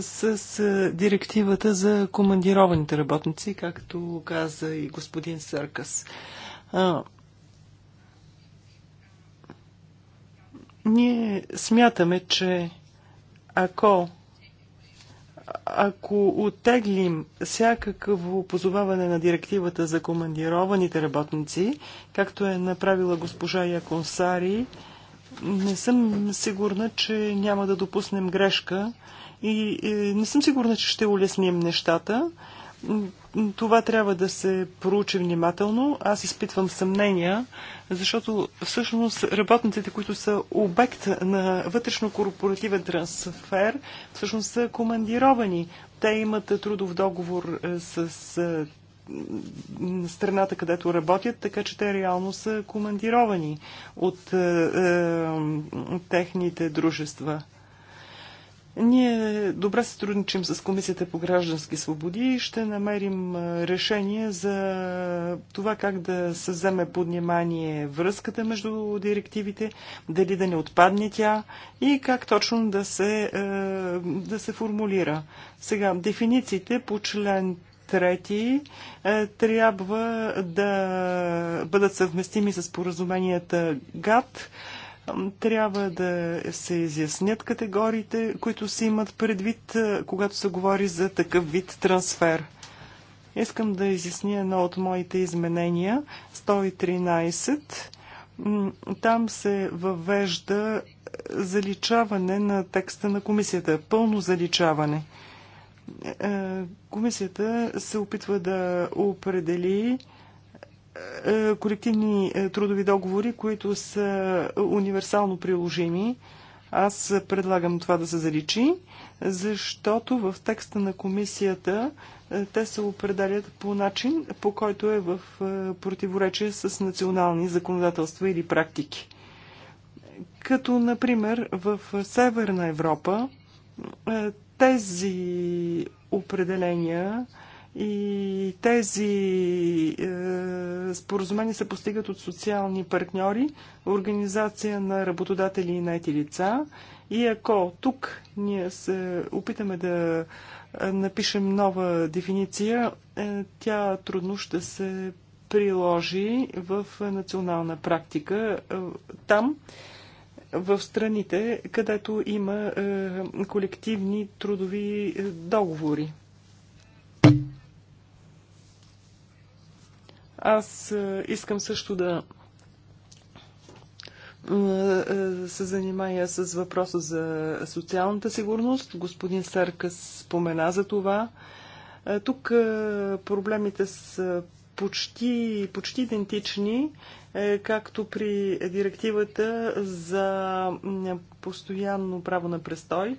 с директивата за командированите работници, както каза и господин Съркас. Ние смятаме, че ако ако оттеглим всякакво позоваване на директивата за командированите работници, както е направила госпожа Яконсари, не съм сигурна, че няма да допуснем грешка и, и е, не съм сигурна, че ще улесним нещата това трябва да се проучи внимателно. Аз изпитвам съмнения, защото всъщност работниците, които са обект на вътрешно-корпоративен трансфер, всъщност са командировани. Те имат трудов договор е, с е, страната, където работят, така че те реално са командировани от е, е техните дружества. Ние добре сътрудничим с Комисията по граждански свободи и ще намерим решение за това как да се вземе под внимание връзката между директивите, дали да не отпадне тя и как точно да се, да се формулира. Сега, дефинициите по член трети трябва да бъдат съвместими с поразуменията ГАТ трябва да се изяснят категориите, които се имат предвид, когато се говори за такъв вид трансфер. Искам да изясня едно от моите изменения, 113. Там се въвежда заличаване на текста на комисията, пълно заличаване. Е, е, комисията се опитва да определи е, колективни е, трудови договори, които са универсално приложими. Аз предлагам това да се заличи, защото в текста на комисията е, те се определят по начин, по който е в противоречие с национални законодателства или практики. Като, например, в Северна Европа тези определения и тези е, споразумения се постигат от социални партньори, организация на работодатели и найти лица. И ако тук ние се опитаме да е, напишем нова дефиниция, е, тя трудно ще се приложи в национална практика е, там, в страните, където има е, колективни трудови е, договори. Аз е, искам също да е, е, се занимая с въпроса за социалната сигурност. Господин Саркас спомена за това. Тук проблемите са почти, почти идентични, както при директивата за постоянно право на престой.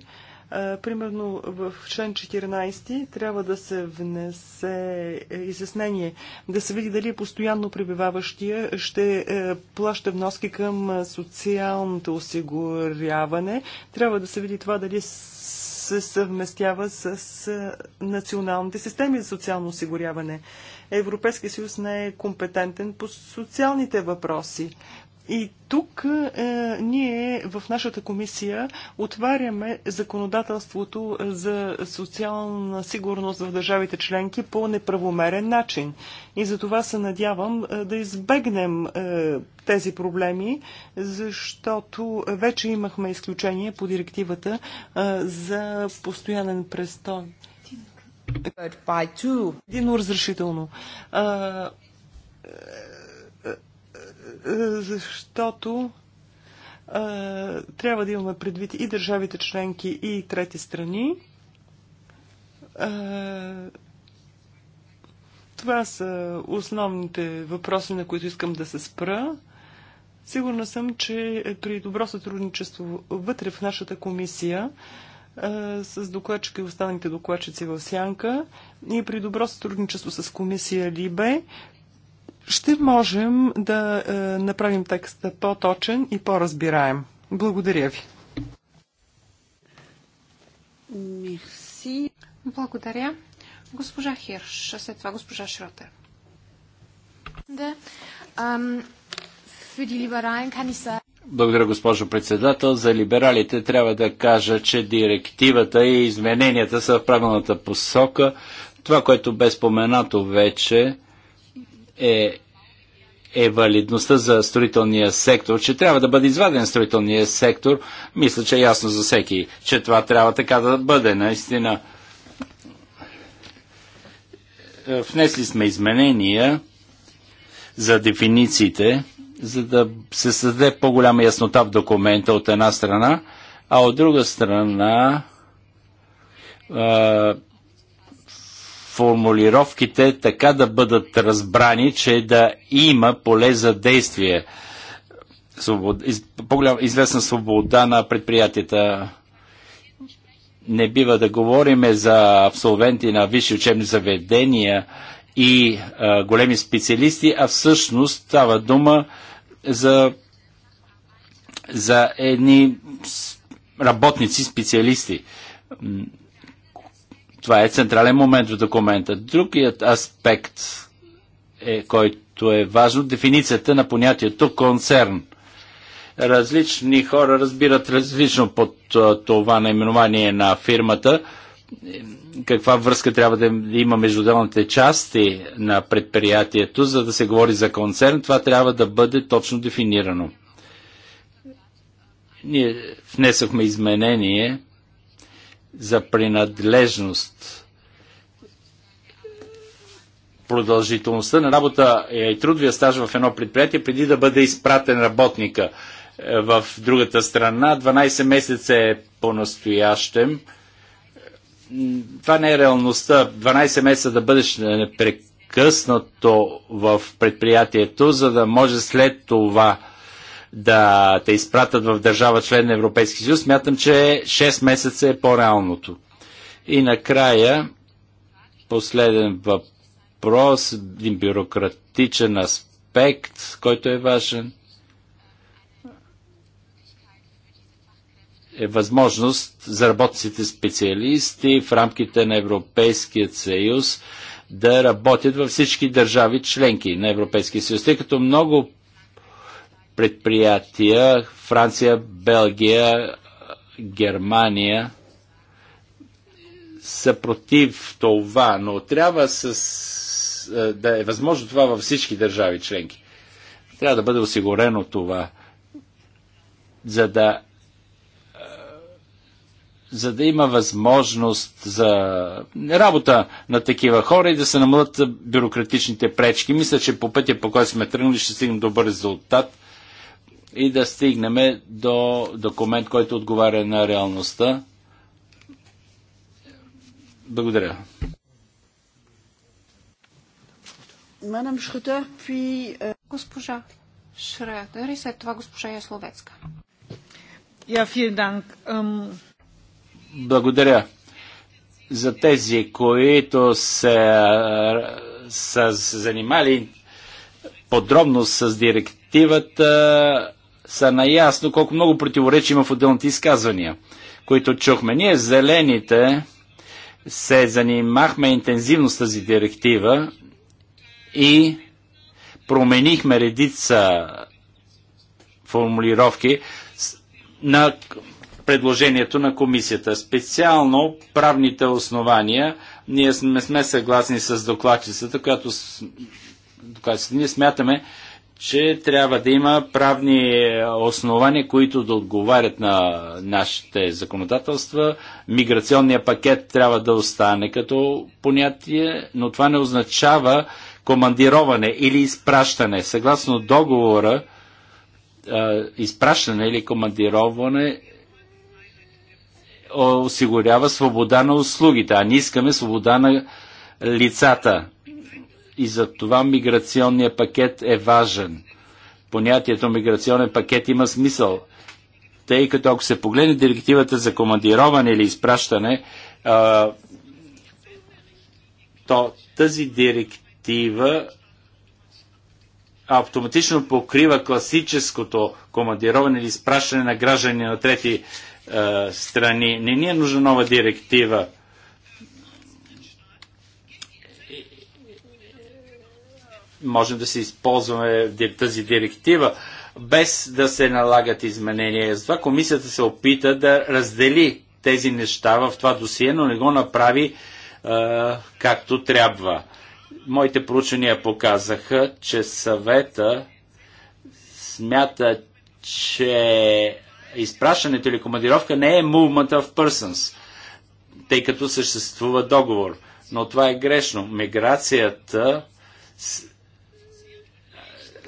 Примерно в член 14 трябва да се внесе е, изяснение, да се види дали постоянно пребиваващия ще е, плаща вноски към е, социалното осигуряване. Трябва да се види това дали се съвместява с националните системи за социално осигуряване. Европейския съюз не е компетентен по социалните въпроси. И тук е, ние в нашата комисия отваряме законодателството е, за социална сигурност в държавите членки по неправомерен начин. И за това се надявам е, да избегнем е, тези проблеми, защото вече имахме изключение по директивата е, за постоянен престой. Едино разрешително. Е, е е, защото е, трябва да имаме предвид и държавите членки, и трети страни. Е, това са основните въпроси, на които искам да се спра. Сигурна съм, че при добро сътрудничество вътре в нашата комисия с докладчика и останалите докладчици в Сянка и при добро сътрудничество с комисия Либе ще можем да е, направим текста по-точен и по-разбираем. Благодаря ви. Мерси. Благодаря. Госпожа Хирш, а след това госпожа Шротер. Благодаря, госпожо председател. За либералите трябва да кажа, че директивата и измененията са в правилната посока. Това, което бе споменато вече, е, е валидността за строителния сектор, че трябва да бъде изваден строителния сектор, мисля, че е ясно за всеки, че това трябва така да бъде, наистина. Е, внесли сме изменения за дефинициите, за да се създаде по-голяма яснота в документа от една страна, а от друга страна е, формулировките така да бъдат разбрани, че да има поле за действие. Свобод... Из... по известна свобода на предприятията. Не бива да говорим за абсолвенти на висши учебни заведения и а, големи специалисти, а всъщност става дума за, за едни работници, специалисти това е централен момент в документа. Другият аспект, е, който е важно, дефиницията на понятието концерн. Различни хора разбират различно под това наименование на фирмата каква връзка трябва да има между отделните части на предприятието, за да се говори за концерн, това трябва да бъде точно дефинирано. Ние внесохме изменение за принадлежност. Продължителността на работа е и трудовия стаж в едно предприятие преди да бъде изпратен работника е, в другата страна. 12 месеца е по-настоящем. Това не е реалността. 12 месеца да бъдеш непрекъснато в предприятието, за да може след това да те изпратят в държава член на Европейски съюз, смятам, че 6 месеца е по-реалното. И накрая, последен въпрос, един бюрократичен аспект, който е важен, е възможност за работниците специалисти в рамките на Европейския съюз да работят във всички държави членки на Европейския съюз, тъй като много предприятия Франция, Белгия, Германия са против това, но трябва с, е, да е възможно това във всички държави членки. Трябва да бъде осигурено това, за да, е, за да има възможност за работа на такива хора и да се намалят бюрократичните пречки. Мисля, че по пътя, по който сме тръгнали, ще стигнем добър резултат – и да стигнем до документ, който отговаря на реалността. Благодаря. Е, госпожа Шредер и след това госпожа Ясловецка. Благодаря за тези, които се, е, са занимали подробно с директивата са наясно колко много противоречи има в отделните изказвания, които чухме. Ние, зелените, се занимахме интензивно с тази директива и променихме редица формулировки на предложението на комисията. Специално правните основания, ние сме, сме съгласни с докладчицата, която докладчицата, ние смятаме, че трябва да има правни е, основания, които да отговарят на нашите законодателства. Миграционният пакет трябва да остане като понятие, но това не означава командироване или изпращане. Съгласно договора, е, изпращане или командироване е, осигурява свобода на услугите, а ние искаме свобода на лицата и за това миграционният пакет е важен. Понятието миграционен пакет има смисъл, тъй като ако се погледне директивата за командироване или изпращане, а, то тази директива автоматично покрива класическото командироване или изпращане на граждани на трети а, страни. Не ни е нужна нова директива. можем да се използваме тази директива, без да се налагат изменения. Затова комисията се опита да раздели тези неща в това досие, но не го направи е, както трябва. Моите проучвания показаха, че съвета смята, че изпращането или командировка не е movement of persons, тъй като съществува договор. Но това е грешно. Миграцията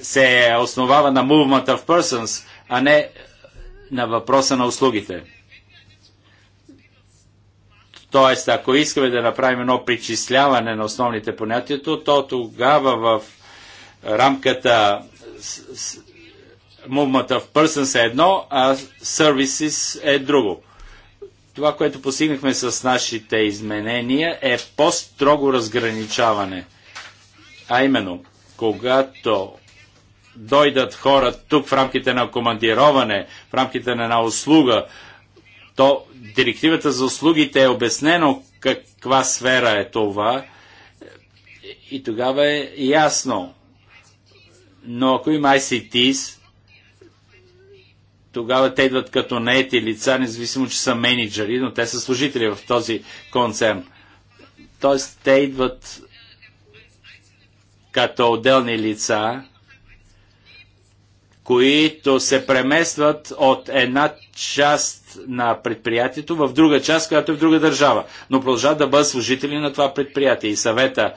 се основава на movement of persons, а не на въпроса на услугите. Тоест, ако искаме да направим едно причисляване на основните понятието, то тогава в рамката movement of persons е едно, а services е друго. Това, което постигнахме с нашите изменения е по-строго разграничаване. А именно, когато дойдат хора тук в рамките на командироване, в рамките на една услуга, то директивата за услугите е обяснено каква сфера е това и тогава е ясно. Но ако има ICTs, тогава те идват като нети лица, независимо, че са менеджери, но те са служители в този концерн. Тоест, те идват като отделни лица, които се преместват от една част на предприятието в друга част, която е в друга държава, но продължават да бъдат служители на това предприятие. И съвета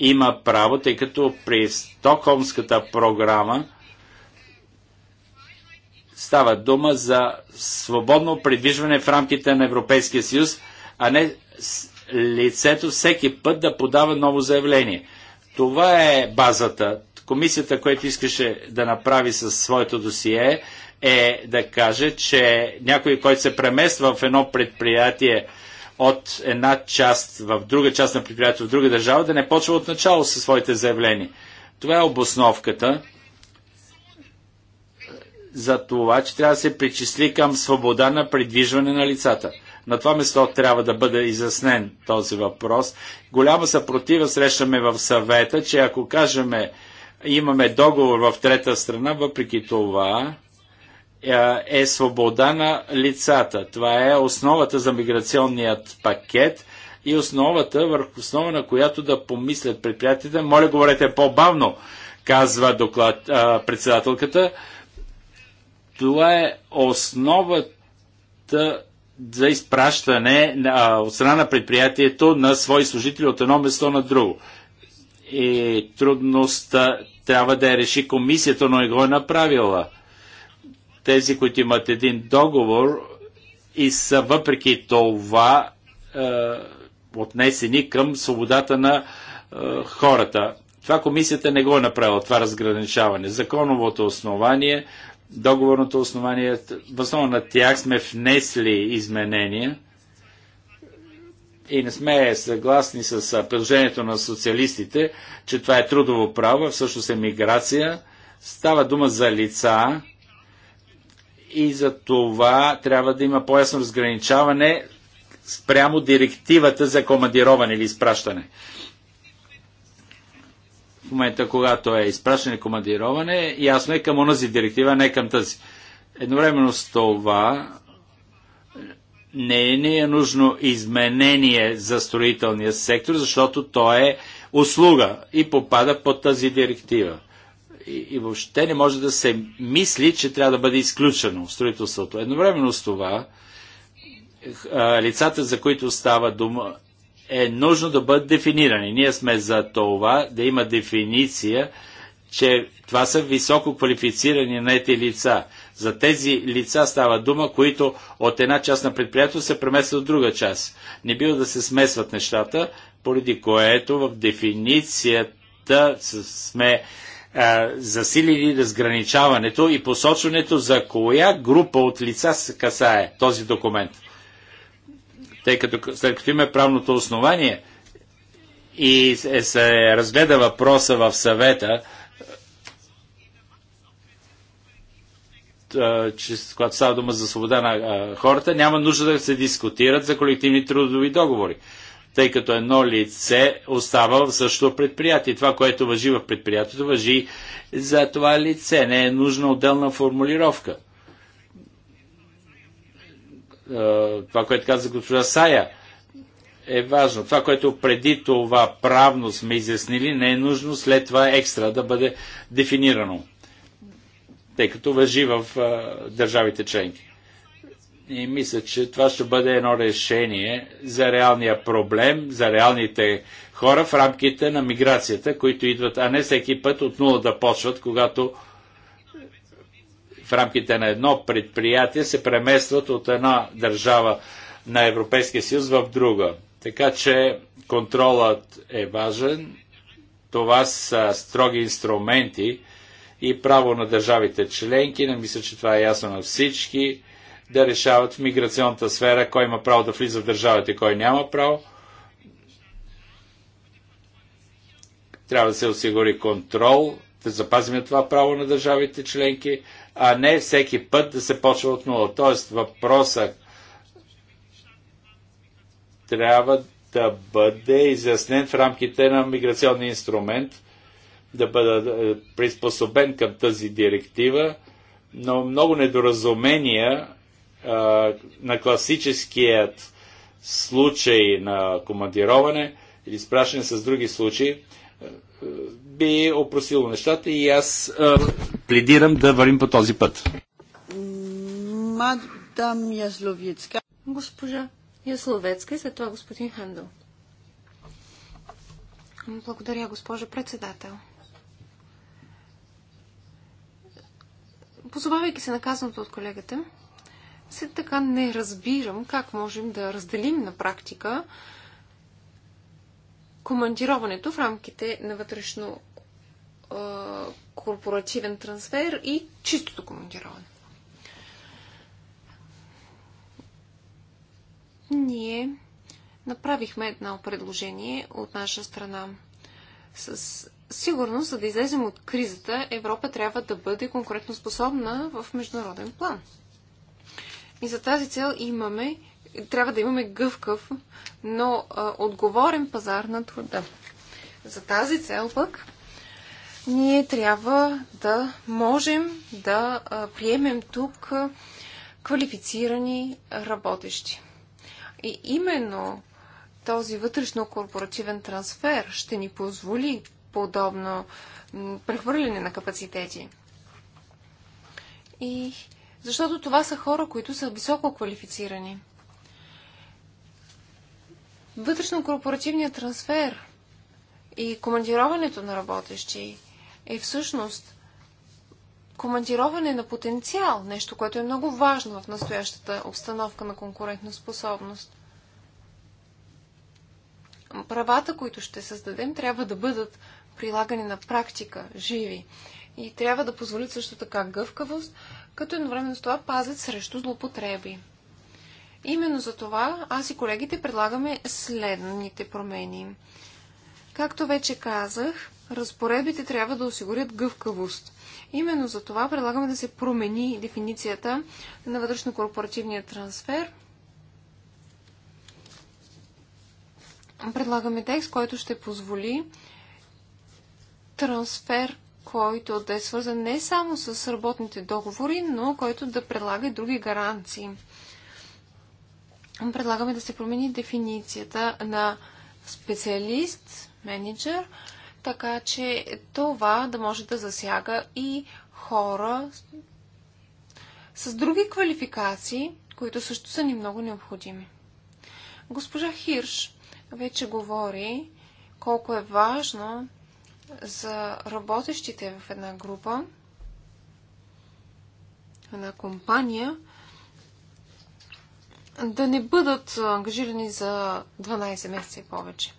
има право, тъй като при Стокхолмската програма става дума за свободно придвижване в рамките на Европейския съюз, а не лицето всеки път да подава ново заявление. Това е базата. Комисията, което искаше да направи със своето досие, е да каже, че някой, който се премества в едно предприятие от една част в друга част на предприятието в друга държава, да не почва от начало със своите заявления. Това е обосновката за това, че трябва да се причисли към свобода на придвижване на лицата. На това место трябва да бъде изяснен този въпрос. Голяма съпротива срещаме в съвета, че ако кажеме имаме договор в трета страна, въпреки това е, е свобода на лицата. Това е основата за миграционният пакет и основата, върху основа на която да помислят предприятията. Моля, говорете по-бавно, казва доклад, а, председателката. Това е основата за изпращане а, от страна на предприятието на свои служители от едно место на друго и е трудността трябва да я реши комисията, но и го е направила. Тези, които имат един договор и са въпреки това е, отнесени към свободата на е, хората. Това комисията не го е направила, това разграничаване. Законовото основание, договорното основание, в основа на тях сме внесли изменения – и не сме съгласни с предложението на социалистите, че това е трудово право, всъщност е миграция. Става дума за лица и за това трябва да има по-ясно разграничаване спрямо директивата за командироване или изпращане. В момента, когато е изпращане и командироване, ясно е към онази директива, не към тази. Едновременно с това не, е, не е нужно изменение за строителния сектор, защото то е услуга и попада под тази директива. И, и въобще не може да се мисли, че трябва да бъде изключено строителството. Едновременно с това, лицата, за които става дума, е нужно да бъдат дефинирани. Ние сме за това да има дефиниция, че това са високо квалифицирани нети лица. За тези лица става дума, които от една част на предприятието се преместват в друга част. Не бива да се смесват нещата, поради което в дефиницията сме а, засилили разграничаването и посочването за коя група от лица се касае този документ. Тъй като след като има правното основание и е, се разгледа въпроса в съвета че, когато става дума за свобода на а, хората, няма нужда да се дискутират за колективни трудови договори, тъй като едно лице остава в същото предприятие. Това, което въжи в предприятието, въжи за това лице. Не е нужна отделна формулировка. А, това, което каза госпожа Сая, е важно. Това, което преди това правно сме изяснили, не е нужно след това екстра да бъде дефинирано тъй като въжи в държавите членки. И мисля, че това ще бъде едно решение за реалния проблем, за реалните хора в рамките на миграцията, които идват, а не всеки път от нула да почват, когато в рамките на едно предприятие се преместват от една държава на Европейския съюз в друга. Така че контролът е важен. Това са строги инструменти, и право на държавите членки, не мисля, че това е ясно на всички, да решават в миграционната сфера кой има право да влиза в държавата и кой няма право. Трябва да се осигури контрол, да запазим това право на държавите членки, а не всеки път да се почва от нула. Тоест въпросът трябва да бъде изяснен в рамките на миграционния инструмент – да бъда е, приспособен към тази директива, но много недоразумения е, на класическият случай на командироване или спрашане с други случаи е, би опросило нещата и аз а, пледирам да вървим по този път. Мадам Ясловецка. Госпожа Ясловецка и след това господин Хандъл. Благодаря, госпожо председател. позовавайки се наказаното от колегата, все така не разбирам как можем да разделим на практика командироването в рамките на вътрешно е, корпоративен трансфер и чистото командироване. Ние направихме едно предложение от наша страна с сигурно, за да излезем от кризата, Европа трябва да бъде конкурентоспособна в международен план. И за тази цел имаме, трябва да имаме гъвкав, но а, отговорен пазар на труда. За тази цел пък ние трябва да можем да а, приемем тук а, квалифицирани работещи. И именно този вътрешно корпоративен трансфер ще ни позволи подобно прехвърляне на капацитети. И защото това са хора, които са високо квалифицирани. Вътрешно-корпоративният трансфер и командироването на работещи е всъщност командироване на потенциал, нещо, което е много важно в настоящата обстановка на конкурентна способност. Правата, които ще създадем, трябва да бъдат прилагане на практика, живи. И трябва да позволят също така гъвкавост, като едновременно с това пазят срещу злоупотреби. Именно за това аз и колегите предлагаме следните промени. Както вече казах, разпоредбите трябва да осигурят гъвкавост. Именно за това предлагаме да се промени дефиницията на вътрешно-корпоративния трансфер. Предлагаме текст, който ще позволи трансфер, който да е свързан не само с работните договори, но който да предлага и други гаранции. Предлагаме да се промени дефиницията на специалист, менеджер, така че това да може да засяга и хора с други квалификации, които също са ни много необходими. Госпожа Хирш вече говори колко е важно за работещите в една група, в една компания, да не бъдат ангажирани за 12 месеца и повече.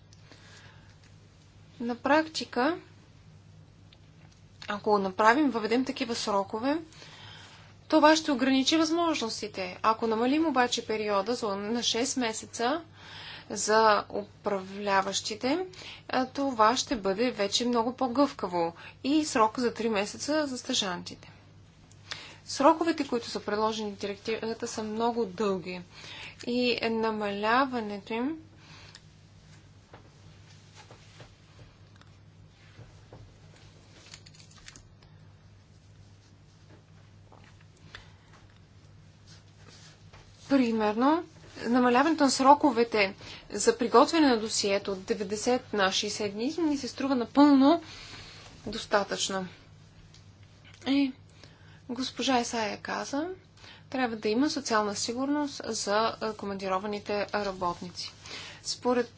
На практика, ако направим, въведем такива срокове, това ще ограничи възможностите. Ако намалим обаче периода на 6 месеца, за управляващите, това ще бъде вече много по-гъвкаво и срок за 3 месеца за стъжантите. Сроковете, които са предложени в директивата, са много дълги и намаляването им Примерно, намаляването на сроковете за приготвяне на досието от 90 на 60 дни ми се струва напълно достатъчно. И госпожа Есая каза, трябва да има социална сигурност за командированите работници. Според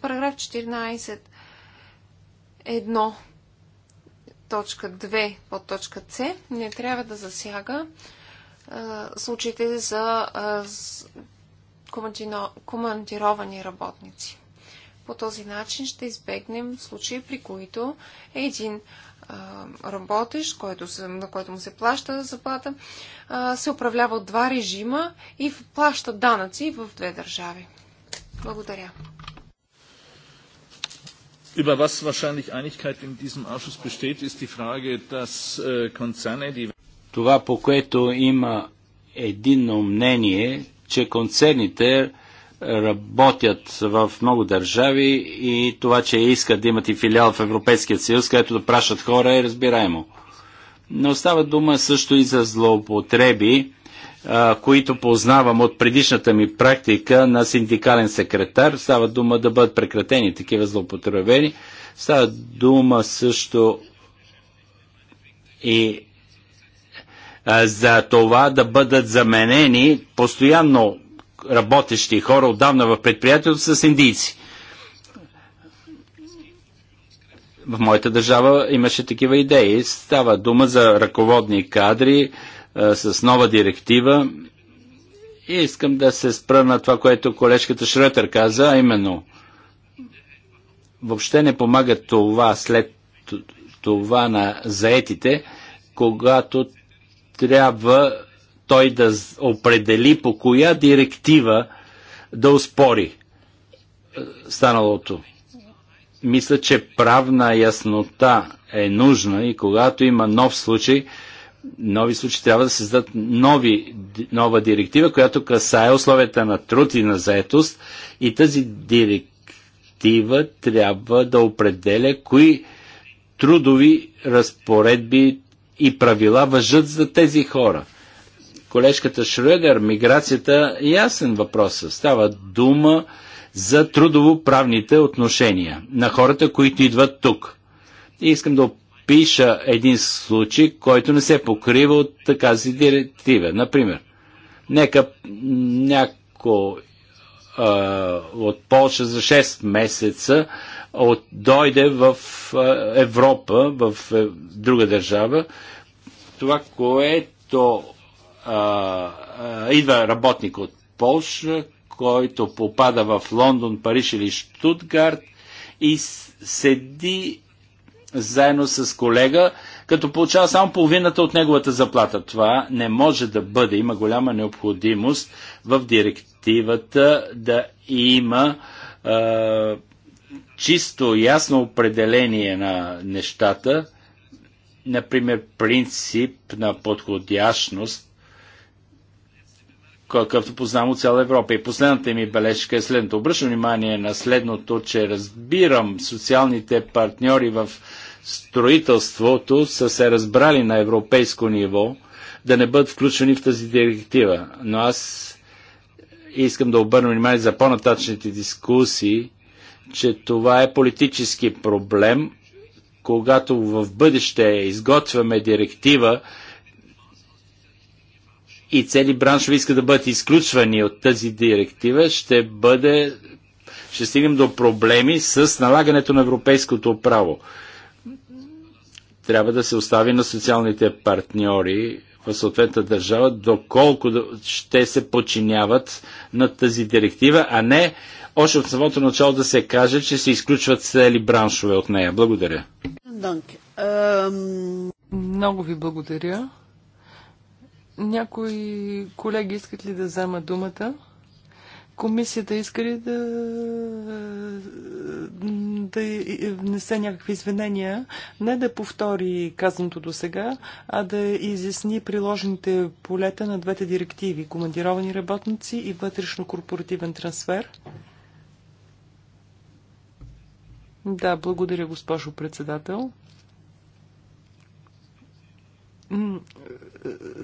параграф 14 1 точка 2 под точка С не трябва да засяга а, случаите за а, командировани работници. По този начин ще избегнем случаи, при които един а, работещ, който, на който му се плаща заплата, се управлява от два режима и плаща данъци в две държави. Благодаря. Über was wahrscheinlich Einigkeit in diesem Ausschuss besteht, ist die Frage, dass äh, Konzerne, die... Това, по което има единно мнение, че концерните работят в много държави и това, че искат да имат и филиал в Европейския съюз, където да пращат хора е разбираемо. Но става дума също и за злоупотреби, които познавам от предишната ми практика на синдикален секретар. Става дума да бъдат прекратени такива злоупотребени. Става дума също и за това да бъдат заменени постоянно работещи хора отдавна в предприятието с индийци. В моята държава имаше такива идеи. Става дума за ръководни кадри а, с нова директива. И искам да се спра на това, което колежката Шретер каза, а именно въобще не помага това след това на заетите, когато трябва той да определи по коя директива да успори е, станалото. Мисля, че правна яснота е нужна и когато има нов случай, нови случаи трябва да се създадат нови, нова директива, която касае условията на труд и на заетост и тази директива трябва да определя кои трудови разпоредби и правила въжат за тези хора. Колежката Шрегер, миграцията е ясен въпрос. Става дума за трудово-правните отношения на хората, които идват тук. И искам да опиша един случай, който не се покрива от тази директива. Например, нека някой от Польша за 6 месеца от, дойде в а, Европа, в е, друга държава това, което а, а, идва работник от Полша, който попада в Лондон, Париж или Штутгарт и седи заедно с колега, като получава само половината от неговата заплата. Това не може да бъде. Има голяма необходимост в директивата да има а, чисто, ясно определение на нещата например, принцип на подходящност, какъвто познам от цяла Европа. И последната ми бележка е следното. Обръщам внимание на следното, че разбирам социалните партньори в строителството са се разбрали на европейско ниво да не бъдат включени в тази директива. Но аз искам да обърна внимание за по-нататъчните дискусии, че това е политически проблем когато в бъдеще изготвяме директива и цели браншове искат да бъдат изключвани от тази директива, ще бъде ще стигнем до проблеми с налагането на европейското право. Трябва да се остави на социалните партньори в съответната държава, доколко ще се подчиняват на тази директива, а не още от самото начало да се каже, че се изключват цели браншове от нея. Благодаря. Много ви благодаря. Някои колеги искат ли да взема думата? Комисията иска ли да, да внесе някакви извинения? Не да повтори казаното до сега, а да изясни приложените полета на двете директиви – командировани работници и вътрешно-корпоративен трансфер. Да, благодаря, госпожо председател.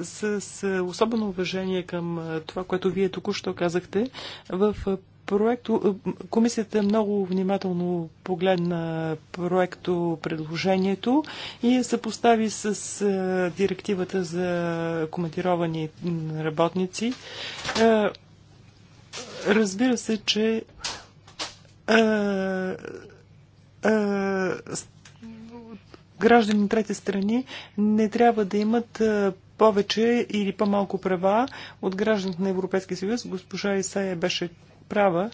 С, с особено уважение към това, което вие току-що казахте, в проекто, комисията е много внимателно погледна проекто предложението и се постави с директивата за коментировани работници. Разбира се, че е, граждани на трети страни не трябва да имат е, повече или по-малко права от гражданите на Европейския съюз. Госпожа Исая беше права,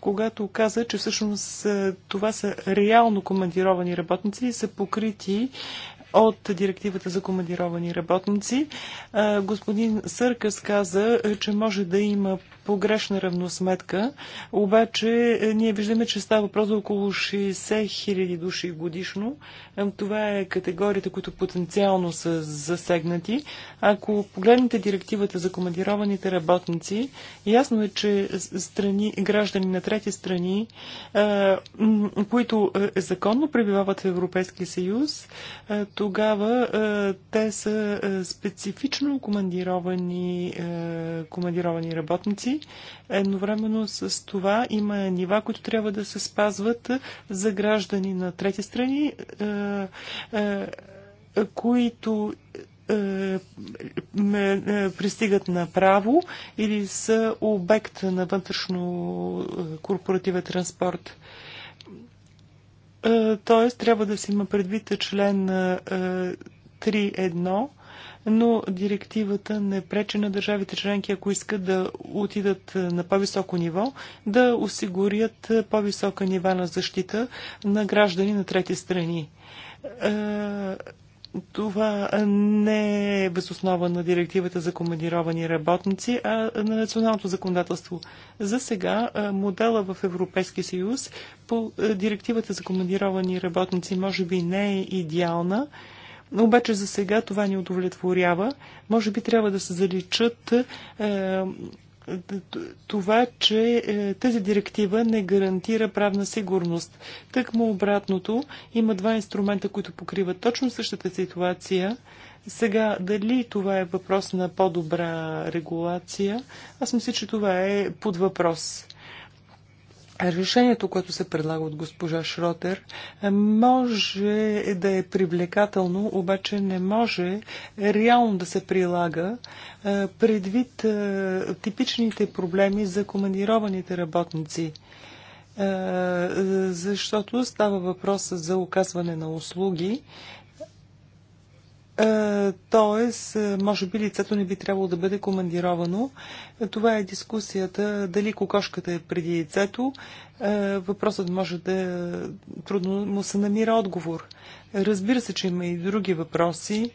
когато каза, че всъщност е, това са реално командировани работници и са покрити от директивата за командировани работници. Господин Съркъс каза, че може да има погрешна равносметка, обаче е, ние виждаме, че става въпрос за около 60 хиляди души годишно. Е, това е категорията, които потенциално са засегнати. Ако погледнете директивата за командированите работници, ясно е, че страни, граждани на трети страни, е, които законно пребивават в Европейския съюз, тогава те са специфично командировани, командировани работници Едновременно с това има нива, които трябва да се спазват за граждани на трети страни, е, е, които е, пристигат направо или са обект на вътрешно корпоративен транспорт. Тоест, трябва да се има предвид член 3.1 но директивата не пречи на държавите членки, ако искат да отидат е, на по-високо ниво, да осигурят е, по-висока нива на защита на граждани на трети страни. Е, това не е възоснова на директивата за командировани работници, а на националното законодателство. За сега модела в Европейския съюз по директивата за командировани работници може би не е идеална, обаче за сега това ни удовлетворява. Може би трябва да се заличат е, това, че е, тази директива не гарантира правна сигурност. Тък му обратното, има два инструмента, които покриват точно същата ситуация. Сега, дали това е въпрос на по-добра регулация, аз мисля, че това е под въпрос. Решението, което се предлага от госпожа Шротер, може да е привлекателно, обаче не може реално да се прилага предвид типичните проблеми за командированите работници защото става въпрос за оказване на услуги е, тоест, е, може би лицето не би трябвало да бъде командировано. Това е дискусията дали кокошката е преди яйцето. Е, въпросът може да трудно му се намира отговор. Разбира се, че има и други въпроси,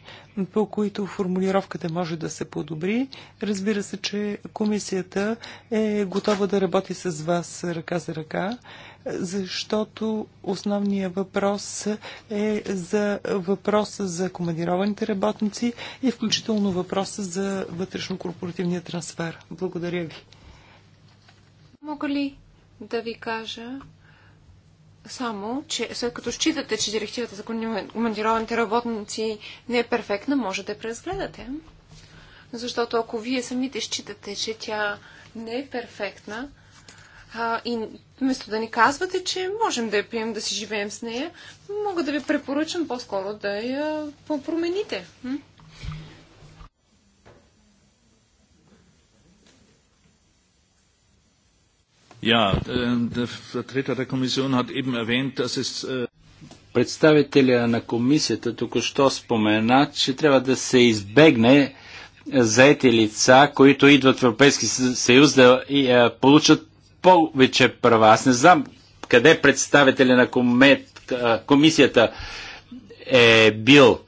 по които формулировката може да се подобри. Разбира се, че комисията е готова да работи с вас ръка за ръка защото основният въпрос е за въпроса за командированите работници и включително въпроса за вътрешно-корпоративния трансфер. Благодаря ви. Мога ли да ви кажа само, че след като считате, че директивата за командированите работници не е перфектна, може да я преразгледате. Защото ако вие самите считате, че тя не е перфектна а, и Вместо да ни казвате, че можем да я пием, да си живеем с нея, мога да ви препоръчам по-скоро да я промените. Ja, äh, der Vertreter der Kommission hat eben erwähnt, dass es äh, Представителя на комисията току-що спомена, че трябва да се избегне заети лица, които идват в Европейски съюз да е, получат повече права. Аз не знам къде представителя на комет, комисията е бил.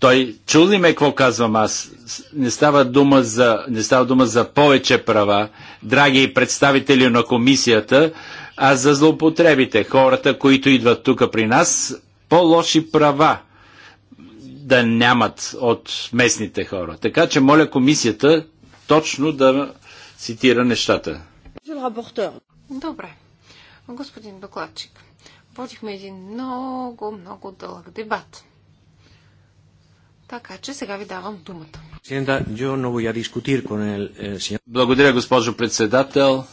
Той чул ли ме какво казвам аз? Не става, дума за, не става дума за повече права, драги представители на комисията, а за злоупотребите. Хората, които идват тук при нас, по-лоши права да нямат от местните хора. Така че моля комисията точно да цитира нещата. Добре. Господин докладчик, водихме един много, много дълъг дебат. Така че сега ви давам думата. Eh, Благодаря, госпожо председател.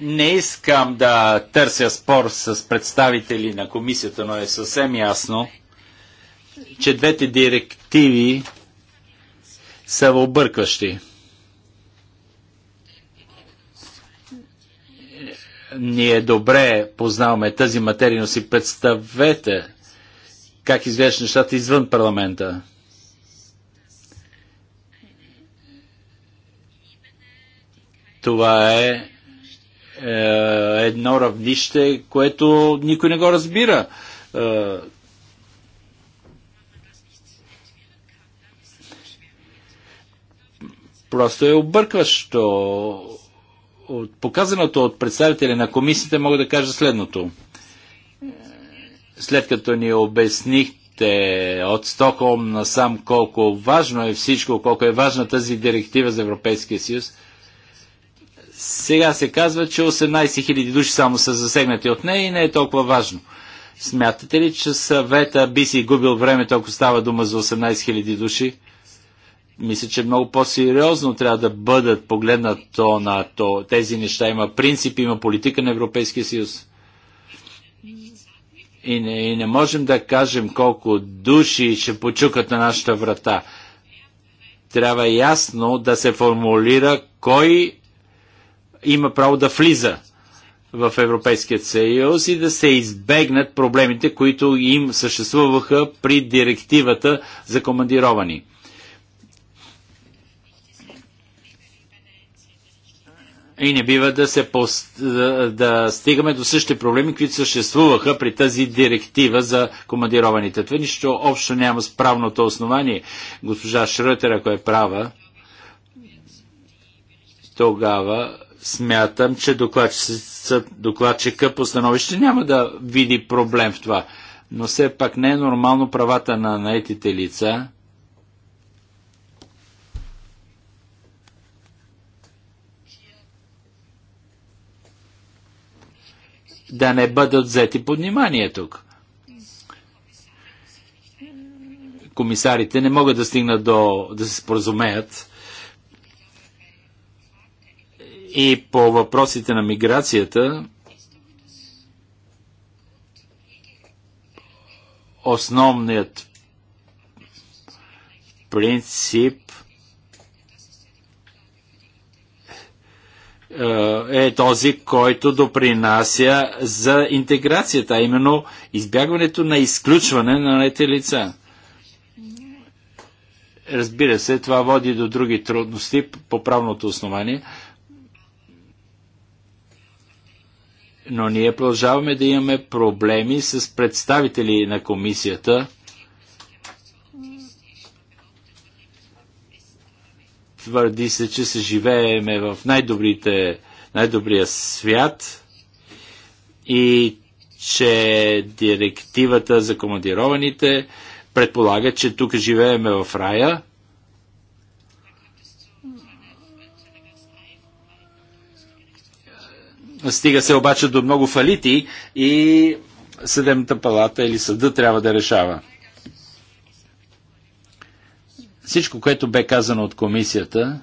Не искам да търся спор с представители на комисията, но е съвсем ясно, че двете директиви са объркващи. ние добре познаваме тази материя, но си представете как изглеждат нещата извън парламента. Това е, е едно равнище, което никой не го разбира. Е, просто е объркващо от показаното от представители на комисията мога да кажа следното. След като ни обяснихте от Стокхолм насам колко важно е всичко, колко е важна тази директива за Европейския съюз, сега се казва, че 18 000 души само са засегнати от нея и не е толкова важно. Смятате ли, че съвета би си губил времето, ако става дума за 18 000 души? мисля, че много по-сериозно трябва да бъдат погледнато на то. Тези неща има принципи, има политика на Европейския съюз. И не, и не можем да кажем колко души ще почукат на нашата врата. Трябва ясно да се формулира кой има право да влиза в Европейския съюз и да се избегнат проблемите, които им съществуваха при директивата за командировани. И не бива да, се пост... да стигаме до същите проблеми, които съществуваха при тази директива за командированите. Това нищо общо няма с правното основание. Госпожа Шрътер, ако е права, тогава смятам, че докладчика по становище няма да види проблем в това. Но все пак не е нормално правата на наетите лица да не бъдат взети под внимание тук. Комисарите не могат да стигнат до да се споразумеят и по въпросите на миграцията основният принцип Е, е този, който допринася за интеграцията, а именно избягването на изключване на лете лица. Разбира се, това води до други трудности по правното основание, но ние продължаваме да имаме проблеми с представители на комисията – Твърди се, че се живееме в най-добрите, най-добрия свят и че директивата за командированите предполага, че тук живееме в рая. Стига се обаче до много фалити и съдебната палата или съда трябва да решава. Всичко, което бе казано от комисията,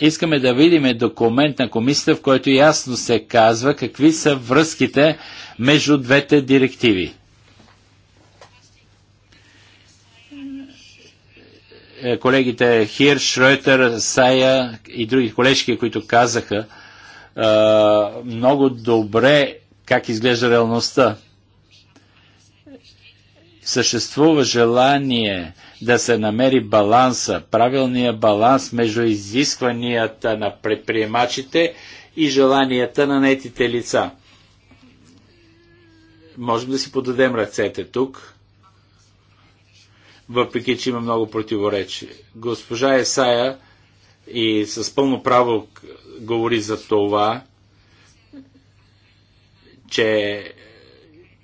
искаме да видим документ на комисията, в който ясно се казва какви са връзките между двете директиви. Е, колегите Хир, Шройтер, Сая и други колежки, които казаха много добре как изглежда реалността съществува желание да се намери баланса, правилния баланс между изискванията на предприемачите и желанията на нетите лица. Можем да си подадем ръцете тук, въпреки че има много противоречи. Госпожа Есая и с пълно право говори за това, че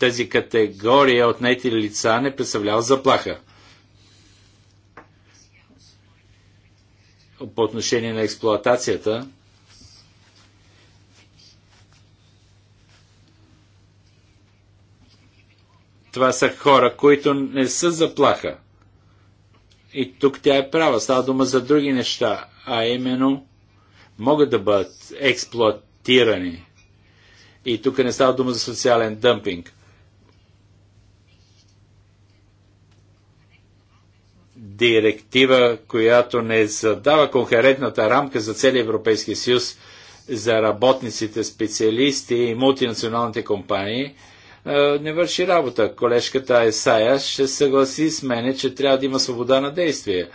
тази категория от нети лица не представлява заплаха. По отношение на експлоатацията, това са хора, които не са заплаха. И тук тя е права. Става дума за други неща, а именно могат да бъдат експлоатирани. И тук не става дума за социален дъмпинг. директива, която не задава конкретната рамка за цели Европейски съюз за работниците, специалисти и мултинационалните компании, е, не върши работа. Колежката Есая ще съгласи с мене, че трябва да има свобода на действие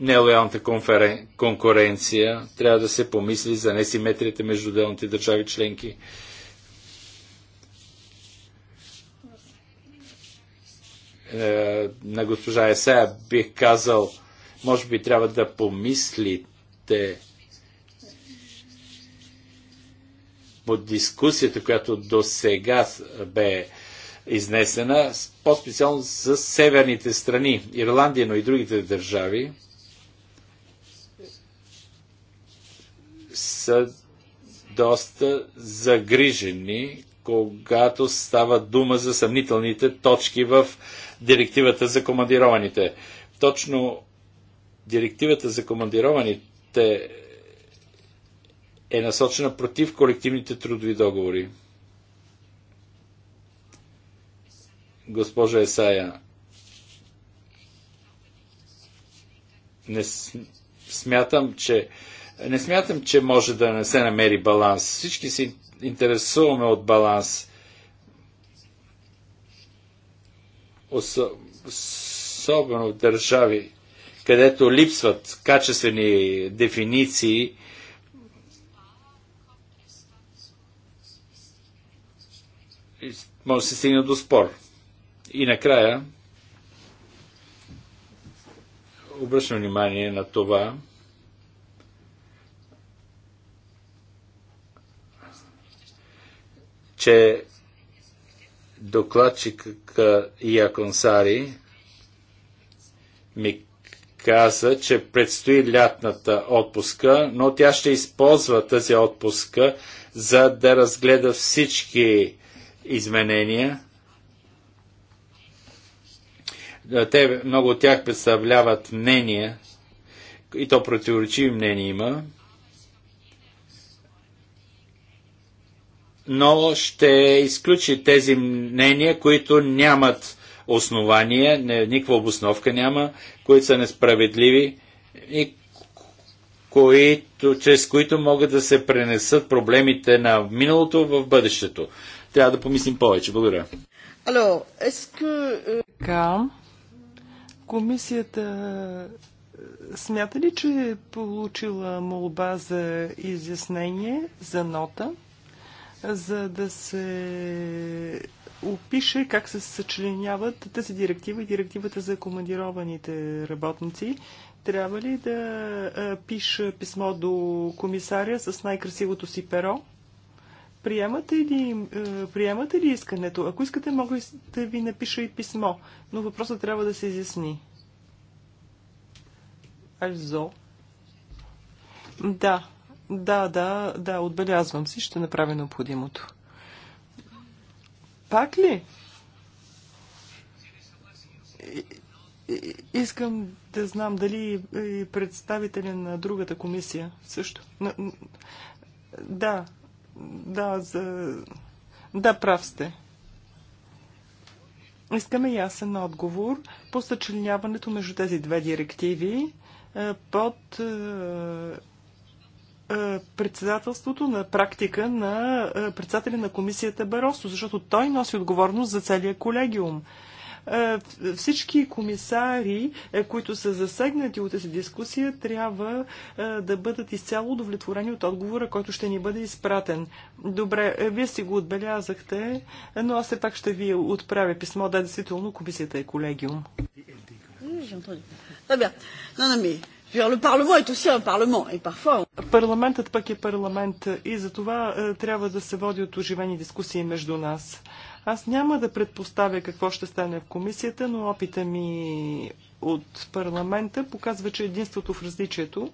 нелоялната конферен... конкуренция. Трябва да се помисли за несиметрията между отделните държави членки. Е, на госпожа Есея бих казал, може би трябва да помислите по дискусията, която до сега бе изнесена, по-специално за северните страни, Ирландия, но и другите държави – са доста загрижени, когато става дума за съмнителните точки в директивата за командированите. Точно директивата за командированите е насочена против колективните трудови договори. Госпожа Есая, не смятам, че не смятам, че може да не се намери баланс. Всички се интересуваме от баланс. Особено в държави, където липсват качествени дефиниции, може да се стигне до спор. И накрая обръщам внимание на това, че докладчик Иаконсари ми каза, че предстои лятната отпуска, но тя ще използва тази отпуска, за да разгледа всички изменения. Те, много от тях представляват мнения, и то противоречиви мнения има. но ще изключи тези мнения, които нямат основания, не, никаква обосновка няма, които са несправедливи и които, чрез които могат да се пренесат проблемите на миналото в бъдещето. Трябва да помислим повече. Благодаря. Ало, que... Е, така, комисията е, смята ли, че е получила молба за изяснение, за нота? за да се опише как се съчленяват тази директива и директивата за командированите работници. Трябва ли да пиша писмо до комисаря с най-красивото си перо? Приемате ли, приемате ли искането? Ако искате, мога да ви напиша и писмо, но въпросът трябва да се изясни. Альзо. Да, да, да, да, отбелязвам си, ще направя необходимото. Пак ли? Искам да знам дали и представителя на другата комисия също. Да, да, за... да, прав сте. Искаме ясен отговор по съчленяването между тези две директиви е, под е, е, председателството на практика на е, председателя на комисията Баросо, защото той носи отговорност за целия колегиум е, всички комисари, които са засегнати от тази дискусия, трябва да бъдат изцяло удовлетворени от отговора, който ще ни бъде изпратен. Добре, вие си го отбелязахте, но аз все пак ще ви отправя писмо. Да, действително, комисията е колегиум. Парламентът пък е парламент е, и за това е, трябва да се води от оживени дискусии между нас. Аз няма да предпоставя какво ще стане в комисията, но опита ми от парламента показва, че единството в различието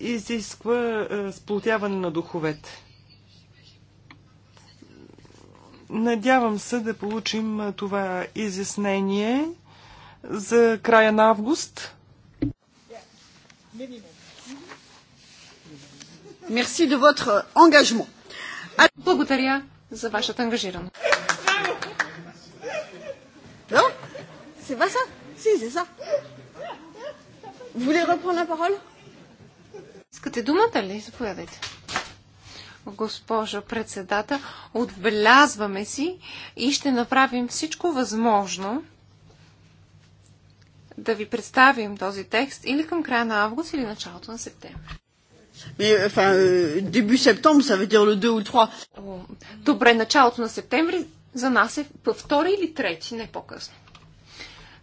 изисква е, сплотяване на духовете. Надявам се да получим това изяснение за края на август. Merci de votre engagement. Благодаря за вашата ангажираност. Non C'est pas ça Si, c'est ça. Vous voulez reprendre la parole Искате думата ли? Заповядайте. Госпожо председател, отбелязваме си и ще направим всичко възможно да ви представим този текст или към края на август или началото на септември. Mais, enfin, euh, début septembre, ça veut dire le 2 ou 3. Добре, началото на септември за нас е втори или трети, не по-късно.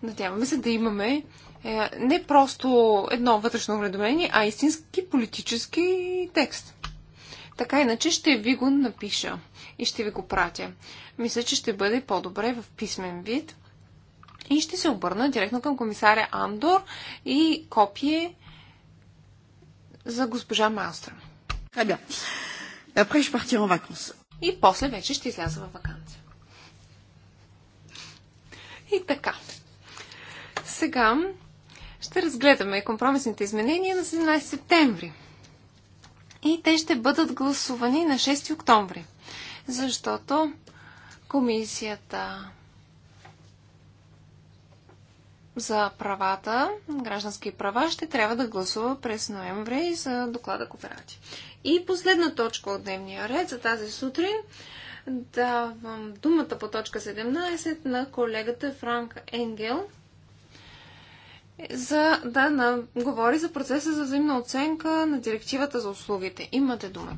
Надяваме се да имаме е, не просто едно вътрешно уведомление, а истински политически текст. Така иначе ще ви го напиша и ще ви го пратя. Мисля, че ще бъде по-добре в писмен вид, и ще се обърна директно към комисаря Андор и копие за госпожа Малстра. И после вече ще изляза във вакансия. И така. Сега ще разгледаме компромисните изменения на 17 септември. И те ще бъдат гласувани на 6 октомври. Защото комисията за правата, граждански права, ще трябва да гласува през ноември за доклада Кооперати. И последна точка от дневния ред за тази сутрин давам думата по точка 17 на колегата Франк Енгел, за да на, говори за процеса за взаимна оценка на директивата за услугите. Имате думата.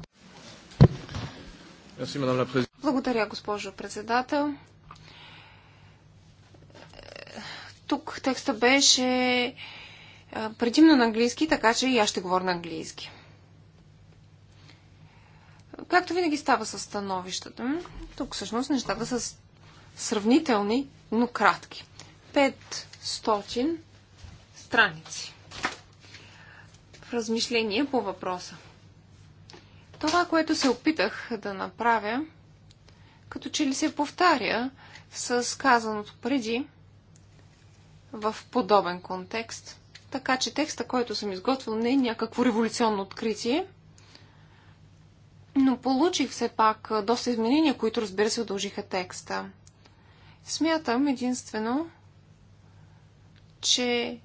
Благодаря, госпожо председател. Тук текста беше предимно на английски, така че и аз ще говоря на английски. Както винаги става с становищата, тук всъщност нещата са сравнителни, но кратки. 500 страници. Размишление по въпроса. Това, което се опитах да направя, като че ли се повтаря с казаното преди, в подобен контекст. Така че текста, който съм изготвил, не е някакво революционно откритие, но получих все пак доста изменения, които разбира се удължиха текста. Смятам единствено, че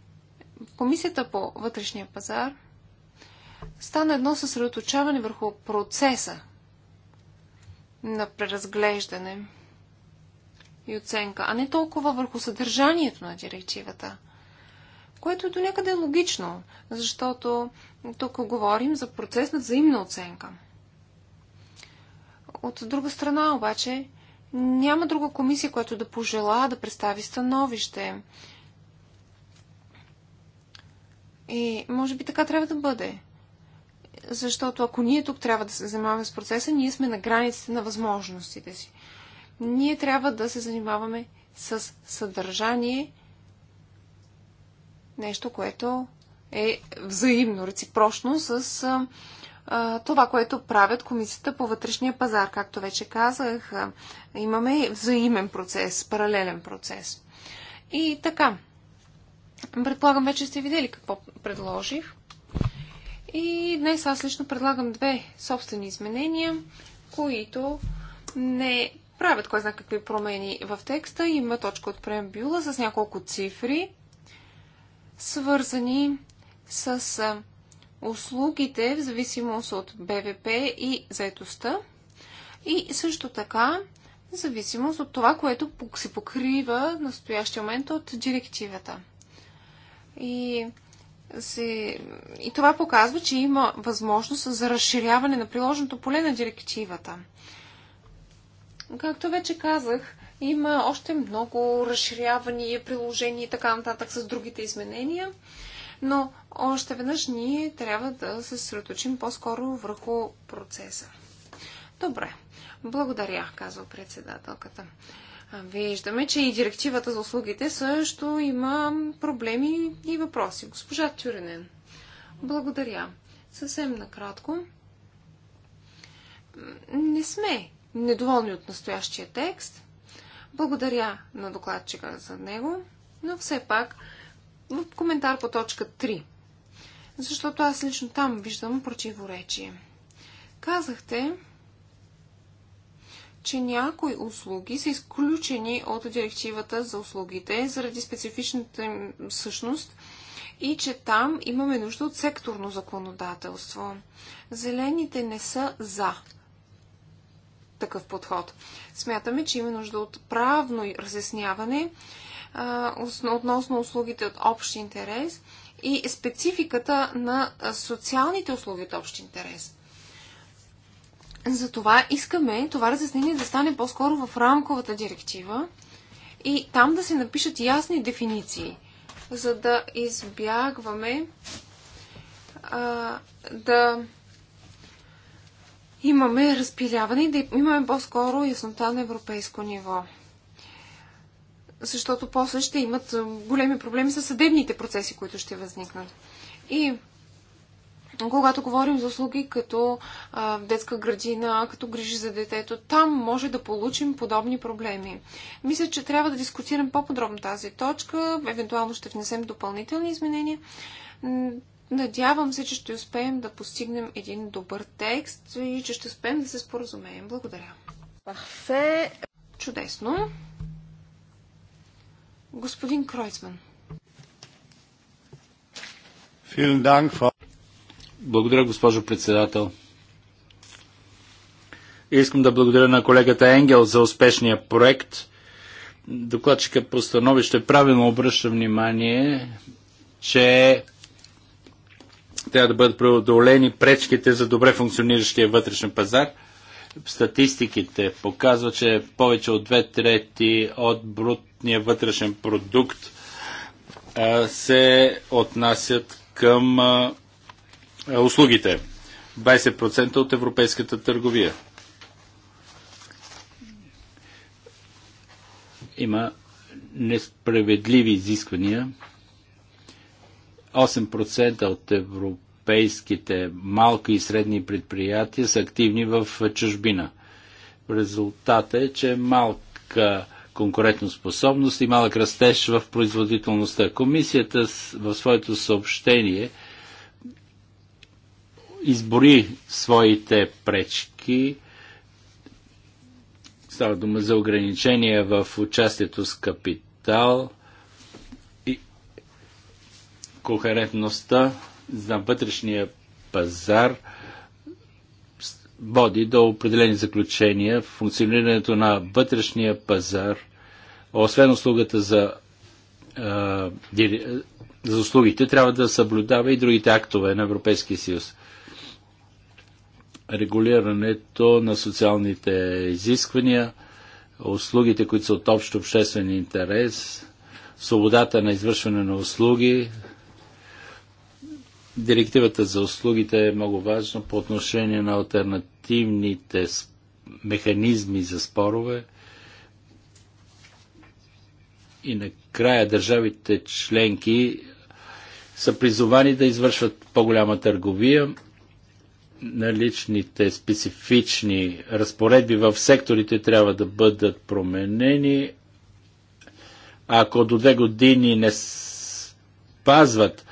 Комисията по вътрешния пазар стана едно съсредоточаване върху процеса на преразглеждане – и оценка, а не толкова върху съдържанието на директивата. Което е до някъде е логично, защото тук говорим за процес на взаимна оценка. От друга страна обаче няма друга комисия, която да пожела да представи становище. И може би така трябва да бъде. Защото ако ние тук трябва да се занимаваме с процеса, ние сме на границите на възможностите си ние трябва да се занимаваме с съдържание, нещо, което е взаимно, реципрочно с а, това, което правят комисията по вътрешния пазар. Както вече казах, имаме взаимен процес, паралелен процес. И така, предполагам вече сте видели какво предложих. И днес аз лично предлагам две собствени изменения, които не правят кой знае какви промени в текста. Има точка от преамбюла с няколко цифри, свързани с услугите в зависимост от БВП и заетостта. И също така, в зависимост от това, което се покрива в настоящия момент от директивата. И, се... и това показва, че има възможност за разширяване на приложеното поле на директивата. Както вече казах, има още много разширявания, приложения и така нататък с другите изменения, но още веднъж ние трябва да се съсредоточим по-скоро върху процеса. Добре, благодаря, казва председателката. Виждаме, че и директивата за услугите също има проблеми и въпроси. Госпожа Тюренен, благодаря. Съвсем накратко. Не сме недоволни от настоящия текст. Благодаря на докладчика за него, но все пак в коментар по точка 3. Защото аз лично там виждам противоречие. Казахте, че някои услуги са изключени от директивата за услугите заради специфичната им същност и че там имаме нужда от секторно законодателство. Зелените не са за такъв подход. Смятаме, че има нужда от правно разясняване а, относно услугите от общ интерес и спецификата на социалните услуги от общ интерес. Затова искаме това разяснение да стане по-скоро в рамковата директива и там да се напишат ясни дефиниции, за да избягваме а, да имаме разпиляване и да имаме по-скоро яснота на европейско ниво. Защото после ще имат големи проблеми с съдебните процеси, които ще възникнат. И когато говорим за услуги като а, детска градина, като грижи за детето, там може да получим подобни проблеми. Мисля, че трябва да дискутирам по-подробно тази точка, евентуално ще внесем допълнителни изменения. Надявам се, че ще успеем да постигнем един добър текст и че ще успеем да се споразумеем. Благодаря. Парфе. Чудесно. Господин Кройцман. Благодаря, госпожо председател. Искам да благодаря на колегата Енгел за успешния проект. Докладчика по становище правилно обръща внимание, че трябва да бъдат преодолени пречките за добре функциониращия вътрешен пазар. Статистиките показват, че повече от две трети от брутния вътрешен продукт се отнасят към услугите. 20% от европейската търговия. Има несправедливи изисквания 8% от европейските малки и средни предприятия са активни в чужбина. Резултата е, че малка конкурентоспособност и малък растеж в производителността. Комисията в своето съобщение избори своите пречки. Става дума за ограничения в участието с капитал, кохерентността за вътрешния пазар води до определени заключения. Функционирането на вътрешния пазар, освен услугата за, за услугите, трябва да съблюдава и другите актове на Европейския съюз. Регулирането на социалните изисквания, услугите, които са от общо обществен интерес, свободата на извършване на услуги, Директивата за услугите е много важна по отношение на альтернативните механизми за спорове. И накрая държавите членки са призовани да извършват по-голяма търговия. Наличните специфични разпоредби в секторите трябва да бъдат променени. Ако до две години не спазват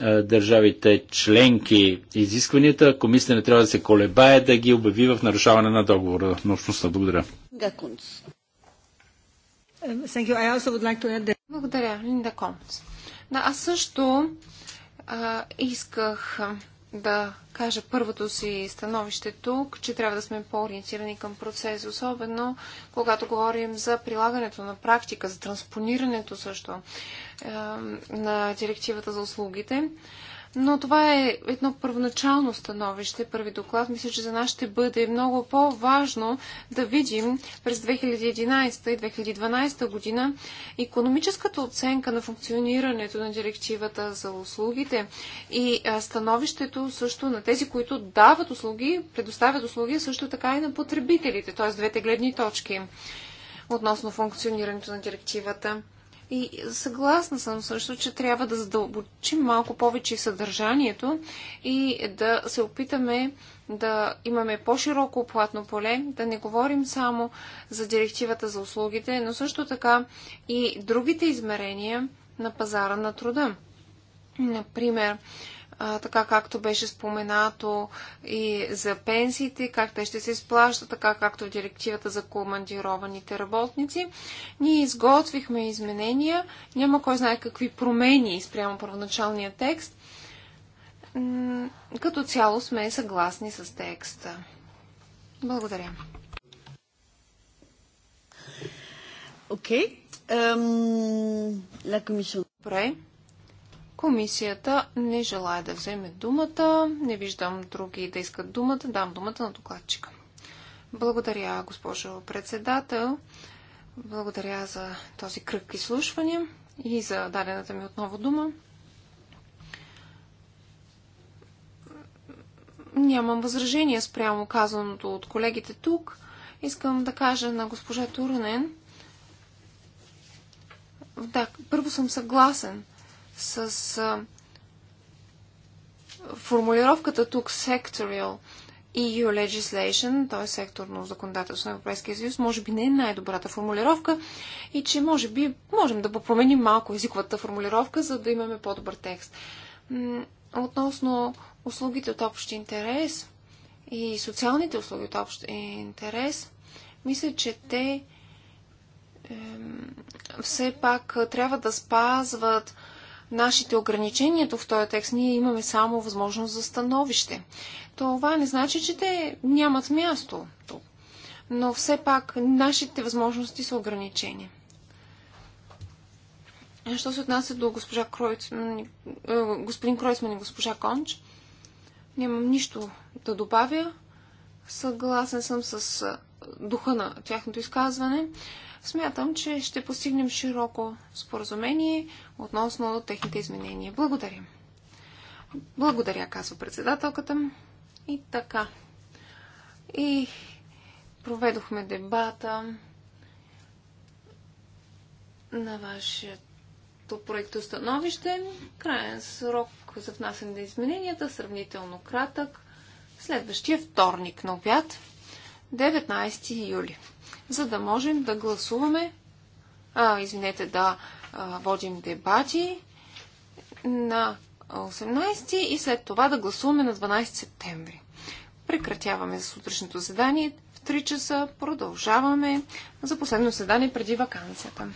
е, държавите членки изискванията, комисията не трябва да се колебае да ги обяви в нарушаване на договора на общността. Благодаря. Благодаря, Линда Конс. Да, аз също а, исках да кажа първото си становище тук, че трябва да сме по-ориентирани към процес, особено когато говорим за прилагането на практика, за транспонирането също на директивата за услугите. Но това е едно първоначално становище, първи доклад. Мисля, че за нас ще бъде много по-важно да видим през 2011 и 2012 година економическата оценка на функционирането на директивата за услугите и становището също на тези, които дават услуги, предоставят услуги, също така и на потребителите, т.е. двете гледни точки относно функционирането на директивата. И съгласна съм също, че трябва да задълбочим малко повече съдържанието и да се опитаме да имаме по-широко оплатно поле, да не говорим само за директивата за услугите, но също така и другите измерения на пазара на труда. Например, а, така както беше споменато и за пенсиите, как те ще се изплащат, така както в директивата за командированите работници. Ние изготвихме изменения, няма кой знае какви промени спрямо първоначалния текст. Като цяло сме съгласни с текста. Благодаря. Окей. Okay. Um, Добре. Комисията не желая да вземе думата. Не виждам други да искат думата. Дам думата на докладчика. Благодаря, госпожо председател. Благодаря за този кръг изслушване и за дадената ми отново дума. Нямам възражение спрямо казаното от колегите тук. Искам да кажа на госпожа Турнен. Да, първо съм съгласен – с формулировката тук sectorial EU legislation, т.е. секторно законодателство на Европейския съюз, може би не е най-добрата формулировка и че може би можем да променим малко езиковата формулировка, за да имаме по-добър текст. Относно услугите от общ интерес и социалните услуги от общ интерес, мисля, че те е, все пак трябва да спазват нашите ограничения в този текст. Ние имаме само възможност за становище. Това не значи, че те нямат място тук. Но все пак нашите възможности са ограничени. Що се отнася до госпожа Кройцман, е, господин Кройцман и госпожа Конч, нямам нищо да добавя. Съгласен съм с духа на тяхното изказване смятам, че ще постигнем широко споразумение относно техните изменения. Благодаря. Благодаря, казва председателката. И така. И проведохме дебата на вашето проекто становище. Краен срок за внасяне на измененията, сравнително кратък. Следващия вторник на обяд, 19 юли за да можем да гласуваме, а, извинете, да а, водим дебати на 18 и след това да гласуваме на 12 септември. Прекратяваме сутрешното задание. В 3 часа продължаваме за последно задание преди вакансията.